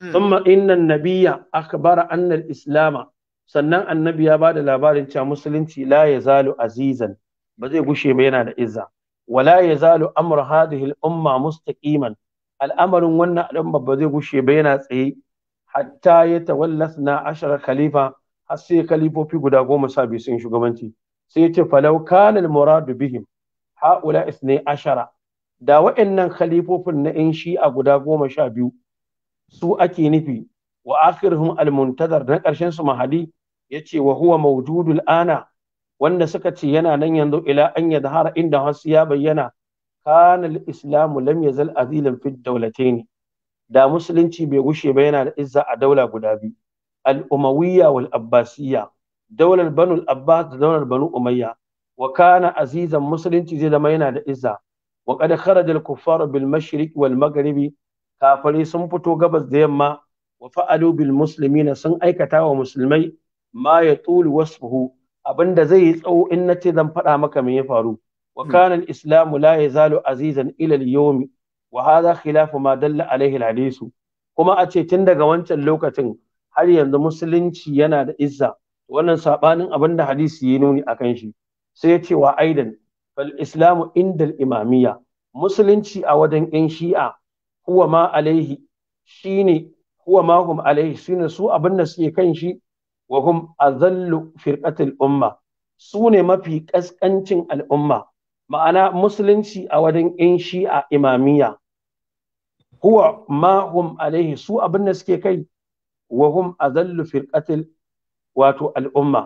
Hmm. thumma inna nabiyya akhbara anna al-islama sannan annabi ya bada labarin cewa musulunci la yazalu azizan ba zai gushe ba yana da izza wala yazalu amru hadhihi al-umma mustaqiman al'amarin wannan al'umma ba zai gushe ba yana tsaye hatta ya na ashara kalifa har sai kalifofi guda goma sha biyu sun shugabanci sai yace falau kana al-muradu bihim haula isnai ashara da wa'annan kalifofin na in shi'a guda goma sha biyu su ake nufi wa akhiruhum almuntazar na ƙarshen su mahadi yace wa huwa mawjudul ana wanda suka ce yana nan yanzu ila an yadhara inda hasu ya bayyana kana al lam yazal azilan fi dawlatayn da musulunci bai gushe ba yana da izza a daula guda biyu al-umawiyya wal abbasiyya daular banu abbas da daular banu umayya wa kana azizan musulunci zai zama yana da izza wa qad kharaja al-kuffar bil mashriq wal maghribi kafari sun fito gabas da yamma wa fa'alu bil muslimina sun aikata wa musulmai ma ya tulu wasfuhu abinda zai yi tsawo in na ce zan faɗa maka me ya faru wa hmm. kana al islamu la yazalu azizan ila al yawm wa hadha khilafu ma dalla alaihi al hadisu kuma a ce tun daga wancan lokacin har yanzu musulunci yana da izza wannan sabanin abinda hadisi ya nuni akan shi sai ya ce wa aidan fal islamu inda al imamiyya musulunci a wajen yan shi'a huwa ma alaihi shine huwa ma hum alaihi shine su abin da suke kan shi wa hum azallu firqatil umma su ne mafi kaskancin al'umma ma'ana musulunci a wajen yan shi'a imamiya huwa ma hum alaihi su abin da suke kai wa hum azallu firqatil wato al'umma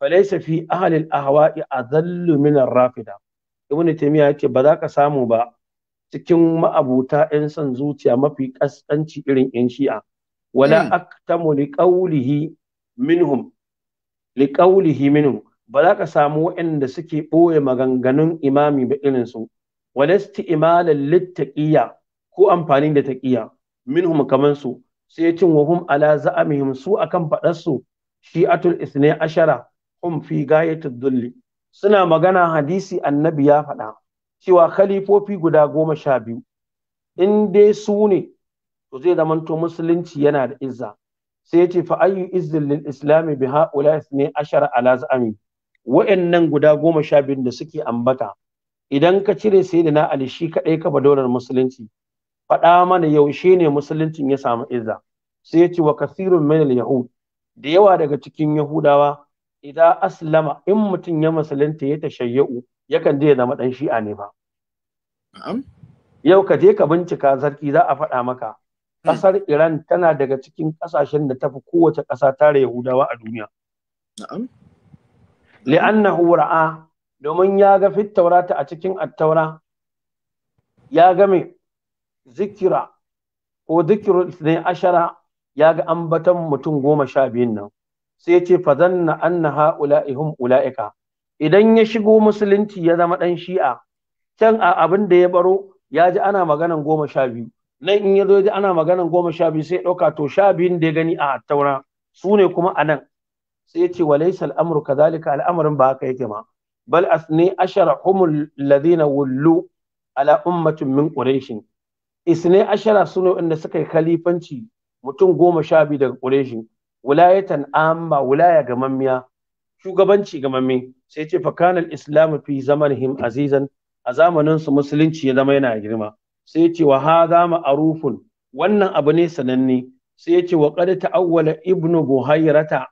falaysa fi ahli al-ahwa'i azallu min ar-rafida ibn taymiya yace ba za ka samu ba cikin ma'abuta 'yan son zuciya mafi ƙasƙanci irin 'yan shi'a wala hmm. aktamu liqawlihi minhum liqawlihi minhum ba za ka samu waɗanda suke ɓoye maganganun imami ba irin su walasti imalan littaqiya ko amfani da taqiya minhum kaman su sai cin wahum ala za'amihim su akan faɗar su shi'atul isnai ashara hum fi gayatid dulli suna magana hadisi annabi ya faɗa cewa khalifofi guda goma sha biyu in dai su ne to zai zamanto musulunci yana da izza sai ya ce fa ayyu izzin lil islami bi haula ne ashara ala zami wa'annan guda goma sha biyun da suke ambata idan ka cire sai sayyidina ali shi kadai ka daular musulunci faɗa mana yaushe ne musuluncin ya samu izza sai ya ce wa kasirun min yahud da yawa daga cikin yahudawa idan aslama in mutum ya musulunta ya tashayyu yakan je ya zama ɗan shi'a ne ba. Yau ka je ka bincika zarki za a faɗa maka hmm. ƙasar Iran tana daga cikin ƙasashen da tafi kowace ƙasa tare Yahudawa a duniya. Li'annahu ra'a domin ya ga fit ta a cikin attaura ya ga me zikira ko zikiru ne ashara ya ga ambatan mutum goma sha biyun nan sai ya ce fazanna anna ha'ula'ihum ula'ika idan ya shigo musulunci ya zama ɗan shi'a can a abin da ya baro ya ji ana maganan goma sha biyu nan in ya zo ya ji ana maganan goma sha biyu sai ɗauka to sha biyun da ya gani a taura su ne kuma a nan sai ya ce al'amur ka zalika al'amarin ba haka yake ma bal asni ashara humul ladina wullu ala ummatin min quraishin isne ashara sune wanda suka yi kalifanci mutum goma sha biyu daga quraishin wilayatan amma wilaya gamammiya shugabanci ga mamme sai ce fakanal islamu fi zamanihim azizan a zamanin su musulunci ya zama yana girma sai ce wa hadha ma'rufun wannan abu ne sananne sai ce, wa qad ta'awwala ibnu buhayrata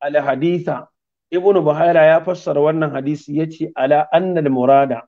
al haditha ibnu buhayra ya fassara wannan hadisi yace ala anna al murada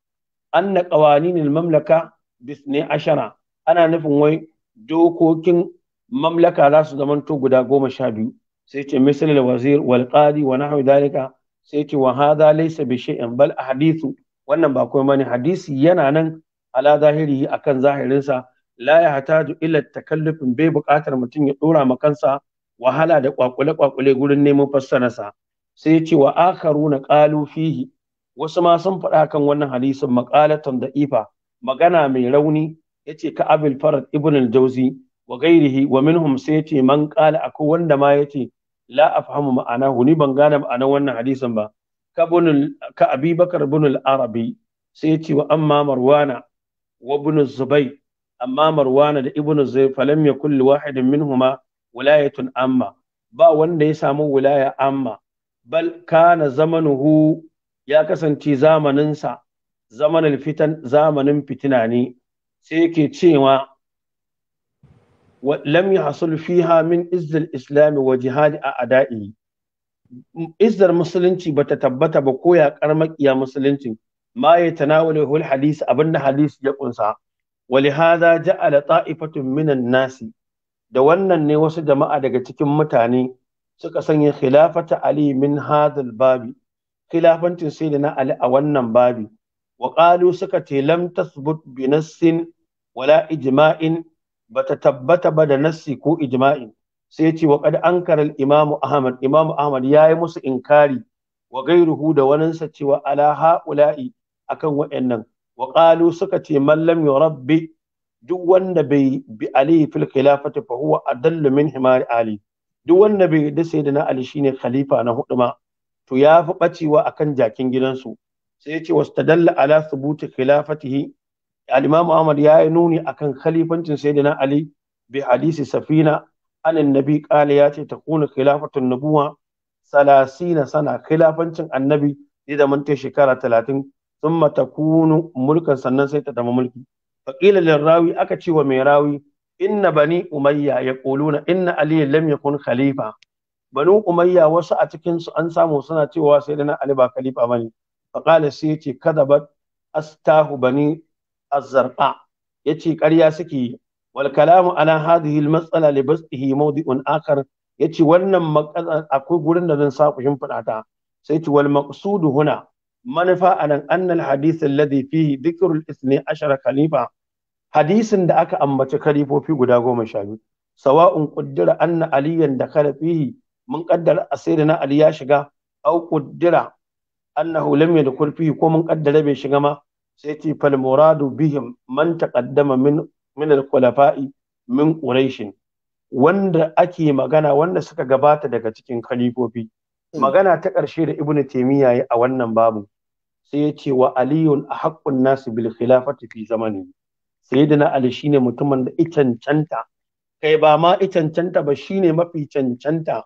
anna qawanin al mamlaka bisne ashara ana nufin wai dokokin mamlaka za su zamanto guda goma sha biyu sai ce misal al-wazir walƙadi wa nahwi dalika sai ce wa hadha laysa bi shay'in bal ahadithu wannan ba komai bane hadisi yana nan ala zahiri akan zahirin sa la yahtaju ila takallufin bai buƙatar mutum ya dora ma kansa wahala da kwakule kwakule gurin neman fassararsa sai ce wa akharuna qalu fihi wasu ma sun faɗa kan wannan hadisin maqalatan da'ifa magana mai rauni yace ka abul farad ibn al-jawzi wa gairihi wa minhum sai ce man qala akwai wanda ma yace la afhamu ma'anahu ni ban gane ma'anar wannan hadisin ba ka bunul ka abi bakar bunul arabi sai ya ce wa amma marwana wa ibn zubai amma marwana da ibn ya falam yakul li wahidin minhuma wilayatun amma ba wanda ya samu wilaya amma bal kana zamanuhu ya kasance zamaninsa zamanin fitan zamanin fitina ne sai yake cewa lam yahsul fiha min izzil islam wa jihad a ada'i izzar musulunci bata tabbata ba ko yaƙar makiya musulunci ma na tanawalahu al hadisi abinda hadisi ya kunsa ولهذا جعل طائفة من الناس da wannan ne wasu jama'a daga cikin mutane suka sanya khilafata Ali min hadal babi khilafantin sayyidina Ali a wannan babi wa qalu suka ce lam tasbut wala ijima'in? bata tabbata ba da nassi ko ijma'i sai ce wa Ankaral ankara al-imamu ahmad imamu ahmad yayi musu inkari wa ghayruhu da waninsa cewa ala haula'i akan wa'annan wa qalu suka ce man lam yurabbi duk wanda bai bi ali fil khilafati fa huwa adallu min himar ali duk wanda bai da sayyidina ali shine khalifa na hudu ma to ya fi bacewa akan jakin gidansu sai ya ce wastadalla ala thubuti khilafatihi al-Imam Ahmad ya yi nuni akan khalifancin Sayyidina Ali bi hadisi safina anan nabi qala ya ce takuna khilafatun nubuwa salasina sana khilafancin annabi zai zamanta shekara talatin thumma takunu mulkan sannan sai ta zama mulki faqila lirawi aka ce wa mai rawi inna bani umayya yaquluna inna ali lam yakun khalifa banu umayya wasu a cikin su an samu suna cewa sayyidina ali ba khalifa bane faqala sai yace kadabat astahu bani azzarqa yace ƙarya suke wal kalamu ala hadhihi al mas'ala li basdihi mawdi'un akhar yace wannan akwai gurin da zan sa ku shimfiɗa ta sai ce wal maqsudu huna manufa anan anna annan hadisin alladhi fihi dhikru al ithni ashara khalifa hadisin da aka ambaci kalifofi guda goma sha biyu sawa'un quddira anna aliyan da kala fihi mun kaddara asirina ali ya shiga au quddira annahu lam yadkhul fihi ko mun kaddara bai shiga ma sai ce fal muradu bihim man taqaddama min min al khulafa'i min quraish wanda ake magana wanda suka gabata daga cikin kalifofi hmm. magana ta ƙarshe da ibnu taymiya yi a wannan babu sai ya ce wa aliyun a haƙƙun nasu bil khilafati fi zamani sayyidina ali shine mutumin da icancanta kai ba ma icancanta ba shine mafi cancanta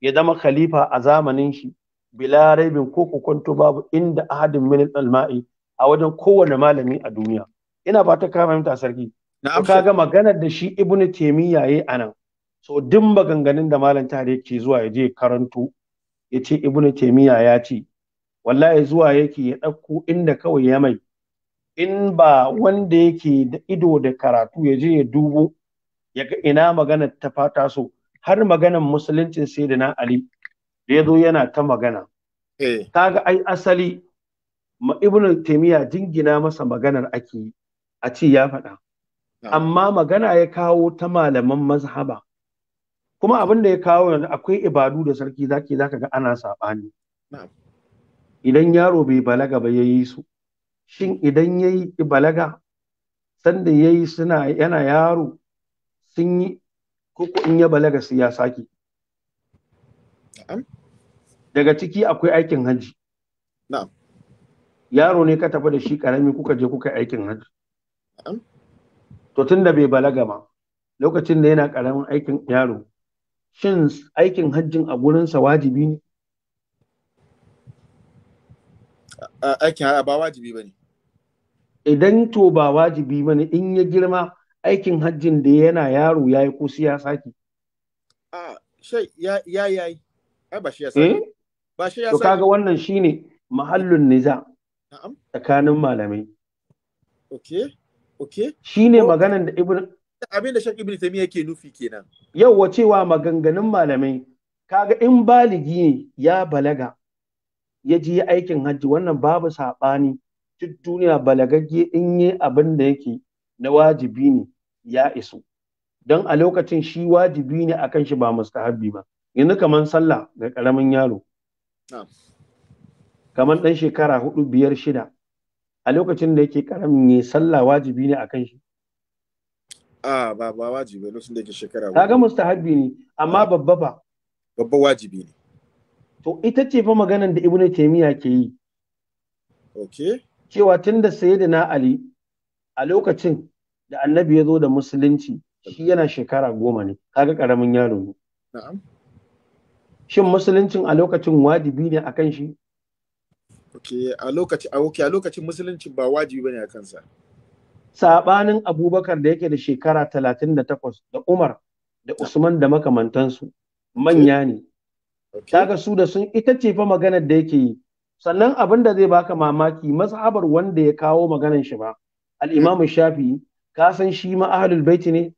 ya zama khalifa a zamanin shi bila raibin ko kwanto babu inda ahadin min al-ma'i a wajen kowane malami a duniya ina fata ka fahimta sarki ka ga maganar da shi ibnu taymiya yayi nan. so din maganganun da malam tare ke zuwa yaje je karanto ya ce ibnu taymiya ya ce wallahi zuwa yake ya ɗauko inda kawai ya mai in ba wanda yake da ido da karatu yaje ya dubo ya ga ina maganar ta fata so har maganar musuluncin sai da na ali da ya zo yana ta magana eh. kaga ai asali ibn taimiya jingina masa maganar ake yi a ce ya faɗa amma magana ya kawo ta malaman mazhaba kuma abin da ya kawo yanzu akwai ibadu da sarki zaki zaka ga ana saɓani idan yaro bai balaga ba ya yi su shin idan ya yi balaga sanda ya suna yana yaro sun yi koko in ya balaga su ya sake daga ciki akwai aikin hajji na'am yaro ne ka tafi da shi karami kuka je kuka aikin hajji to tun da bai balaga ma lokacin da yana karamin aikin yaro shin aikin hajjin a gurinsa wajibi ne aikin ba wajibi ba ne idan to ba wajibi ba ne in ya girma aikin hajjin da yana yaro ya yi ko siyasa ki a shai ya ya ba shi ya eh? saki ba shi ya saki to kaga wannan shine mahallun niza tsakanin malamai okay Shi ne maganan da ibn abin da shek ibn taymiya yake nufi kenan yau cewa maganganun malamai kaga in baligi ne ya balaga ya ji aikin hajji wannan babu saɓani duk duniya balagagge in yi abin da yake na wajibi ne ya iso, don a lokacin shi wajibi ne akan shi ba mustahabbi ba yanzu kamar sallah ga ƙaramin yaro kamar ɗan shekara hudu biyar shida a lokacin da yake karamin ne sallah wajibi ne a kan shi a ba ba wajibi lokacin da yake shekara hudu musta mustahabbi ne amma babba ba babba wajibi ne to ita ce fa maganar da Ibn taymiya ke yi Ok. cewa tun da na ali a lokacin da annabi ya zo da musulunci shi yana shekara goma ne kaga karamin yaro ne na'am shin musuluncin a lokacin wajibi ne akan shi Okay, a lokaci a lokacin musulunci ba wajibi bane a kansa. Sabanin Abubakar da yake da shekara 38 da Umar da Usman da makamantansu manya ne. Kaga su da sun ita ce fa maganar da yake yi. Sannan abin da zai baka mamaki mazhabar wanda ya kawo maganar shi ba. Al-Imam hmm. Shafi'i ka san shi ma ahlul baiti ne?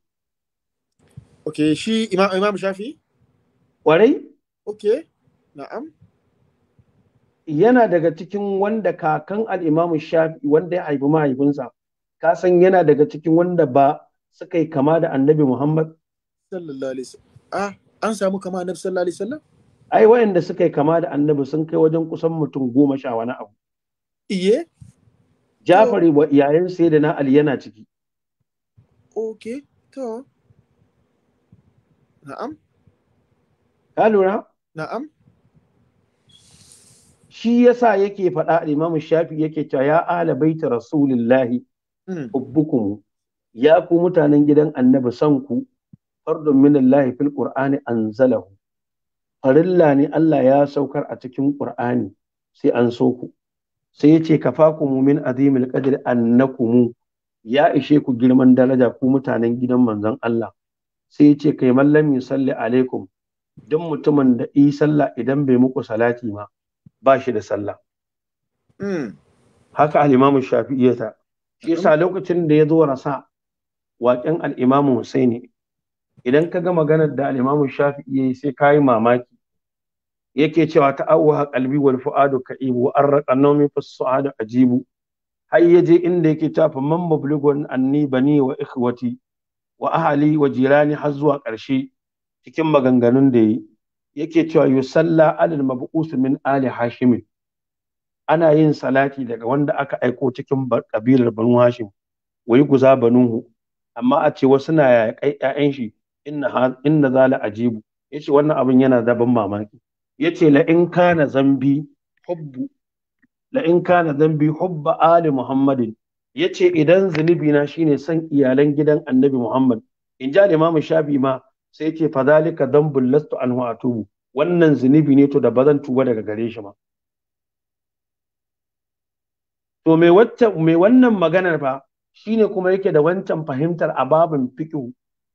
Ok, shi Imam Imam Shafi'i? Kwarai? na'am. yana daga cikin wanda kakan al'imamu shafi wanda ya haifi mahaifinsa ka san yana daga cikin wanda ba suka yi kama da annabi muhammad ah an samu kama annabi sallallahu alaihi wasallam ai wayanda suka yi kama da annabi sun kai wajen kusan mutum goma sha wani abu iye jafari wa yayin sai da na ali yana ciki okay to na'am ka lura na'am shi yasa yake faɗa Imam Shafi yake cewa ya ala baita rasulillahi hmm. hubbukum ya ku mutanen gidan annabi sanku, ku fardun minallahi fil qur'ani anzalahu farilla ne Allah ya saukar a cikin qur'ani sai an so ku sai yace kafakum min azimil qadri annakum ya ishe ku girman daraja ku mutanen gidan manzon Allah sai yace kai mallam yusalli alaikum duk mutumin da yi sallah idan bai muku salati ma ba shi da sallah hmm. haka shafi iya ta shi sa lokacin da ya zo rasa waƙen al’imamun imamu husaini idan ka ga maganar da shafi iya yi sai ka yi mamaki yake cewa ta a ƙalbi wal fuadu ibu an raqa nawmi fas su'adu jibu har yaje inda yake tafa man mablugun anni bani wa ikhwati wa ahali wa jirani har zuwa ƙarshe cikin maganganun da yi yake cewa yusalla alal mab'us min ali hashim ana yin salati daga wanda aka aiko cikin kabilar banu hashim wai guza banuhu amma a ce wasu na yaƙai ƴaƴan shi inna inna zala ajibu yace wannan abin yana da ban mamaki yace la in kana zambi hubbu la in kana zambi hubba ali muhammadin yace idan zunubi na shine san iyalan gidan annabi muhammad in ja limamu shafi ma sai ce fa zalika dambul lastu anhu atubu wannan zunubi ne to da ba zan tuba daga gare shi ba to me wacce me wannan maganar fa shine kuma yake da wancan fahimtar ababin fiqh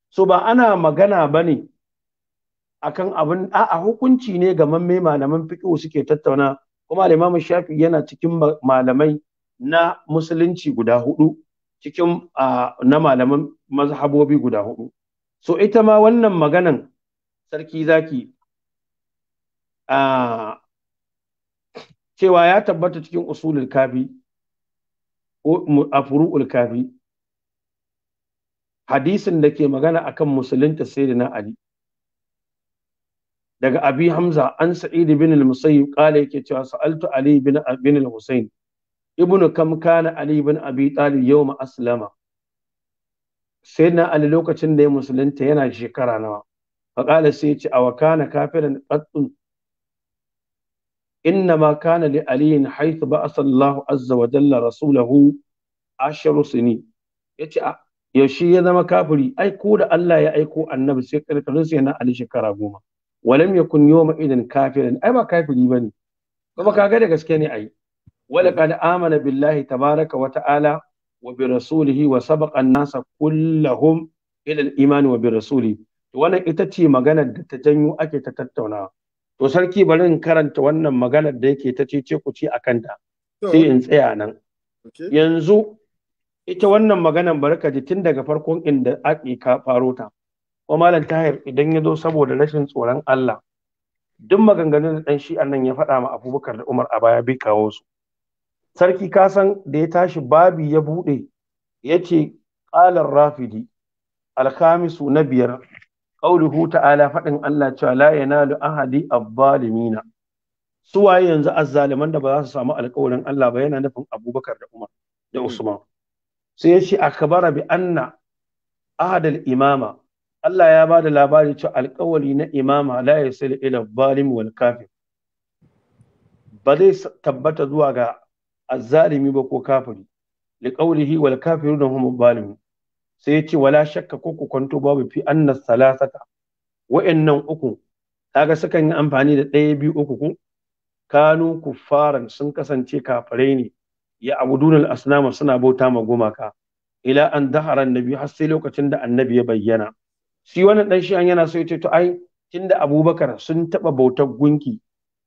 so ba ana magana bane akan abin a hukunci ne ga mamme malaman fiqh suke tattauna kuma al-Imam Shafi yana cikin malamai na musulunci guda hudu cikin na malaman mazhabobi guda hudu so ita ma wannan maganan sarki zaki a cewa ya tabbata cikin usulul kafi a furu'ul kafi hadisin da ke magana akan musulunta sayyidina ali daga abi hamza an sa'id bin al-musayyib qala yake cewa sa'altu ali bin al-husayn ibnu kam kana ali bin abi talib yawma aslama sai na ali lokacin da ya musulunta yana shekara nawa faƙala sai ya ce awa kana kafiran ƙattun inna ma kana li aliyin haithu ba asallahu azza wa jalla rasulahu asharu sini ya ce a ah, yaushe ya zama kafiri ai da Allah ya aiko annabi sai karkarin sai na ali shekara goma walam yakun yawma idan kafiran ai ba kafiri bane kuma kaga da gaske ne ai wala qad amana billahi tabaraka wa ta'ala wa bi rasulihi wa sabaqa nasa kullahum ila al-iman wa bi to wannan ita ce maganar da ta janyo ake ta tattaunawa to sarki bari in karanta wannan maganar da yake ta cece ku ci akan ta sai in tsaya nan yanzu ita wannan maganar barka ji tun daga farkon inda ake ka faro ta ko malam tahir idan ya zo saboda rashin tsoron Allah duk maganganun da dan shi nan ya faɗa ma Abubakar da Umar a baya bai kawo su sarki kasan da ya tashi babi ya buɗe yace ce ƙalar rafidi alkhamisu na biyar ƙauluhu ta'ala faɗin Allah cewa la yanalu ahadi abbalimina waye yanzu azzaliman da ba za su samu alƙawarin Allah ba yana nufin Abubakar da Umar da hmm. Usman sai ya ce akbara bi anna ahadal imama Allah ya ba da labari cewa alƙawari na imama la yasil ila zalim wal kafir ba zai tabbata zuwa ga azzalimi ba ko kafiri li qawlihi wal kafiruna hum zalimun sai yace wala shakka ko ku kwanto babu fi anna salasata wa'annan uku kaga sukan yi amfani da ɗaya biyu uku ku kanu kuffaran sun kasance kafirai ne ya abudunal asnama suna bauta ma gumaka ila an dahara annabi har sai lokacin da annabi ya bayyana shi wannan dan shi yana so ya ce to ai tunda abubakar sun taba bautar gunki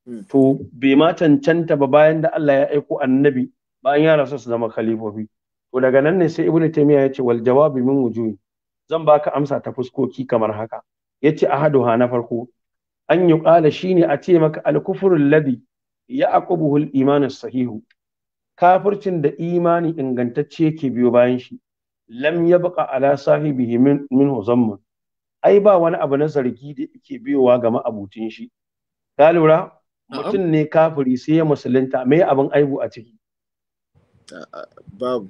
Hmm. to bai ma cancanta ba bayan da Allah ya aiko annabi bayan ya rasu su zama khalifofi to daga nan ne sai ibnu taymiya ya ce wal jawabi min wujuhi zan baka amsa ta fuskoki kamar haka yace ahaduha na farko an yi ƙala shine a ce maka al kufru alladhi ya'qubuhu al iman sahihu kafircin da imani ingantacce yake biyo bayan shi lam yabqa ala sahibihi min minhu ai ba wani abu na zargi da yake biyowa ga ma'abucin shi ka lura mutum ne kafiri sai ya musulunta me abin aibu a ciki babu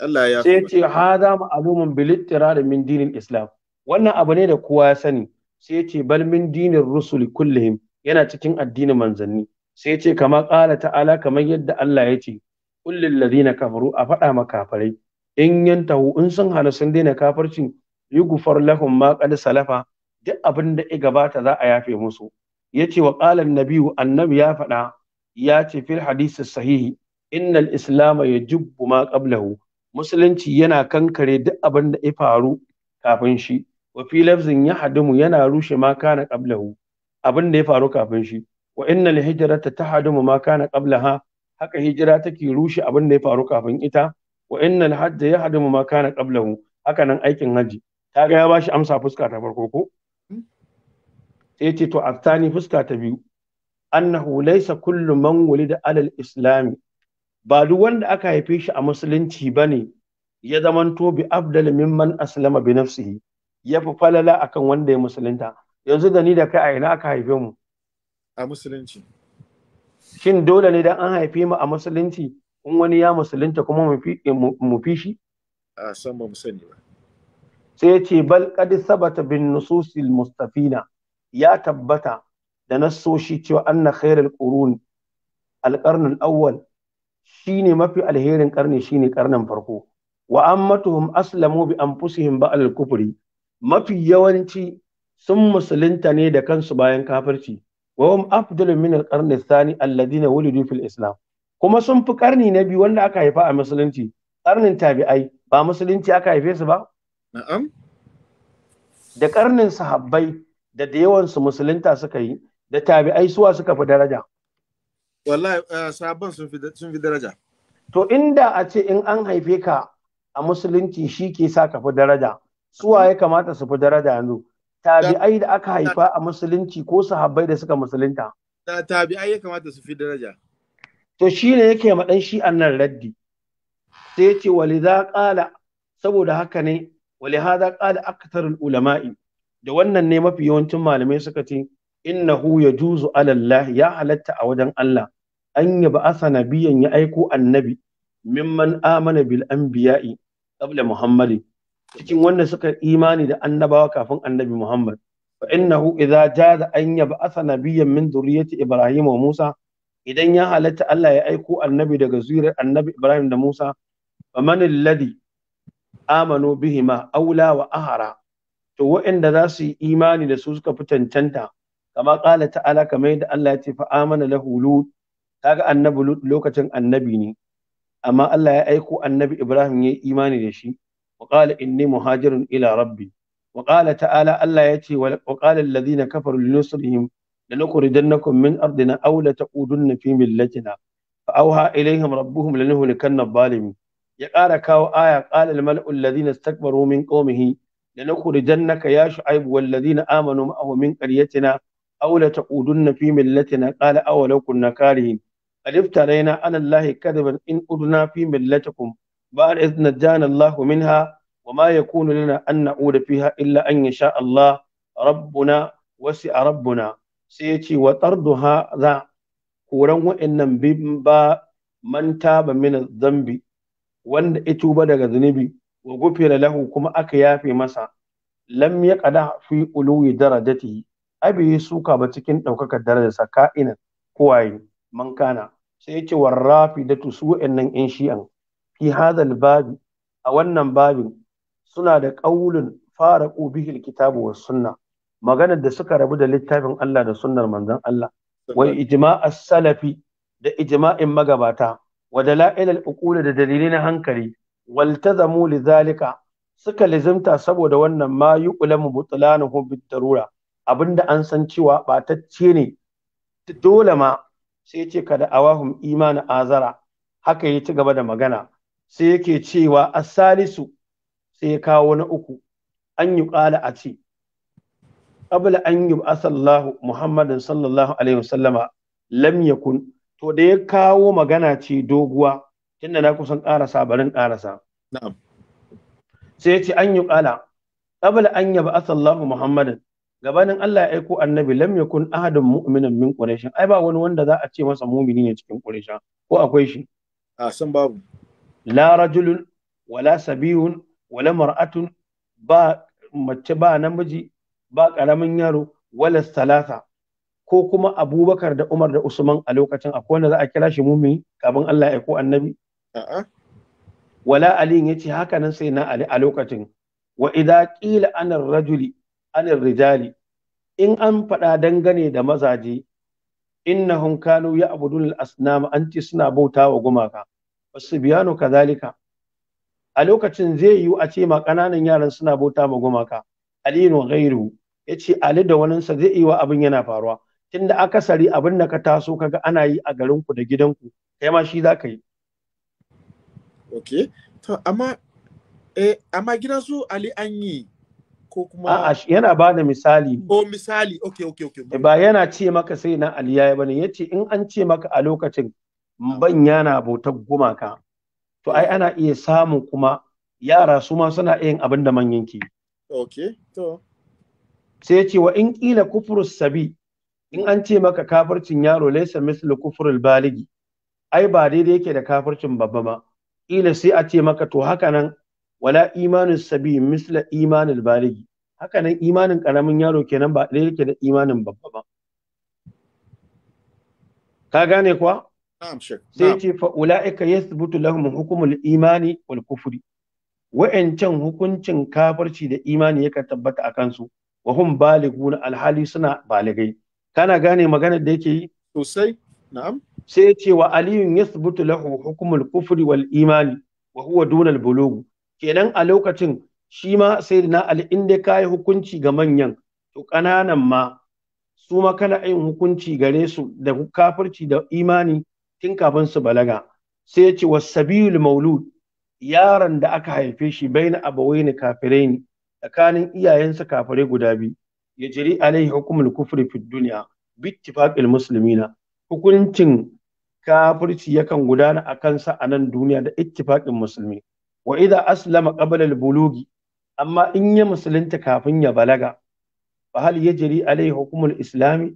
Allah ya sai ce hada alumun bilittira da min dinin islam wannan abu ne da kowa ya sani sai ce bal min dinin Rusuli kullum yana cikin addinin manzanni sai ce kama kala ta'ala kamar yadda Allah ya ce Kullum lil ladina kafaru a faɗa kafarai. in yantahu in sun hana sun daina kafarci yi gufar ma salafa duk abin da ya gabata za a yafe musu yace wa qala Nabiyu annabi ya faɗa ya ce fil hadisi sahihi innal islam yajubbu ma qablahu musulunci yana kankare duk abin da ya faru kafin shi wa fi lafzin yahdumu yana rushe ma kana qablahu abin da ya faru kafin shi wa innal hijrata tahdumu ma kana qablaha haka hijira take rushe abin da ya faru kafin ita wa innal hajja yahdumu ma kana qablahu haka nan aikin haji kaga ya bashi amsa fuska ta farko ko sai ce to Asani fuska ta biyu annahu laysa kullu man wulida alal islami ba duk wanda aka haife shi a musulunci bane ya zamanto bi afdal mimman aslama bi nafsihi ya fi falala akan wanda ya musulunta yanzu da ni da kai a ina aka haife mu a musulunci shin dole ne dan an haife mu a musulunci in wani ya musulunta kuma mu fi shi a san ba mu sani ba sai ce bal qad sabata bin nususil mustafina ya tabbata da nassoshi cewa anna khairul qurun alqarn alawwal shine mafi alherin karni shine karnin farko wa ammatuhum aslamu bi anfusihim ba kufri mafi yawanci sun musulunta ne da kansu bayan kafirci wa hum afdalu min al-qarn ath-thani alladhina wulidu fil islam kuma sun fi karni na biyu wanda aka haifa a musulunci karnin tabi'ai ba musulunci aka haife su ba na'am da karnin sahabbai da da yawan su musulunta suka yi da tabi'ai suwa suka fi daraja wallahi eh, sabon sun fi sun fi daraja to inda a ce in an haife ka a musulunci shi ke sa ka fi daraja suwa ya kamata su fi daraja yanzu tabi'ai da aka haifa a musulunci ko su habbai da suka musulunta tabi'ai ya kamata su fi daraja to shine yake ma dan shi annan raddi sai ce wali za qala saboda haka ne wali ولهذا ƙala akatarin ulama'i da wannan ne mafi yawancin malamai suka ce innahu yajuzu juzu Allah ya halatta a wajen Allah an ya ba'asa nabiyan ya aiko annabi mimman amana bil anbiya'i qabla muhammadin cikin wanda suka imani da annabawa kafin annabi muhammad fa innahu idza jaza an ya ba'asa nabiyan min zurriyyati ibrahim wa musa idan ya halatta Allah ya aiko annabi daga zuriyar annabi ibrahim da musa faman alladhi amanu bihima aula wa ahara to waɗanda za su yi imani da su suka fi cancanta kama ƙala ta'ala kamar yadda Allah ya ce fa amana lahu lut kaga annabi lut lokacin annabi ne amma Allah ya aiko annabi Ibrahim ya yi imani da shi wa qala inni muhajirun ila rabbi wa qala ta'ala Allah ya ce wa qala alladhina kafaru li nusrihim لنخرجنكم من أرضنا أو لتقودن في ملتنا فأوحى إليهم ربهم Ya الظالمين kawo Aya آية قال الملأ الذين استكبروا من قومه لنخرجنك يا شعيب والذين آمنوا معه من قريتنا أو لتقودن في ملتنا قال أولو كنا كارهين ألفت علينا على الله كذبا إن أدنا في ملتكم بعد إذ نجانا الله منها وما يكون لنا أن نعود فيها إلا أن يشاء الله ربنا وسع ربنا سيتي وطردها ذا كورا وإن بمن تاب من الذنب وأن اتوب دغ ذنبي wa gufira lahu kuma aka yafe masa lam kada fi uluwi darajatihi abi suka ba cikin daukakar darajarsa ka'ina Kuwaye, man kana sai yace warrafi da su wa'annan in shi'an fi hadal babi a wannan babin suna da qaulun faraqu bihi alkitabu was sunna maganar da suka rabu da littafin Allah da sunnar manzon Allah wa ijma'a salafi da ijma'in magabata wa dalailal uqula da dalilai na hankali waltazamu zalika. suka lizimta saboda wannan ma yuqlamu butlanuhu tarura. abinda an san cewa batacce ne dole ma sai ya ce kada awahum imani azara haka ya ci gaba da magana sai yake cewa asalisu sai ya kawo na uku an yi ƙala a ce qabla an yi asallahu muhammadin sallallahu alaihi wasallama lam yakun to da ya kawo magana ce doguwa tunda na kusan karasa barin karasa sai ya ce an yi ƙala qabla an ba'a asallahu muhammadin gabanin Allah ya aiko annabi lam yakun ahadun mu'minan min quraish ai ba wani wanda za a ce masa mu'mini ne cikin quraish ko akwai shi a san babu la rajulun wala sabiyun wala mar'atun ba mace ba namiji ba ƙaramin yaro wala salasa ko kuma abubakar da umar da usman a lokacin akwai wanda za a kira shi mumini kafin allah ya ko annabi wala ali yace haka nan sai na ali a lokacin wa idza qila anar rajuli anar rijali in an faɗa dangane da mazaje innahum kanu ya'budun al-asnam anti suna bauta wa gumaka wasu biyano kazalika. a lokacin zai yiwu a ce ma ƙananan yaran suna bauta ma gumaka alinu ghairu yace ali da waninsa zai yi wa abin yana faruwa tunda akasari abin da ka taso kaga ana yi a garinku da gidanku kai ma shi ka yi ok to amma eh amma gidan su ali an yi ko kuma a'a yana ba da misali ko oh, misali ok ok ok eh, ba yana ce maka sai na ali yayi bane yace in an ce maka a lokacin ban yana bauta gumaka to ai ana iya samun kuma yara su ma suna yin abin da manyan ke ok to sai ce wa in kila kufurus sabi in an ce maka kafircin yaro laysa mislu kufurul baligi ai ba daidai yake da kafircin babba ba ƙila sai a ce maka to haka nan wala imanin sabi misla imanin baligi haka nan imanin ƙaramin yaro kenan ba ɗaya yake da imanin babba ba ka gane kuwa sai ce fa ula'ika yathbutu lahum hukumul imani wal kufri wa'ancan hukuncin kafirci da imani yakan tabbata a kansu wa baligu na alhali suna baligai kana gane maganar da yake yi sosai na'am sai ce wa aliyun sabuta lahu hukumul kufri wal imani wa huwa duna al kenan a lokacin shi ma sayyidina ali in dai kai hukunci ga manyan to kananan ma su ma kana yin hukunci gare su da kafirci da imani tun kafin su balaga sai ya ce wasabiul maulud yaron da aka haife shi baina abawaini ne tsakanin iyayensa kafirai guda biyu ya jiri alaihi hukumul kufri fid dunya bittifaqil muslimina hukuncin kafirci yakan gudana a kansa a nan duniya da ittifaqin musulmi wa idza aslama qabla al-bulugi amma in ya musulunta kafin ya balaga fa hal yajri alayhi hukmul islam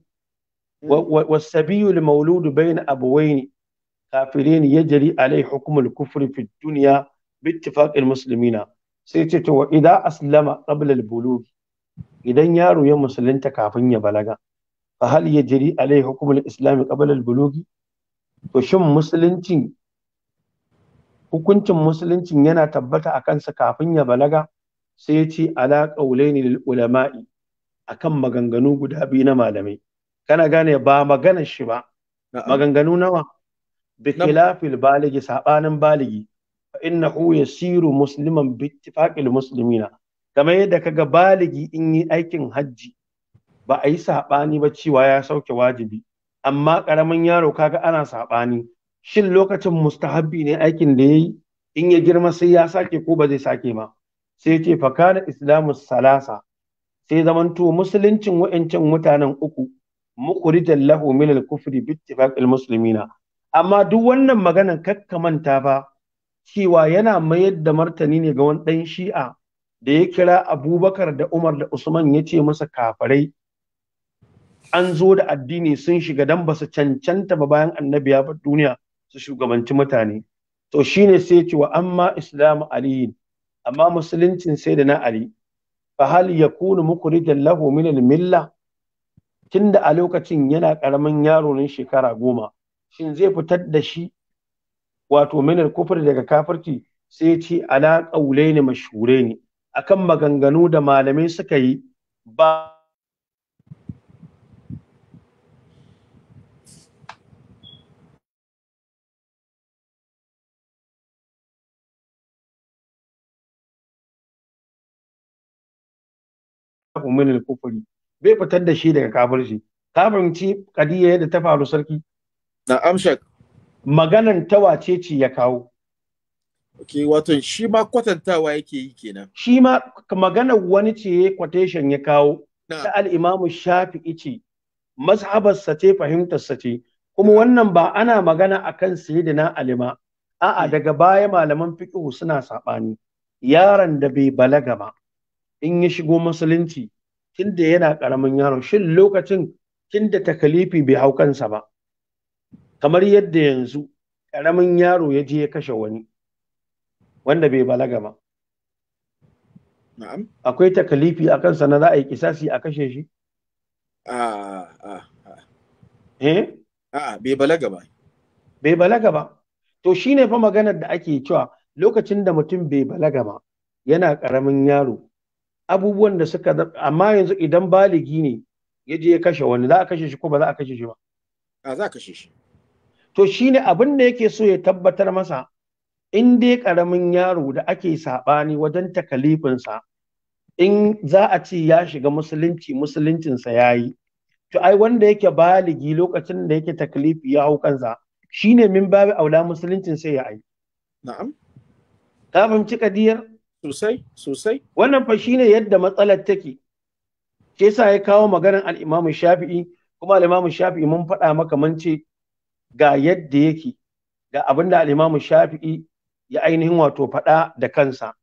wa sabiyul mawlud bayna abawayni kafirin yajri alayhi hukmul kufri fi dunya bi ittifaqil muslimina sai ce to wa idza aslama qabla al-bulugi idan yaro ya musulunta kafin ya balaga fa hal yajri alayhi hukmul islam qabla al-bulugi to shin musulunci hukuncin musuluncin yana tabbata a kansa kafin ya balaga sai ya ce ala qaulaini lil ulama'i akan maganganu guda biyu na malamai kana gane ba magana shi ba maganganu nawa bi khilafil baligi sabanin baligi fa innahu yasiru musliman bi ittifaqil muslimina kamar yadda kaga baligi in yi aikin hajji ba a yi sabani ba cewa ya sauke wajibi amma ƙaramin yaro kaga ana saɓani shin lokacin mustahabbi ne aikin da ya yi in ya girma sai ya sake ko ba zai sake ba sai ce fakana islamu salasa sai zamanto musuluncin wa'ancan mutanen uku Mukuri lahu min al-kufri bi ittifaqil muslimina amma duk wannan maganan manta ba cewa yana mayar da martani ne ga wani ɗan shi'a da ya kira abubakar da umar da usman ya ce masa kafirai an zo da addini sun shiga dan ba su cancanta ba bayan annabi ya duniya su shugabanci mutane to shine sai ce wa amma islamu ali amma musuluncin sai da na ali fa hal yakunu mukridan lahu min al milla tunda a lokacin yana karamin yaro ne shekara goma shin zai fitar da shi wato minar kufur daga kafirci sai ce ala qaulaini ne ne akan maganganu da malamai suka yi ba min al-kufri bai fitar da shi daga kafirci ka fahimci kadiya yadda ta faru sarki na amshak maganan tawace ce ya kawo Okay, wato shi ma kwatantawa yake yi kenan. Shi ma maganar wani ce quotation ya kawo ta al shafi ice. ce mazhabarsa ce fahimtarsa ce kuma wannan ba ana magana a akan sayyidina Alima a'a mm. daga baya malaman fiqhu suna saɓani yaron da bai balaga ba in ya shigo musulunci da yana ƙaramin yaro shin lokacin da takalifi bai hau kansa ba kamar yadda yanzu ƙaramin yaro ya je ya kashe wani wanda bai balaga ba akwai takalifi a kansa na za a yi kisasi a kashe shi a'a eh? bai balaga ba bai balaga ba to shine fa maganar da ake cewa lokacin da mutum bai balaga ba yana ƙaramin yaro abubuwan da suka amma yanzu idan baligi ne ya je ya kashe wani za a kashe shi ko ba za a kashe shi ba a za a kashe shi to shine abin da yake so ya tabbatar masa in dai karamin yaro da ake saɓani wajen takalifinsa in za a ce ya shiga musulunci musuluncinsa ya yi to ai wanda yake baligi lokacin da yake taklifi ya hau kansa shine min babu aula musuluncin sai ya yi na'am ka fahimci kadiyar Sosai, sosai. Wannan fa shine yadda matsalar take. ke. sa ya kawo maganar al-Imam Shafi'i kuma al-Imam Shafi'i mun faɗa maka mun ce ga yadda yake ga abin da al Shafi'i ya ainihin wato faɗa da kansa.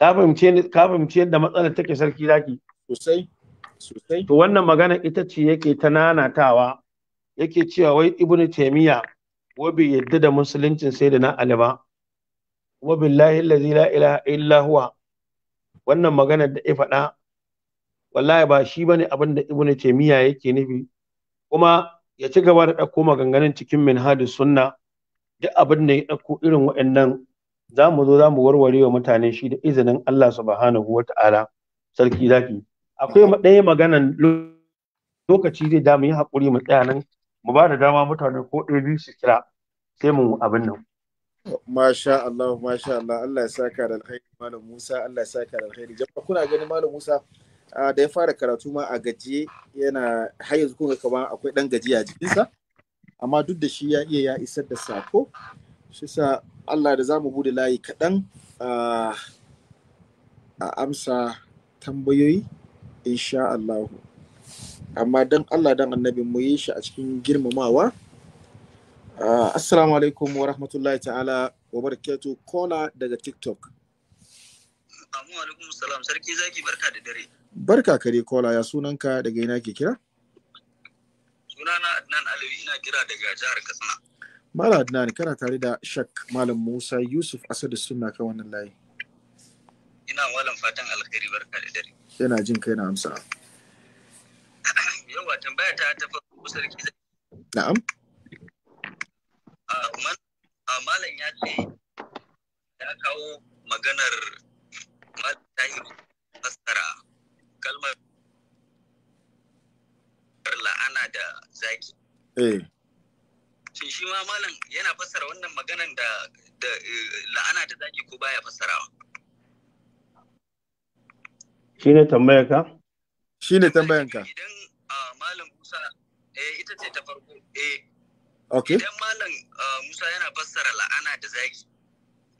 Ka fahimce yadda matsalar take sarki zaki. Sosai. Sosai. To wannan magana ita ce yake ta nanatawa yake cewa wai Ibn Taymiyyah wabi bai yadda da musuluncin sai da na Ali ba. kuma billahi allazi la ilaha illa huwa wannan magana da ya faɗa wallahi ba shi bane abin da ibnu taymiya yake nufi kuma ya ci gaba da ɗauko maganganun cikin minhaj sunna duk abin da ya ɗauko irin waɗannan za mu zo za mu warware wa mutane shi da izinin Allah subhanahu wa ta'ala sarki zaki akwai ɗaya maganan lokaci zai da mu yi haƙuri mu tsaya nan mu ba da dama mutane ko ɗaya biyu su kira sai mu abin nan Masha Allah, masha Allah, Allah ya saka da alkhairi Malam Musa, Allah ya saka da alkhairi. Jama'a kuna gani, Malam Musa ah, da ya fara karatu ma a gaji yana har yanzu kun ga akwai dan gajiya a jikinsa. Amma duk da shi ya iya ya isar da sako. Shi sa Allah da za mu bude layi kaɗan ah, a amsa tambayoyi insha Allah. Amma dan Allah dan annabi mu yi shi a cikin girmamawa. Uh, assalamu alaikum wa rahmatullahi ta'ala wa barakatu kola daga TikTok. Amu alaikum salam sarki zaki barka da dare. Barka kare kola ya sunanka daga ina ke kira? Sunana Adnan Alawi ina kira daga jihar Katsina. Mala Adnan kana tare da Shak Malam Musa Yusuf Asadu Sunna kan wannan layi. Ina malam fatan alkhairi barka da dare. Yana jin kai na amsa. Yawa tambaya ta ta farko sarki zaki. Na'am. A malam ya ce ya kawo maganar tahir fassara kalmar la'ana da zaki eh. shin shi ma malam yana fassara wannan maganan da eh, la'ana da zaki ko baya fassarawa shi ne tambayarka? shi ne tambayarka idan malam musa eh, ita ce ta farko eh Okay. Idan malam uh, Musa yana fassara la'ana da zagi,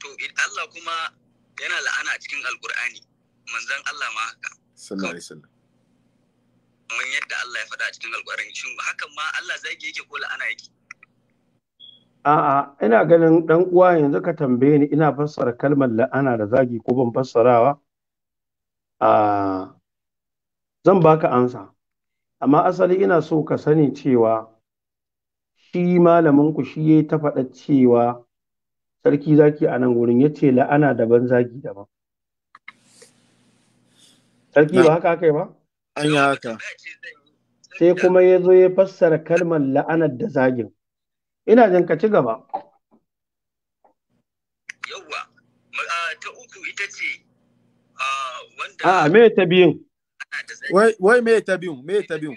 to Allah kuma yana la'ana a cikin Alƙur'ani, manzan Allah ma haka. Sallallahu alaihi wasallam. Kamar yadda Allah ya faɗa a cikin Alƙur'ani, shin hakan ma Allah zagi yake ko la'ana yake? A'a, ina ganin ɗan uwa yanzu ka tambaye ni ina fassara kalmar la'ana da zagi ko ban fassarawa? Zan baka ansa, amma asali ina so ka sani cewa shi malaminku shi ya ta faɗa cewa sarki zaki a nan gurin ya ce la'ana daban zagi daban sarki ba haka aka yi ba an yi haka sai kuma ya zo ya fassara kalmar la'anar da zagin ina jin ka ci gaba yawwa ta uku ita ce wanda a me ta biyun wai me ta biyun me ta biyun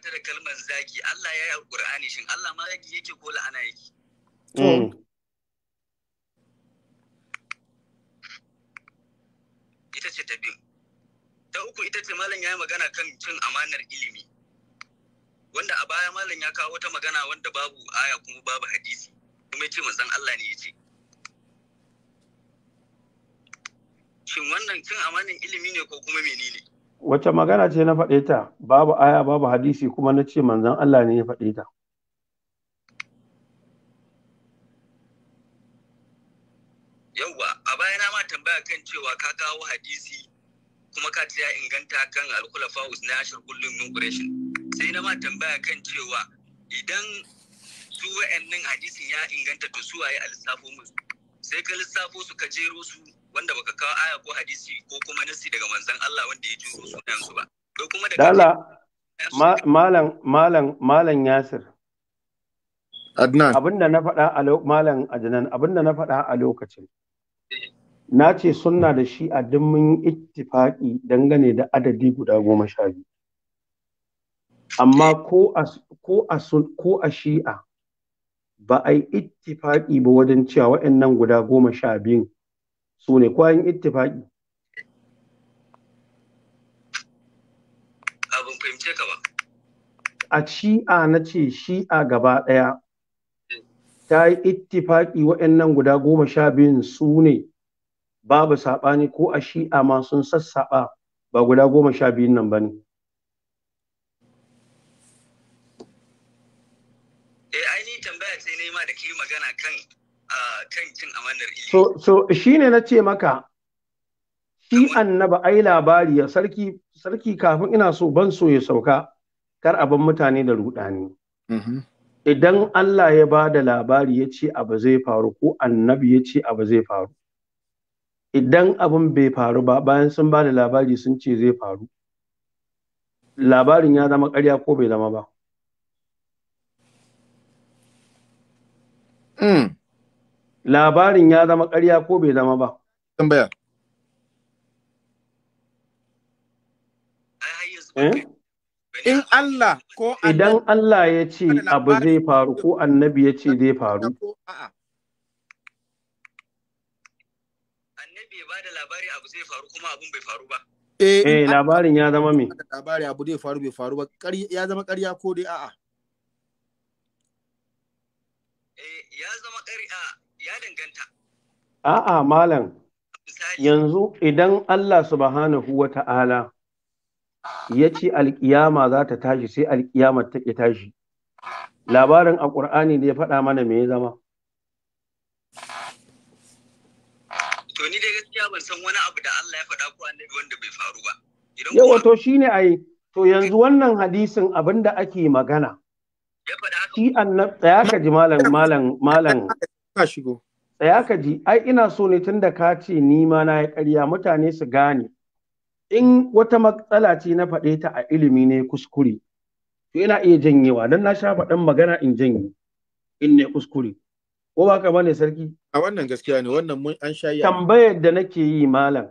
ta da kalmar zagi Allah ya yi alƙur'ani shin Allah ma zagi yake ko la'ana yake mm. ita ce ta biyu ta uku ita ce malam ya yi magana kan cin amanar ilimi wanda a baya malam ya kawo wata magana wanda babu aya kuma babu hadisi kuma ya ce manzon Allah ne ya ce shin wannan cin amanin ilimi ne ko kuma menene wacce magana ce na faɗe ta babu aya babu hadisi kuma na ce manzon Allah ne ya faɗe ta yauwa a baya na ma tambaya kan cewa ka kawo hadisi kuma ka ya inganta kan alkhulafa na ashir kullum numeration sai na ma tambaya kan cewa idan su wa'annan hadisin ya inganta to su waye a musu sai ka lissafo su ka jero su wanda baka kawo aya ko hadisi ko kuma nasi daga manzon Allah wanda ya juro sunan su ba ko kuma daga Allah malam malam malam Yasir Adnan abinda na faɗa a malam Adnan abinda na faɗa a lokacin na ce sunna da shi a duk mun ittifaqi dangane da adadi guda goma sha biyu amma ko a ko a ko a shi'a ba a yi ittifaqi ba wajen cewa waɗannan guda goma sha biyun su ne kwayan ittifaki ah, a shi'a na ce shi'a gaba ɗaya ta yi ittifaki waɗannan guda goma sha biyun su ne babu saɓani ko a shi'a ma sun sassaɓa ba guda goma sha biyun nan ba ne. kan cin amanar ilimi so so shine na ce maka shi annaba ai labari ya sarki sarki kafin ina so ban so ya sauka kar abin mutane da rudani mm-hmm. idan Allah ya ba da labari ya ce abu zai faru ko annabi ya ce abu zai faru idan abin bai faru ba bayan sun ba da labari sun ce zai faru labarin ya zama karya ko bai zama ba mm. labarin ya zama ƙarya ko bai zama ba tambaya eh? in Allah ko idan Allah ya ce abu zai faru ko annabi ya ce zai faru annabi ya bada labari abu zai faru kuma abun bai faru ba eh, eh labarin ya zama me labari abu zai faru bai faru ba ya zama ƙarya ko dai a'a eh, ya zama ƙarya ya danganta a'a malam yanzu idan Allah subhanahu wa ta'ala ya ce alƙiyama za ta tashi sai alƙiyamar ta ke tashi labarin a ƙur'ani da ya faɗa mana me ya zama to ni dai gaskiya ban san wani abu da Allah ya faɗa ko annabi wanda bai faru ba yawa to ne ai to yanzu wannan hadisin abinda ake magana shi annab Ya ka ji malam malam malam ka shigo tsaya ka ji ai ina so ne tunda ka ce ni ma na yi ƙarya mutane su gane in wata matsala ce na faɗe ta a ilimi ne kuskure to ina iya janyewa don na sha faɗin magana in janye in ne kuskure ko ba ka bane sarki a wannan gaskiya ne wannan mun an sha tambayar da nake yi malam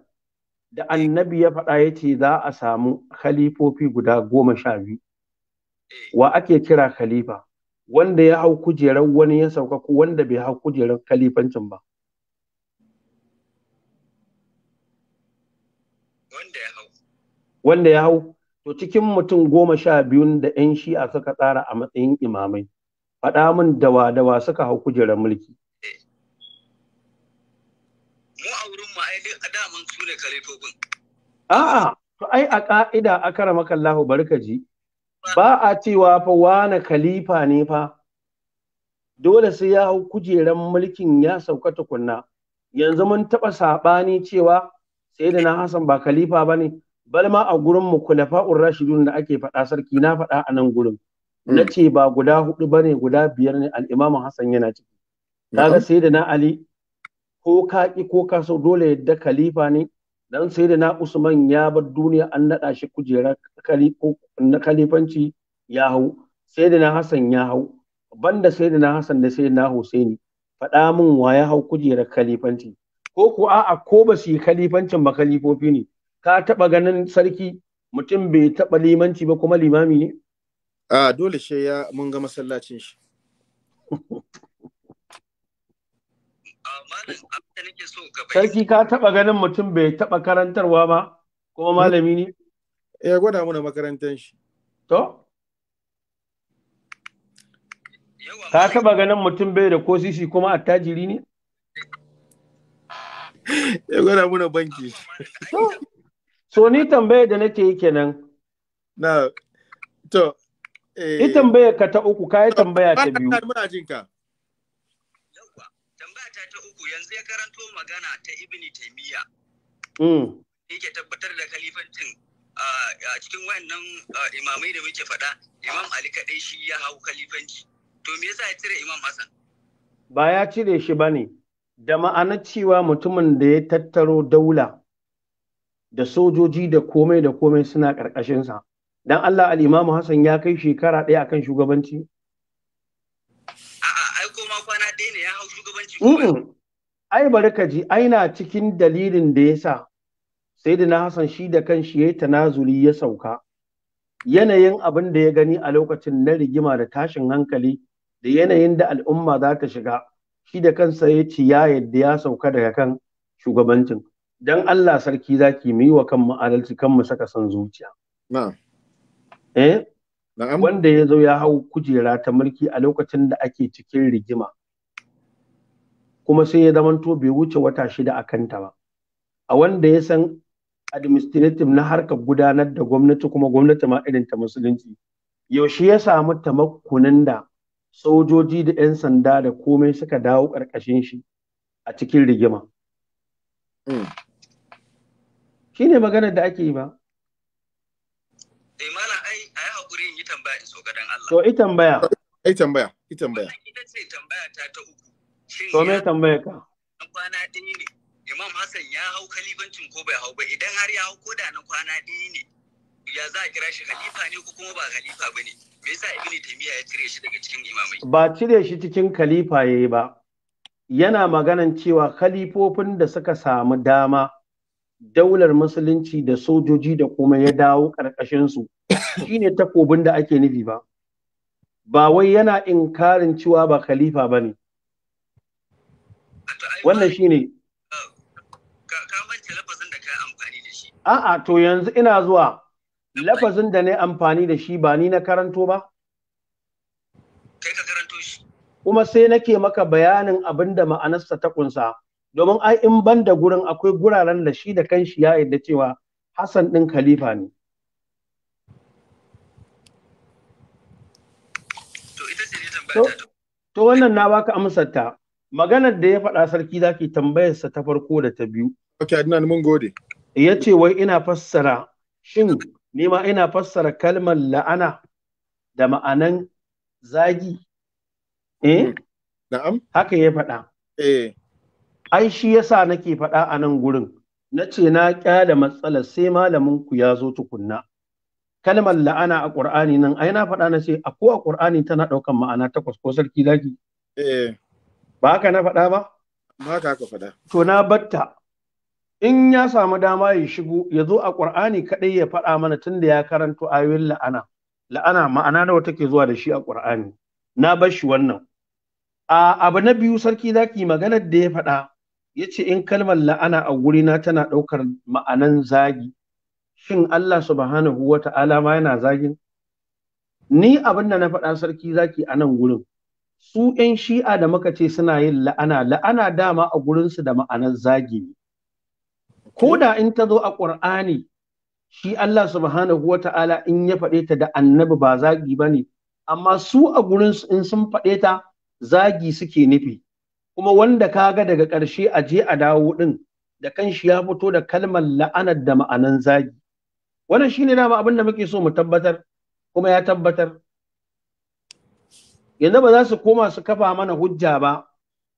da annabi ya faɗa ya ce za a samu khalifofi guda goma sha biyu eh. wa ake kira khalifa wanda ya hau kujerar wani ya sauka ko wanda bai hau kujerar kalifancin ba wanda ya hau to cikin mutum goma sha biyun da 'yan shi'a suka tsara a matsayin imamai faɗa min dawa dawa suka hau kujerar mulki mu a wurin ma ai mun su ne kalifofin a'a to ai a ka'ida akara makallahu barkaji ba a cewa fa wane khalifa ne fa dole sai ya hau kujeran mulkin ya sauka tukunna yanzu mun taɓa saɓani cewa sai da na Hassan ba khalifa ba ne bal ma a gurin mu kulafa rashidun da ake faɗa sarki na faɗa a nan gurin mm. na ce ba guda hudu ba ne guda biyar ne al'imamu Hassan yana ciki kaga sai da na Ali ko ka ki ko ka so dole yadda khalifa ne dan sai da na Usman ya bar duniya an naɗa shi kujera na kalifanci ya hau sai da na Hassan ya hau banda sai da na Hassan da sai na Husaini faɗa min wa ya hau kujerar kalifanci ko ko a'a ko ba su kalifancin ba kalifofi ne ka taba ganin sarki mutum bai taba limanci ba kuma limami ne? A dole shi ya mun ga masallacin shi. Sarki ka taɓa ganin mutum bai taɓa karantarwa ba, kuma malami ne? Ya eh, gwada mana makarantar shi. To? Ka taɓa ganin mutum bai da ko sisi kuma attajiri ne? Ya eh, gwada mana banki. So ni tambaya da nake yi kenan. Na, to. Eh. Ita tambaya ka ta uku, ka yi tambaya ta biyu. yanzu ya karanto magana ta ibn taymiya hmm. yake tabbatar da kalifancin a cikin wayannan imamai da muke faɗa imam ali kaɗai shi ya hau kalifanci to me yasa ya cire imam hassan ba ya cire shi ba ne da ma'ana cewa mutumin da ya tattaro daula da sojoji da komai da komai suna ƙarƙashinsa dan Allah al'imamu hassan ya kai shekara ɗaya akan shugabanci a'a ai koma kwana ɗaya ne ya hau shugabanci ai bari ka ji aina cikin dalilin da ya sa sai da na Hassan shi da kan kanshi yayi tanazuli ya sauka yanayin abin da ya gani a lokacin na rigima da tashin hankali da yanayin da al'umma za ta shiga shi da kansa ya ci ya yadda ya sauka daga kan shugabancin dan Allah sarki zaki mu yi wa kanmu adalci kanmu saka son zuciya na'am eh wanda ya zo ya hau kujera ta mulki a lokacin da ake cikin rigima kuma sai ya zamanto bai wuce wata shida a kanta ba a wanda ya san administrative na harkar gudanar da gwamnati kuma gwamnati ma irin ta musulunci yaushe ya samu tamakkunin da sojoji da 'yan sanda da komai suka dawo ƙarƙashin shi a cikin rigima mm. shi ne maganar da ake yi ba eh, To, ita tambaya. ita tambaya, ita tambaya. Ita tambaya ta ta uku. to me tambaya ka kwana ɗaya ne imam hassan ya hau kalibancin ko bai hau ba idan har ya hau ko da na kwana ɗaya ne ya za a kira shi khalifa ne ko kuma ba khalifa ba ne me yasa ibn taymiya ya cire shi daga cikin imamai ba cire shi cikin khalifa yayi ba yana maganan cewa khalifofin da suka samu dama daular musulunci da sojoji da kuma ya dawo ƙarƙashinsu shine takobin da ake nufi ba ba wai yana inkarin cewa ba khalifa ba ne wannan shine ne. a'a to yanzu ina zuwa lafazin da na amfani da shi ba ni na karanto ba kuma sai nake maka bayanin abin da ma'anarsa ta kunsa domin ai in ban da gurin akwai guraren da shi da kanshi ya yadda cewa Hassan din khalifa ne to wannan na baka amsar ta maganar da ya faɗa sarki za tambayar tambayarsa ta farko da ta biyu ok adnan mun gode ya ce wai ina fassara shin ni ma ina fassara kalmar la'ana da ma'anan zagi eh mm. na'am haka ya faɗa eh ai shi yasa nake faɗa a nan gurin na ce na ƙyale matsala sai malamin ku ya zo tukunna kalmar la'ana a ƙur'ani nan ai na faɗa na ce a ko a ƙur'ani tana ɗaukan ma'ana takwas ko sarki zaki eh ba haka na faɗa ba ba haka ka faɗa to na batta in ya samu dama ya shigo ya zo a ƙur'ani kaɗai ya faɗa mana tunda ya karanto ayoyin la'ana la'ana ma'ana nawa take zuwa da shi a ƙur'ani na bar shi wannan a abu na biyu sarki zaki maganar da ya faɗa ya ce in kalmar la'ana a wurina tana ɗaukar ma'anan zagi shin Allah subhanahu wa ta'ala ma yana zagin ni abin da na faɗa sarki zaki a nan gurin su ‘yan shi'a da muka ce suna yin la'ana la'ana dama a gurinsu da ma'anar zagi ne ko da in ta zo a ƙur'ani shi Allah subhanahu wa ta'ala in ya faɗe ta da annabi ba zagi ba ne amma su a gurinsu in sun faɗe ta zagi suke nufi kuma wanda kaga daga ƙarshe a je a dawo ɗin da kan shi ya fito da kalmar la'anar da ma'anan zagi wannan shine dama abin da muke so mu tabbatar kuma ya tabbatar yanzu ba za su koma su kafa mana hujja ba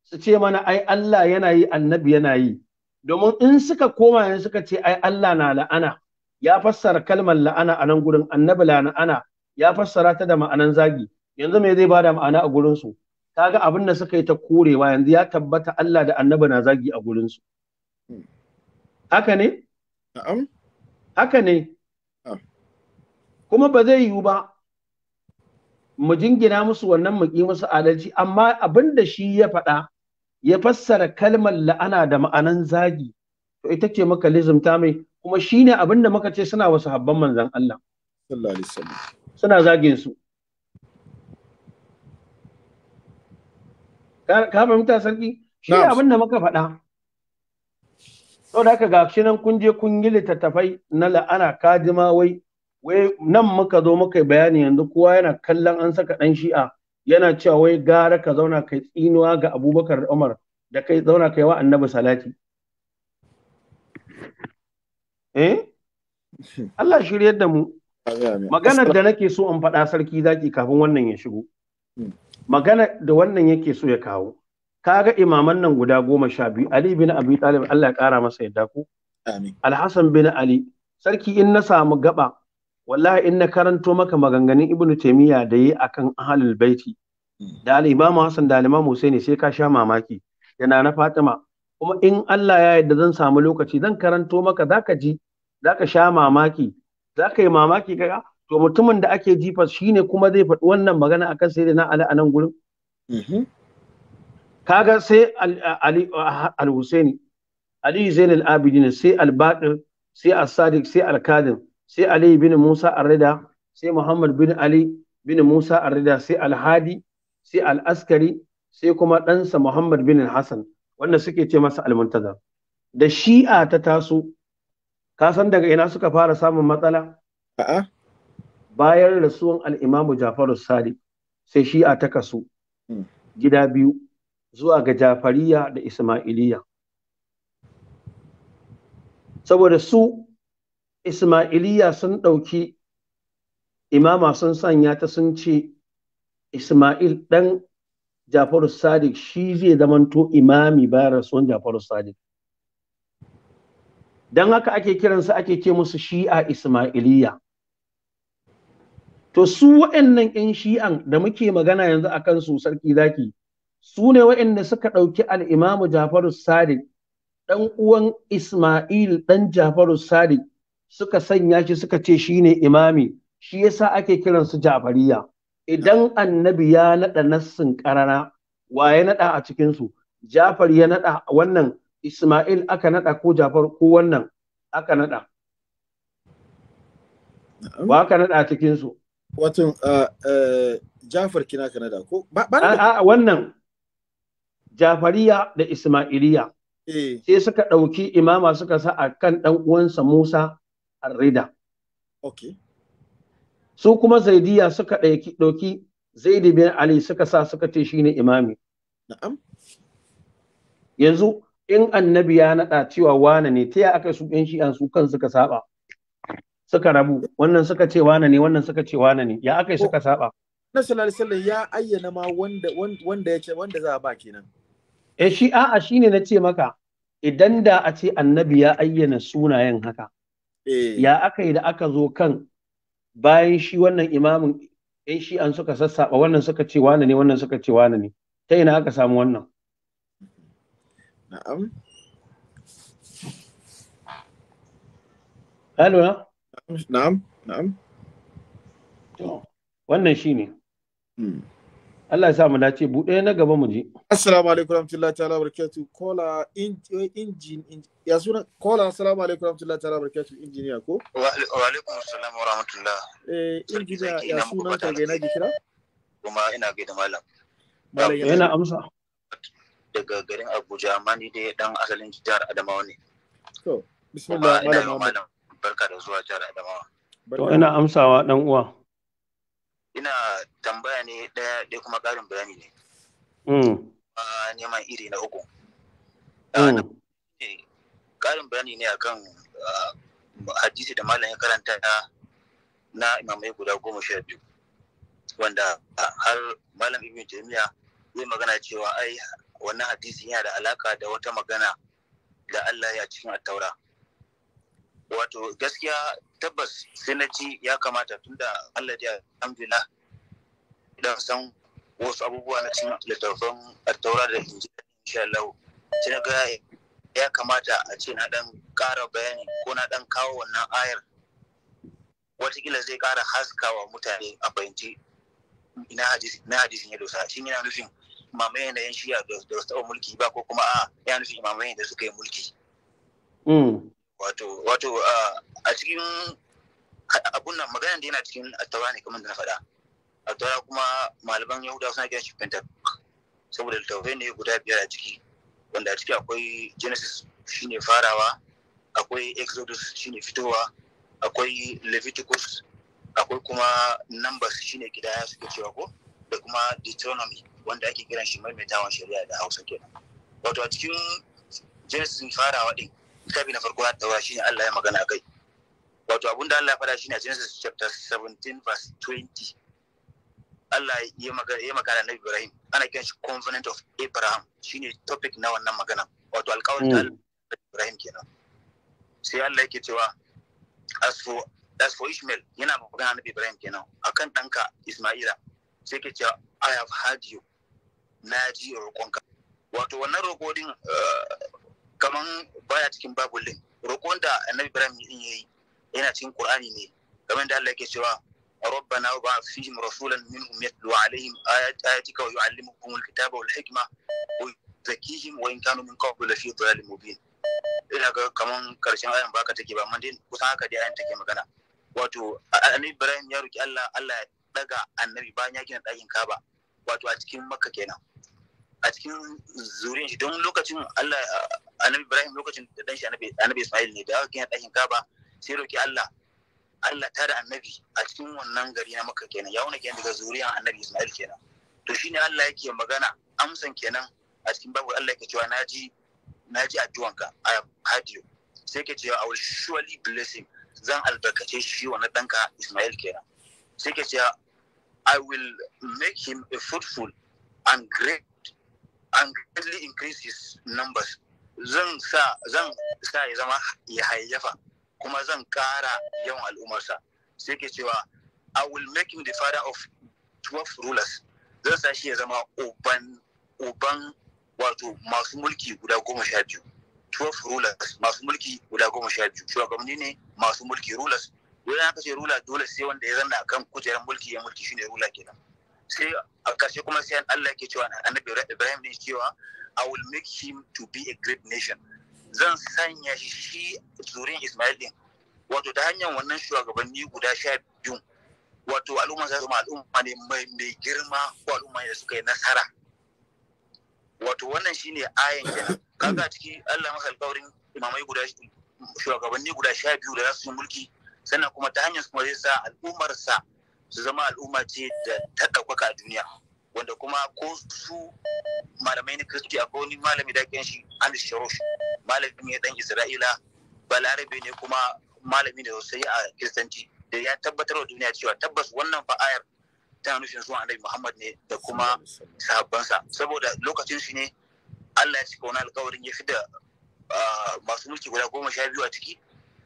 su ce mana ai Allah yana yi annabi yana yi domin in suka koma yanzu suka ce ai Allah na la'ana ya fassara kalmar la'ana a nan gurin annabi la'ana ya fassara ta da ma'anan zagi yanzu me zai bada ma'ana a gurin su kaga abin da suka yi ta korewa yanzu ya tabbata Allah da annabi na zagi a gurin su haka ne na'am haka ne ah. kuma ba zai yiwu ba mu jingina musu wannan mu ƙi musu adalci amma abin da shi ya faɗa ya fassara kalmar la'ana da ma'anan zagi to ita ce maka lizimta mai kuma shine abin da muka ce suna wasu habban manzan Allah sallallahu alaihi wasallam suna zagin su ka fahimta sarki shi abin da muka faɗa saboda haka ga shi nan kun je kun yi littattafai na la'ana kadima wai wai nan muka zo muka yi bayani yanzu kowa yana kallon an saka ɗan shi'a yana cewa wai gara ka zauna kai tsinuwa ga abubakar umar da kai zauna kai wa annabi salati eh Allah shiryar da mu maganar da nake so in faɗa sarki zaki kafin wannan ya shigo maganar da wannan yake so ya kawo kaga imaman nan guda goma sha biyu Ali bin Abi Talib Allah ya ƙara masa yadda ku Amin. Alhassan bin Ali sarki in na samu gaba wallahi in na karanto maka maganganun ibnu taymiya da yi akan ahlul baiti hmm. da al-imam hasan da al-imam husaini sai ka sha mamaki yana na fatima kuma in Allah ya yarda zan samu lokaci zan karanto maka zaka ji zaka sha mamaki zaka yi mamaki kaga to mutumin da ake jifa shine kuma zai faɗi wannan magana akan sayyidina ali a nan gurin mm-hmm. kaga sai ali al-husaini ali zain abidin sai al-baqir sai as-sadiq sai al-kadim sai Ali bin Musa Arrida sai Muhammad bin Ali bin Musa Arrida sai Alhadi sai Al-Askari sai kuma ɗansa Muhammad bin Hassan wanda suke ce masa almuntaza da Shi'a ta taso ka san daga ina suka fara samun matsala a'a bayan rasuwan al-Imam Jafaru Sadiq sai Shi'a ta kasu hmm. gida biyu zuwa ga Jafariya da Ismailiya saboda su Ismailiyya sun ɗauki imama sun sanya ta sun ce Ismail ɗan Jafaru Sadiq shi zai zamanto imami bayan rasuwan Jafaru Sadiq. Don haka ake kiransa ake ce musu shi'a Ismailiyya. To su waɗannan 'yan shi'an da muke magana yanzu a su sarki zaki su ne waɗanda suka ɗauki al'imamu Jafaru Sadiq ɗan uwan Ismail ɗan Jafaru Sadiq suka sanya shi suka ce shi ne imami shi yasa ake kiransu jafariya idan annabi ya naɗa nassin ƙarana wa ya naɗa a cikinsu jafar ya naɗa wannan isma'il aka naɗa ko jafar ko wannan aka naɗa ba ka naɗa a cikinsu wato uh, uh, jafar kina ka naɗa ko ba wannan jafariya da isma'iliya eh. sai suka ɗauki imama suka sa a kan ɗan uwansa musa arrida okay su kuma zaidiya suka ɗauki ɗauki zaidi bin ali suka sa suka ce shine imami na'am yanzu in annabi ya naɗa cewa wane ne ta ya aka su ɗin an su kan suka saba suka rabu wannan suka ce wane ne wannan suka ce wane ne ya aka suka saba na sallallahu alaihi ya ayyana ma wanda wanda yake wanda za a ba kenan eh shi a'a shine na ce maka idan da a ce annabi ya ayyana sunayen haka Eh. ya aka yi da aka zo kan bayan shi wannan imamin 'yan shi an suka sassaɓa wannan suka ce wane ne wannan suka ce wane ne ta ina aka samu wannan na'am na Na'am, na'am. Wannan shi ne. Hmm. Allah ya sa mu dace buɗe na gaba mu ji. Assalamu alaikum warahmatullahi ta'ala barakatuh. Kola injin injin ya sunan kola assalamu alaikum rahmatullahi ta'ala barakatuh injiniya ko wa alaikum assalam wa rahmatullah eh injiniya ya sunan ka ga ina kira kuma ina gaida malam malam yana amsa daga garin Abuja mani dai dan asalin jihar Adamawa ne to bismillah malam malam barka da zuwa jihar Adamawa to ina amsawa dan uwa ina tambaya ne daya dai kuma karin bayani ne mm neman iri na uku mm. karin bayani ne akan ah, hadisi da malam ya karanta na imamai guda goma sha biyu wanda har malam ibn jami'a zai magana cewa ai wannan hadisi yana da alaka da wata magana da Allah ya cikin attaura wato gaskiya tabbas sai na ji ya kamata tunda Allah ya amfila idan san wasu abubuwa na cikin littattafan attaura da injila insha Allah ya kamata a ce na dan ƙara bayani ko na dan kawo wannan ayar watakila zai ƙara haskawa mutane a fahimci na hadisin ya dosa shi yana nufin mamayen da yan shiya da su taɓa mulki ba ko kuma a ya nufin mamayen da suka yi mulki mm. wato a cikin abun nan magana da yana cikin attawa ne kamar da na faɗa attawa kuma malaman yahudawa suna kiran shi saboda littattafai ne guda biyar a ciki wanda a ciki akwai genesis shine farawa akwai exodus shine fitowa akwai leviticus akwai kuma numbers shine gidaya suke cewa ko da kuma deuteronomy wanda ake kiran shi maimaitawan shari'a da hausa kenan wato a cikin genesis farawa din kafi na farko na daura shine allah ya magana kai wato abinda allah ya faɗa shine a genesis chapter 17 verse 20 Allah ya magana magana na Ibrahim ana kiran shi covenant of Abraham shine topic na wannan magana wato alƙawarin da hmm. Ibrahim kenan sai Allah yake cewa as for as for Ishmael yana magana na Ibrahim kenan akan danka Ismaila sai ke cewa I have heard you na ji roƙonka wato wannan roƙo din eh, kaman baya cikin babul din roƙon da Annabi Ibrahim yin yayi yana cikin Qur'ani ne kamar da Allah yake cewa ربنا وبعث فيهم رسولا منهم يتلو عليهم آيات آياتك ويعلمهم الكتاب والحكمة ويزكيهم وإن كانوا من قبل لفي ضلال مبين ina ga kaman karshen ayan baka take ba amma kusan haka dai ayan take magana wato annabi Ibrahim ya roki Allah Allah ya daga annabi bayan ya gina dakin kaba. wato a cikin Makka kenan a cikin zuriyar shi don lokacin Allah annabi Ibrahim lokacin da dan shi annabi Ismail ne da aka gina dakin kaba sai roki Allah Allah ta da annabi a cikin wannan gari na maka kenan ya wani kenan daga zuriya annabi Ismail kenan to shine Allah yake magana amsan kenan a cikin babu Allah yake cewa naji naji addu'anka a hadiyo sai ke cewa I will surely bless zan albarkace shi wannan danka Ismail kenan sai ke cewa I will make him a fruitful and great and greatly increase his numbers zan sa zan sa ya zama ya hayyafa kuma zan ƙara yawan al'ummarsa sai ke cewa I will make him the father of 12 rulers zan sa shi ya zama uban uban wato masu mulki guda goma sha biyu 12 rulers masu mulki guda goma sha biyu shugabanni ne masu mulki rulers dole aka ce rula dole sai wanda ya zanna kan kujerar mulki ya mulki shine rula kenan sai a ƙarshe kuma sai an Allah yake cewa annabi Ibrahim ne cewa I will make him to be a great nation zan sanya shi zurin Ismail din wato ta hanyar wannan shugabanni guda sha biyu wato al'umma za su ma al'umma ne mai girma ko al'umma da suka yi nasara wato wannan shine ayan kenan kaga ciki Allah masa alƙawarin imamai guda shugabanni guda sha biyu da za su yi mulki sannan kuma ta hanyar kuma zai sa al'ummarsa su zama al'umma ce da ta ɗaukaka a duniya wanda kuma ko su malamai na kristi a wani malami da kan shi al sharosh malami ne dan isra'ila balarabe ne kuma malami ne sosai a kiristanci da ya tabbatar wa duniya cewa tabbas wannan fa'ayar tana nufin zuwa annabi muhammad ne da kuma sahabbansa saboda lokacin shi ne allah ya cika wani alkawarin ya fi da masu mulki guda goma sha biyu a ciki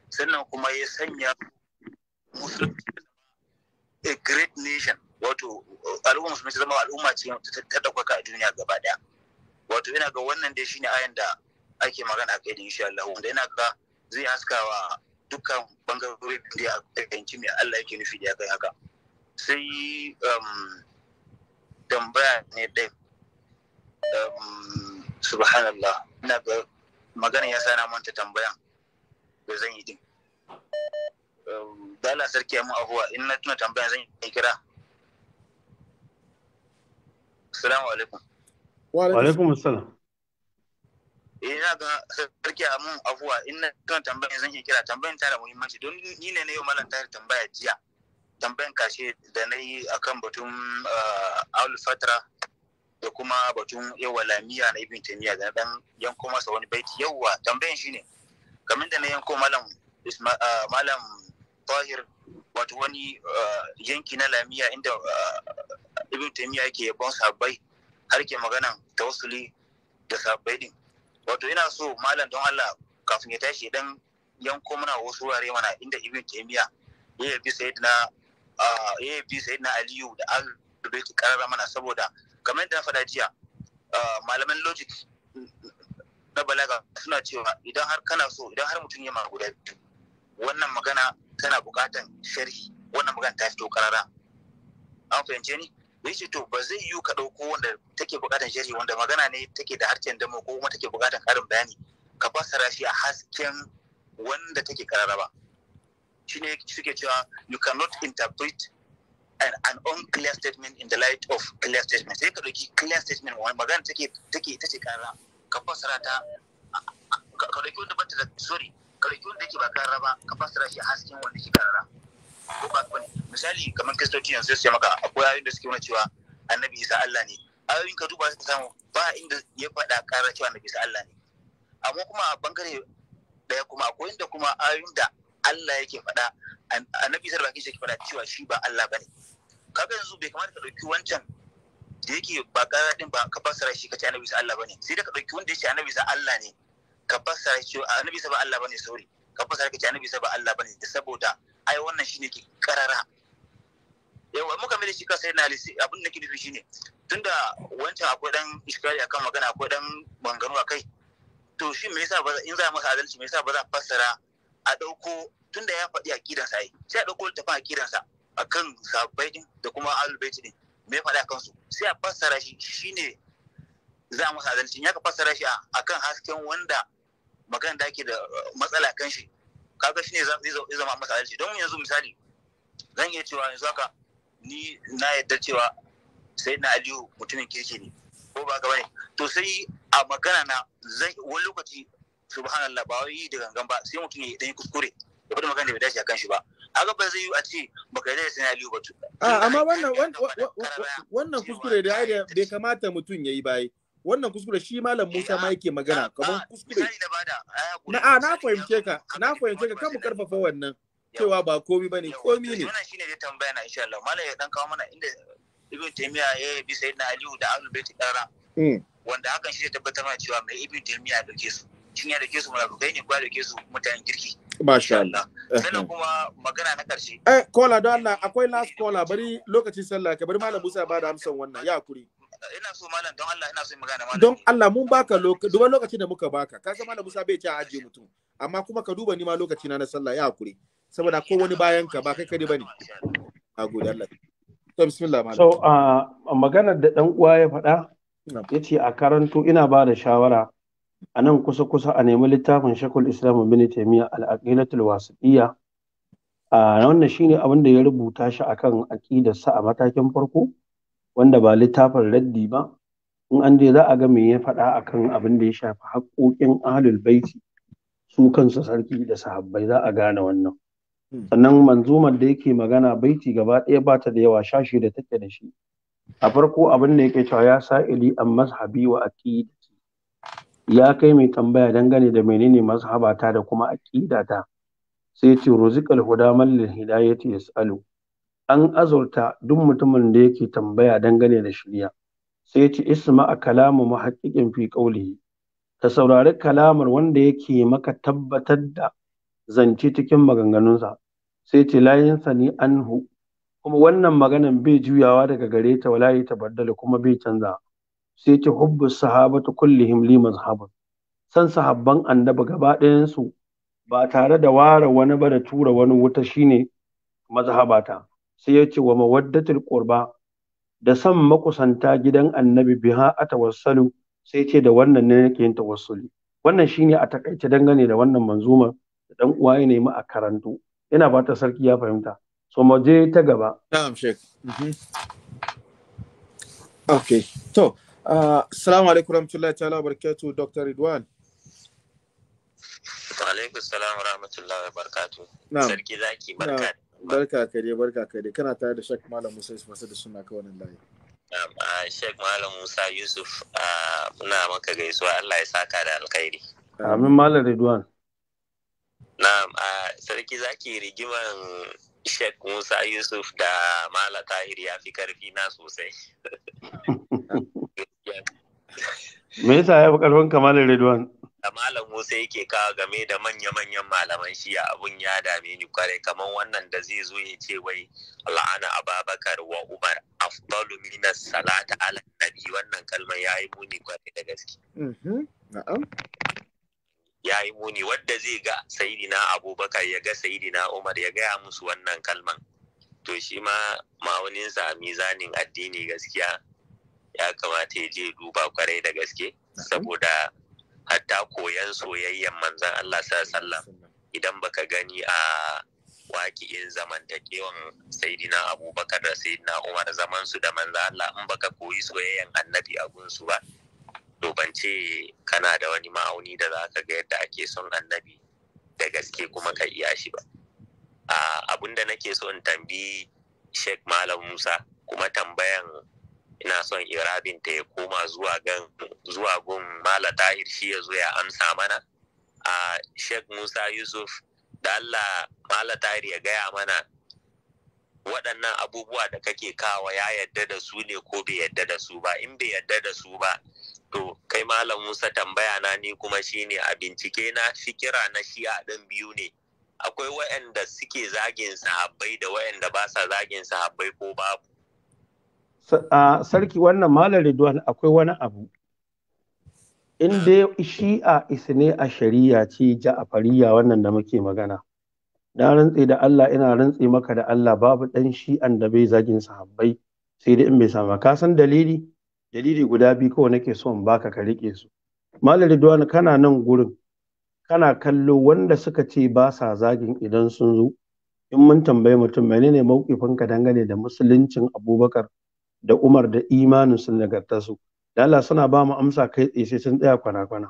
sannan kuma ya sanya musulunci a great nation wato al'umma musulmi ta zama al'umma ce ta ɗaukaka a duniya gaba ɗaya wato ina ga wannan dai shine ayan da ake magana kai da insha Allah wanda ina ga zai haskawa dukkan bangarori da ya fahimci mai Allah yake nufi da ya kai haka sai um, tambaya ne ɗin um, subhanallah ina ga magana ya sana manta tambayan da zan yi din um, dala sarki ya mu ahuwa in na tuna tambaya zan yi kira Assalamu alaikum. Wa alaikum Eh na ga sarki a mun afuwa in na kan tambayan zan iya kira tambayan ta da muhimmanci don ni ne na yau malam ta tambaya jiya. Tambayan kashe da na yi akan batun Aul ah, Fatra da kuma batun yawa lamiya na Ibn Taymiyyah da na dan yanko masa wani baiti yawa tambayan shine kamin da na yanko malam ah, malam Tahir wato wani eh, yanki na lamiya inda eh, ibn taimiya yake yabon sabai har ke magana tawassuli da sabai din wato ina so malam don Allah kafin ya tashi dan yanko muna wasu wurare mana inda ibn taimiya ya yabi sayyidina eh, ya aliyu da al da karara mana saboda kamar yadda na faɗa jiya malaman logic na balaga suna cewa idan har kana so idan har mutum ya ma guda biyu wannan magana tana buƙatan sharhi wannan magana ta fito karara an fahimce ni da yake to ba zai yiwu ka ɗauko wanda take buƙatan sharhi wanda magana ne take da harshen damo ko kuma take buƙatan ƙarin bayani ka fassara shi a hasken wanda take karara ba Shi ne suke cewa you cannot interpret an, an unclear statement in the light of clear statement sai ka ɗauki clear statement wani magana take take ita ce karara ka fassara ta ka ɗauki wanda ba ta da sorry ka riƙi wanda yake ba karara ba ka fassara shi hasken wanda yake karara ko ba bane misali kamar kristoci yanzu sai maka akwai ayoyin da suke nuna cewa annabi isa Allah ne ayoyin ka duba suka samu ba inda ya faɗa karara cewa annabi isa Allah ne amma kuma a bangare daya kuma akwai inda kuma ayoyin da Allah yake faɗa annabi isa da bakin shi yake faɗa cewa shi ba Allah bane kaga yanzu bai kamata ka ɗauki wancan da yake ba karara din ba ka fassara shi ka ce annabi isa Allah bane sai da ka ɗauki wanda ya ce annabi isa Allah ne ka fassara cewa annabi sa ba Allah bane sauri ka fassara ka ce annabi sa ba Allah bane saboda ai wannan shine ke karara yau muka mai shi ka sai na abin da ke nufi shine tunda wancan akwai dan iskari akan magana akwai dan bangano akai to shi me yasa ba in za masa adalci me yasa ba za fassara a dauko tunda ya faɗi aqidar sa ai sai a dauko fa aqidar sa akan sahabbai din da kuma albaiti din me faɗi akan su sai a fassara shi shine za mu masa adalci ya ka fassara shi akan hasken wanda magana da ake da uh, matsala kan shi kaga shi ne zai zama masa adalci don yanzu misali zan iya cewa yanzu haka ni na yadda cewa sai na aliyu mutumin kirki ne ko ba ka bane to sai a magana na zan wani lokaci subhanallah ba wai da gangan ba sai mutum ya dan kuskure ya bada magana da bai dace kan shi ba haka ba zai yi a ce baka yarda sai na aliyu ba a ah, amma wannan wannan kuskure da bai kamata mutum ya yi bai wannan kuskure shi malam Musa ma yake magana ah, kaman ah, kuskure ah, na a na fahimce ka na fahimce ka kan karfafa wannan cewa ba komi bane komi ne wannan shine zai tambaya na insha Allah malam ya dan kawo mana inda Ibn taymiya ya bi sayyidina Aliyu da Ahlul Bait dara mm. wanda hakan shi ya tabbatar mana cewa mai Ibn Taymiyyah dauke su cin ya dauke su munafikai ne ba dauke su mutanen kirki Masha Allah. Eh, Sannan eh. kuma magana na ƙarshe. Eh, kola don Allah akwai last kola bari lokacin sallah ka bari malam Musa ba da amsan wannan ya kuri. ina so malam don Allah ina so magana malam. Don Allah mun baka lokaci duba lokacin da muka baka ka zama da Musa bai ci ajiye mutum amma kuma ka duba ni ma lokaci na na sallah ya hakuri saboda ko wani bayan ka ba kai kadi bane. A gode Allah. To bismillah malam. So a ah, maganar da dan uwa ya faɗa yace a karanto ina ba da shawara a nan kusa-kusa a nemi littafin shakul islam bin taimiyya al aqilatul wasitiyya a ah, wannan shine abin da ya rubuta shi akan sa a matakin farko wanda ba littafin raddi ba in an je za a ga me ya faɗa akan abin da ya shafi haƙoƙin ahlul baiti su kansu sarki da sahabbai za a gane wannan hmm. sannan manzumar da yake magana baiti gaba ɗaya ba ta da yawa sha shi da take da shi a farko abin da yake cewa ya sa'ili an mazhabi wa aqidati ya kai mai tambaya dangane da menene mazhabata da kuma aqidata sai ce ruzikal huda man lil hidayati yasalu an azurta duk mutumin da yake tambaya dangane da shirya sai ya ce isma kalamu mahaƙiƙin fi ƙaulihi ka saurari kalamar wanda yake maka tabbatar da zance cikin maganganunsa sai ce layin sani anhu kuma wannan maganan bai juyawa daga gare ta wala ta baddala kuma bai canza sai ce hubbu sahabatu kullihim li mazhabun san sahabban annabi gaba ɗayansu ba tare da ware wani ba da tura wani wuta shine mazhabata sai ya ce wa mawaddatul qurba da san makusanta gidan annabi biha a tawassalu sai ce da wannan ne yake yin tawassuli wannan shine a takaice dangane da wannan manzuma da dan uwa ya nemi a karantu ina ba ta sarki ya fahimta so mu je ta gaba na'am sheik mhm. okay to uh, assalamu alaikum warahmatullahi ta'ala barakatuh dr ridwan alaikum salam warahmatullahi wabarakatuh sarki zaki barka barka ka dai barka ka dai kana tare da shek malam musa yusuf masu da suna kawai nan layi shek malam musa yusuf muna maka gaisuwa allah ya saka da alkhairi amin malam ridwan na'am sarki zaki rigiman Sheikh Musa Yusuf da Malam Tahir ya fi karfi na sosai. Me yasa ya fi karfin malam Redwan? da malam Musa yake kawo game da manya-manyan malaman shiya abun ya dame ni kwarai kamar wannan da zai zo ya ce wai la'ana Ababakar wa Umar afdalu mina salata ala nabi wannan kalmar yi muni kwarai da gaske. Mm-hmm. ya yi muni wadda zai ga sayidina abubakar ya ga sayidina umar ya gaya musu wannan kalman to shi ma ma'auninsa a mizanin addini gaskiya ya kamata ya je duba kwarai da gaske saboda hatta koyan soyayyen manzan Allah sallam idan baka gani a waƙi'in zamantakewan saidina abubakar da saidina umar zaman su da manzan Allah in baka koyi soyayyen annabi a gunsu ba to ban ce kana da wani ma'auni da za ka ga yadda ake son annabi da gaske kuma ka iya shi ba abin da nake so in tambi sheikh malam musa kuma tambayan ina son irabin ta ya koma zuwa gan zuwa gun mala tahir shi ya zo ya amsa mana a sheikh musa yusuf da allah mala tahir ya gaya mana waɗannan abubuwa da kake kawa ya yadda da su ne ko bai yadda da su ba in bai yadda da su ba to kai malam musa tambaya na ni kuma shine a bincike na fikira na shi'a ɗin biyu ne akwai waɗanda suke zagin sahabbai da waɗanda ba sa zagin sahabbai ko babu A sarki wannan malam Ridwan akwai wani abu in dai shi'a isne a shari'a ce ja'afariya wannan da muke magana na rantse da Allah ina rantse maka da Allah babu dan shi'an da bai zagin sahabbai sai dai in bai sama ka san dalili dalili guda biyu kawai nake so in baka ka rike su malam Ridwan kana nan gurin kana kallo wanda suka ce ba sa zagin idan sun zo in mun tambayi mutum menene ka dangane da musuluncin Abubakar da Umar da imanin sun nagarta su da Allah suna ba mu amsa kai tsaye sai sun tsaya kwana kwana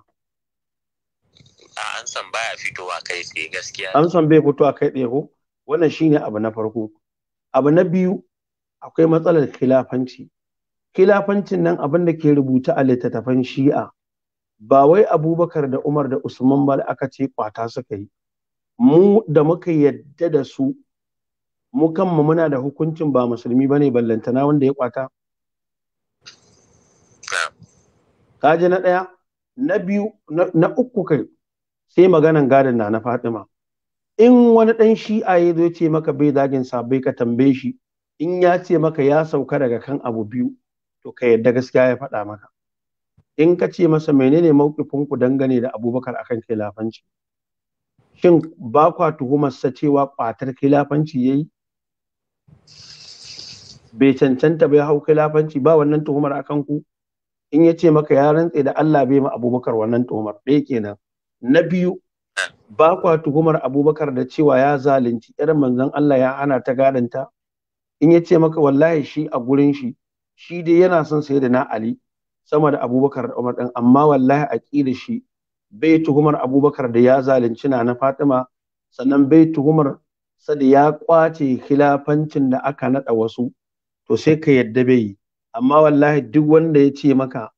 amsan baya fitowa kai tsaye gaskiya amsan bai fitowa kai tsaye ko wannan shine abu na farko abu na biyu akwai matsalar khilafanci khilafancin nan abin da ke rubuta a littattafan shi'a ba wai abubakar da umar da usman ba aka ce kwata suka yi mu da muka yadda da su mu kanmu muna da hukuncin ba musulmi ba ne ballantana wanda ya kwata kaji na ɗaya na biyu na uku kai sai maganan gadon na na fatima in wani ɗan shi'a ya zo ce maka bai zagin sabai ka tambaye shi in ya ce maka ya sauka daga kan abu biyu to ka yadda gaskiya ya faɗa maka in ka ce masa menene mawkifin ku dangane da abubakar akan khilafanci shin ba kwa tuhumar sa cewa kwatar khilafanci yayi bai cancanta bai hau khilafanci ba wannan tuhumar a kanku? in ya ce maka ya rantse da Allah bai ma abubakar wannan tuhumar ɗaya kenan na biyu ba kwa tuhumar abubakar da cewa ya zalunci irin manzon Allah ya hana ta gadanta in ya ce maka wallahi shi a gurin shi shi dai yana son sai da na Ali sama da abubakar da Umar ɗin amma wallahi a aƙida shi bai tuhumar abubakar da ya zalunci na na Fatima sannan bai tuhumar sadi ya kwace khilafancin da aka naɗa wasu to sai ka yadda bai yi amma wallahi duk wanda ya ce maka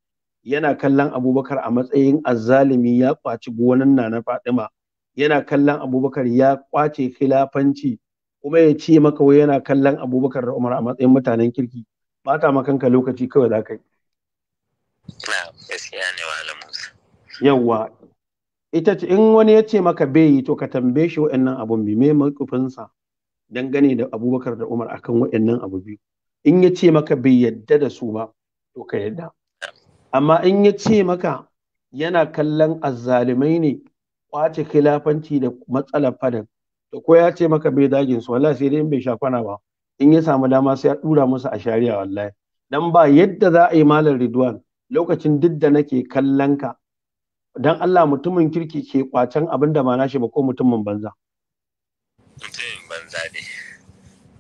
yana kallon abubakar a matsayin azzalimi ya kwaci gonan na na fadima yana kallon abubakar ya kwace khilafanci kuma ya ce maka wai yana kallon abubakar da umar a matsayin mutanen kirki bata makanka lokaci kawai za ka yi yawwa ita ce in wani ya ce maka bai yi to ka tambaye shi wa'annan abun bi me makufinsa dangane da abubakar da umar akan wa'annan abu biyu in ya ce maka bai yadda da su ba to ka yadda amma in ya ce maka yana kallon azzalumai ne kwace khilafanci da matsalar fadan to ko ya ce maka bai dagin su wallahi sai dai in bai kwana ba in ya samu dama sai ya dura musu a shari'a wallahi dan ba yadda za a yi malar ridwan lokacin duk da nake kallon ka dan Allah mutumin kirki ke kwacen abin da mana shi ba ko mutumin banza mutumin banza ne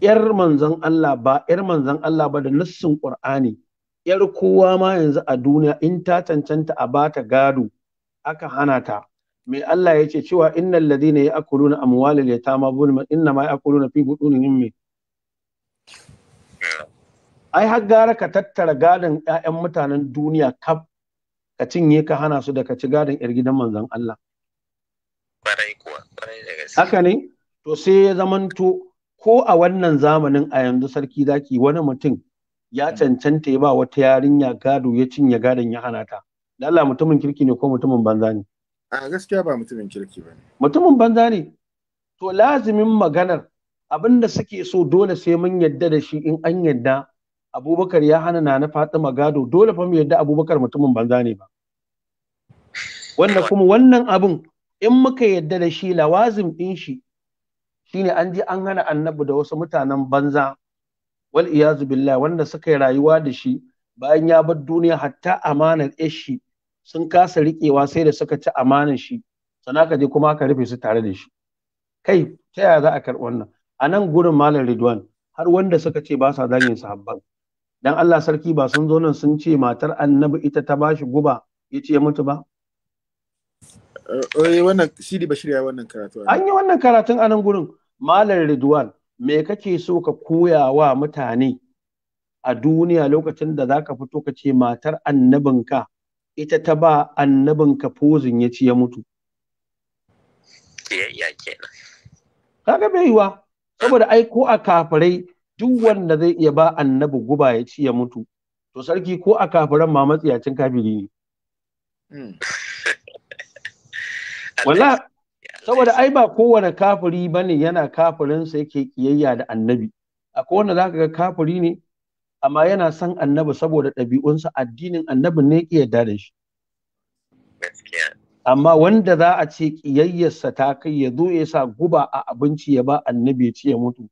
yar manzon Allah ba yar manzon Allah ba da nassin Qur'ani yar kowa ma yanzu a duniya in ta cancanta a bata gado aka hana ta mai Allah ya ce cewa innal ladina ya'kuluna amwalal yatama zulman inna ma ya'kuluna fi butunihim min ai har gara ka tattara gadon 'ya'yan mutanen duniya kaf ka cinye ka hana su da ka ci gadon yar gidan manzon Allah haka ne to sai ya zamanto ko a wannan zamanin a yanzu sarki zaki wani mutum ya mm. cancanta ya ba wata yarinya gado ya cinye gadon ya hana ta Allah mutumin kirki ne ko mutumin banza ne a gaskiya ba mutumin kirki ba mutumin banza ne to lazimin maganar abinda suke so dole sai mun yadda da shi in an yadda abubakar ya hana nana fatima gado dole fa mu yadda abubakar mutumin banza ne ba wannan kuma wannan abun in muka yadda da shi lawazim din shi shine an ji an hana annabi da wasu mutanen banza wal iyazu billah wanda suka yi rayuwa da shi bayan ya bar duniya hatta amanar shi sun kasa riƙewa sai da suka ci amanar shi sana ka je kuma ka rufe su tare da shi kai ta yaya za a karɓi wannan a nan gurin malam ridwan har wanda suka ce ba sa zagin sahabban dan Allah sarki ba sun zo nan sun ce matar annabi ita ta bashi guba ya ce mutu ba eh, eh, wannan shiri ba shirya wannan karatu an yi wannan karatun a nan gurin malam ridwan me kake so ka koya wa mutane a duniya lokacin da zaka fito ka ce matar annabinka ita ta ba annabinka pozin ya ci ya mutu kenan kaga bai yiwa saboda ai ko a kafirai duk wanda zai iya ba annabi guba ya ci ya mutu to sarki ko a kafiran ma matsiyacin kafiri ne hmm. wala saboda ai ba kowane kafiri bane yana kafirinsa yake kiyayya da annabi akwai wanda zaka ga kafiri ne amma yana son annabi saboda ɗabi'unsa addinin annabi ne ki yarda da shi amma wanda za a ce kiyayyarsa ta kai ya zo ya sa guba a abinci ya ba annabi ya ci ya mutu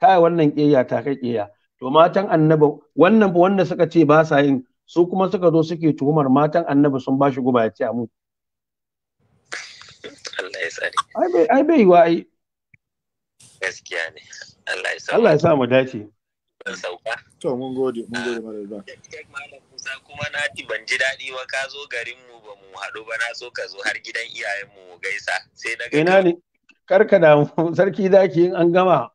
kai wannan ƙiyayya ta kai ƙiyayya to matan annabi wannan ba wanda suka ce ba sa yin su kuma suka zo suke tuhumar matan annabi sun ba shi guba ya ce a mutu Allah ya tsare ai bai ai bai wa ai gaskiya ne Allah ya sa Allah ya sa mu dace sauka to mun gode mun gode malam Musa kuma na ti ban ji daɗi ba ka zo garin mu ba mu haɗu ba na so ka zo har gidan iyayen mu gaisa sai na ga ina ne karka da sarki zaki in an gama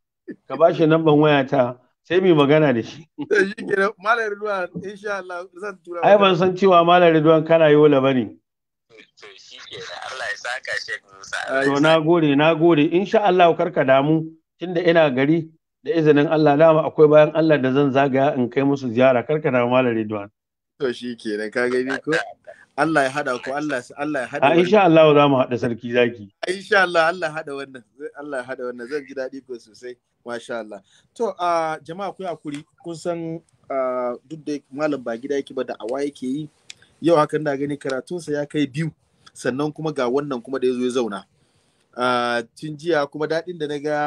ka ba shi waya wayata sai mai magana da shi. Eh, Malam Ai ban san cewa Malam Ridwan kana yi yola ba ne. Allah ya To na gode, na gode. Insha Allah karka damu tunda ina gari da izinin Allah dama akwai bayan Allah da zan zagaya in kai musu ziyara karka damu Malam Ridwan. To shi kenan ka gani ko? Allah ya hada ku Allah Allah ya hada a ah, insha Allah za mu hada sarki zaki ah, insha Allah Allah hada wannan Allah ya hada wannan zan ji dadi ko sosai masha Allah to a ah, jama'a ku hakuri kun san duk da malam ba gida yake ba da awa yake yi yau hakan ina gani karatun sa ya kai biyu sannan kuma ga wannan kuma da ya zo ya zauna tun jiya kuma daɗin da na ga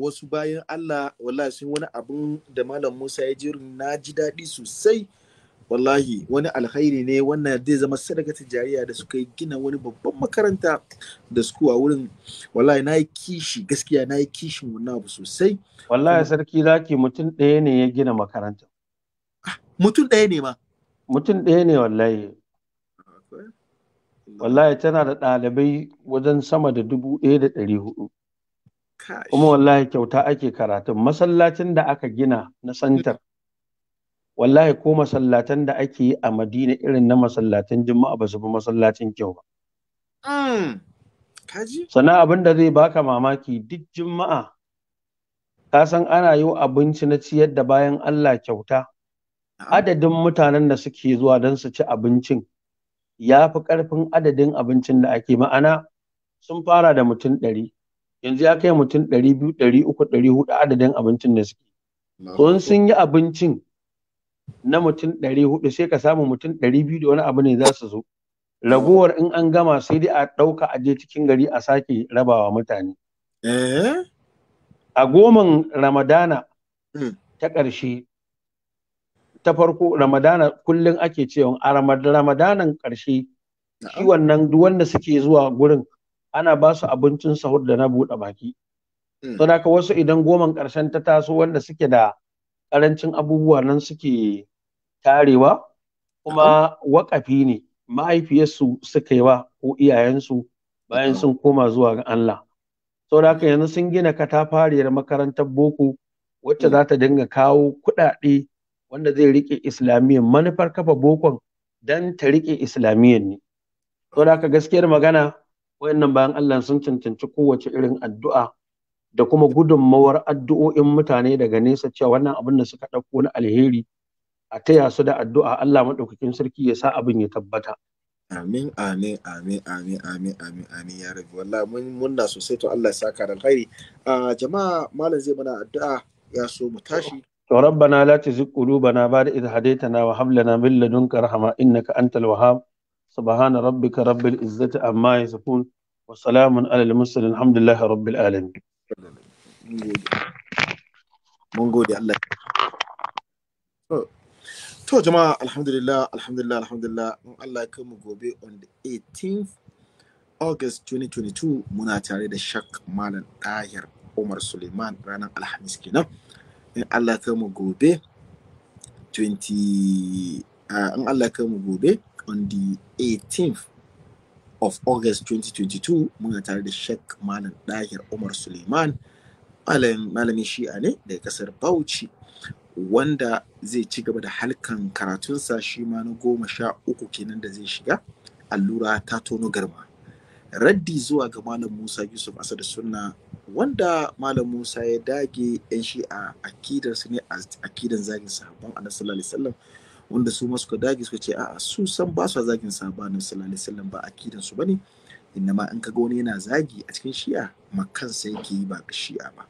wasu bayan Allah wallahi sun wani abun da malam Musa ya ji na ji daɗi sosai wallahi wani alkhairi ne wannan zai zama sadakatin jariya da suka yi gina wani babban makaranta da suku a wurin wallahi na yi kishi gaskiya na yi kishin wannan abu sosai wallahi sarki zaki mutum ɗaya ne ya gina makaranta ah, mutum ɗaya ne ma mutum ɗaya ne wallahi wallahi tana da ɗalibai wajen sama da dubu ɗaya da ɗari hudu kuma wallahi kyauta ake karatun masallacin da aka gina na santar wallahi ko masallatan da ake yi a madina irin na masallatan juma'a ba su fi masallacin kyau ba mm. sana abin da zai baka mamaki duk juma'a ka san ana yi abinci na ciyar da bayan allah kyauta adadin mutanen da suke zuwa don su ci abincin ya fi ƙarfin adadin abincin da ake ma'ana sun fara da mutum ɗari yanzu ya kai mutum ɗari biyu ɗari uku ɗari hudu adadin abincin da suke sun yi abincin na mutum ɗari hudu sai ka samu mutum ɗari biyu da wani abu ne za su zo ragowar in an gama sai dai a ɗauka a je cikin gari a sake rabawa mutane eh? a goman ramadana hmm. ta ƙarshe ta farko ramadana kullum ake cewa a ramadanan ƙarshe shi wannan duk wanda suke zuwa gurin ana ba su abincin sahur da na buɗe baki. Hmm. Saboda wasu idan goman ƙarshen ta taso wanda suke da ƙarancin abubuwa nan suke tarewa kuma waƙafi ne mahaifiyarsu suka yi wa ko iyayensu bayan sun koma zuwa ga Allah saboda haka yanzu sun gina katafariyar makarantar boko wacce mm. za ta dinga kawo kuɗaɗe wanda zai riƙe islamiyyar manufar kafa bokon don ta riƙe islamiyyar ne saboda haka gaskiyar magana wayannan bayan Allah sun cancanci kowace irin addu'a da kuma gudunmawar addu'o'in mutane daga nesa cewa wannan abin da suka ɗauko na alheri a taya su da addu'a Allah maɗaukakin sarki ya sa abin ya tabbata. Amin, amin, amin, amin, amin, amin, amin, ya rabi. Wallah mun munna sosai to Allah ya saka da alkhairi. jama'a malam zai mana addu'a ya so mu tashi. To rabbana la tuzigh qulubana ba'da idh hadaytana wa hab lana min ladunka rahma innaka antal wahhab. Subhana rabbika rabbil izzati amma yasifun. Wa salamun alal mursalin alhamdulillahi rabbil alamin. mun gode Allah to jama'a alhamdulillah alhamdulillah alhamdulillah in Allah ya kai mu gobe on the 18th August 2022 muna tare da Shak Malam Dahir Umar Suleiman ranar Alhamis kenan in Allah ya mu gobe 20 ah, in Allah ya kai mu gobe on the 18th of August 2022 muna tare da Sheikh Malam Dahir Umar Suleiman malamin shi'a ne daga kasar Bauchi wanda zai ci gaba da halkan karatunsa shi ma na goma sha uku kenan da zai shiga allura ta tono garma raddi zuwa ga malam musa yusuf asad sunna wanda malam musa ya dage yan shi'a akidarsu ne a akidan zagin sahabban annabi sallallahu alaihi wasallam wanda su ma suka dage suka ce a'a su san ba su zagin sabanin sallallahu alaihi wasallam ba akidan su bane ma in kaga wani yana zagi a cikin shi'a makansa yake yi ba ga shi'a ba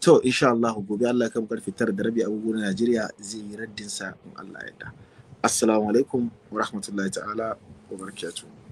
to insha Allah gobe Allah kan karfi tara da rabi abubuwan Najeriya zai yi raddin sa in Allah ya yarda assalamu alaikum wa rahmatullahi ta'ala wa barakatuh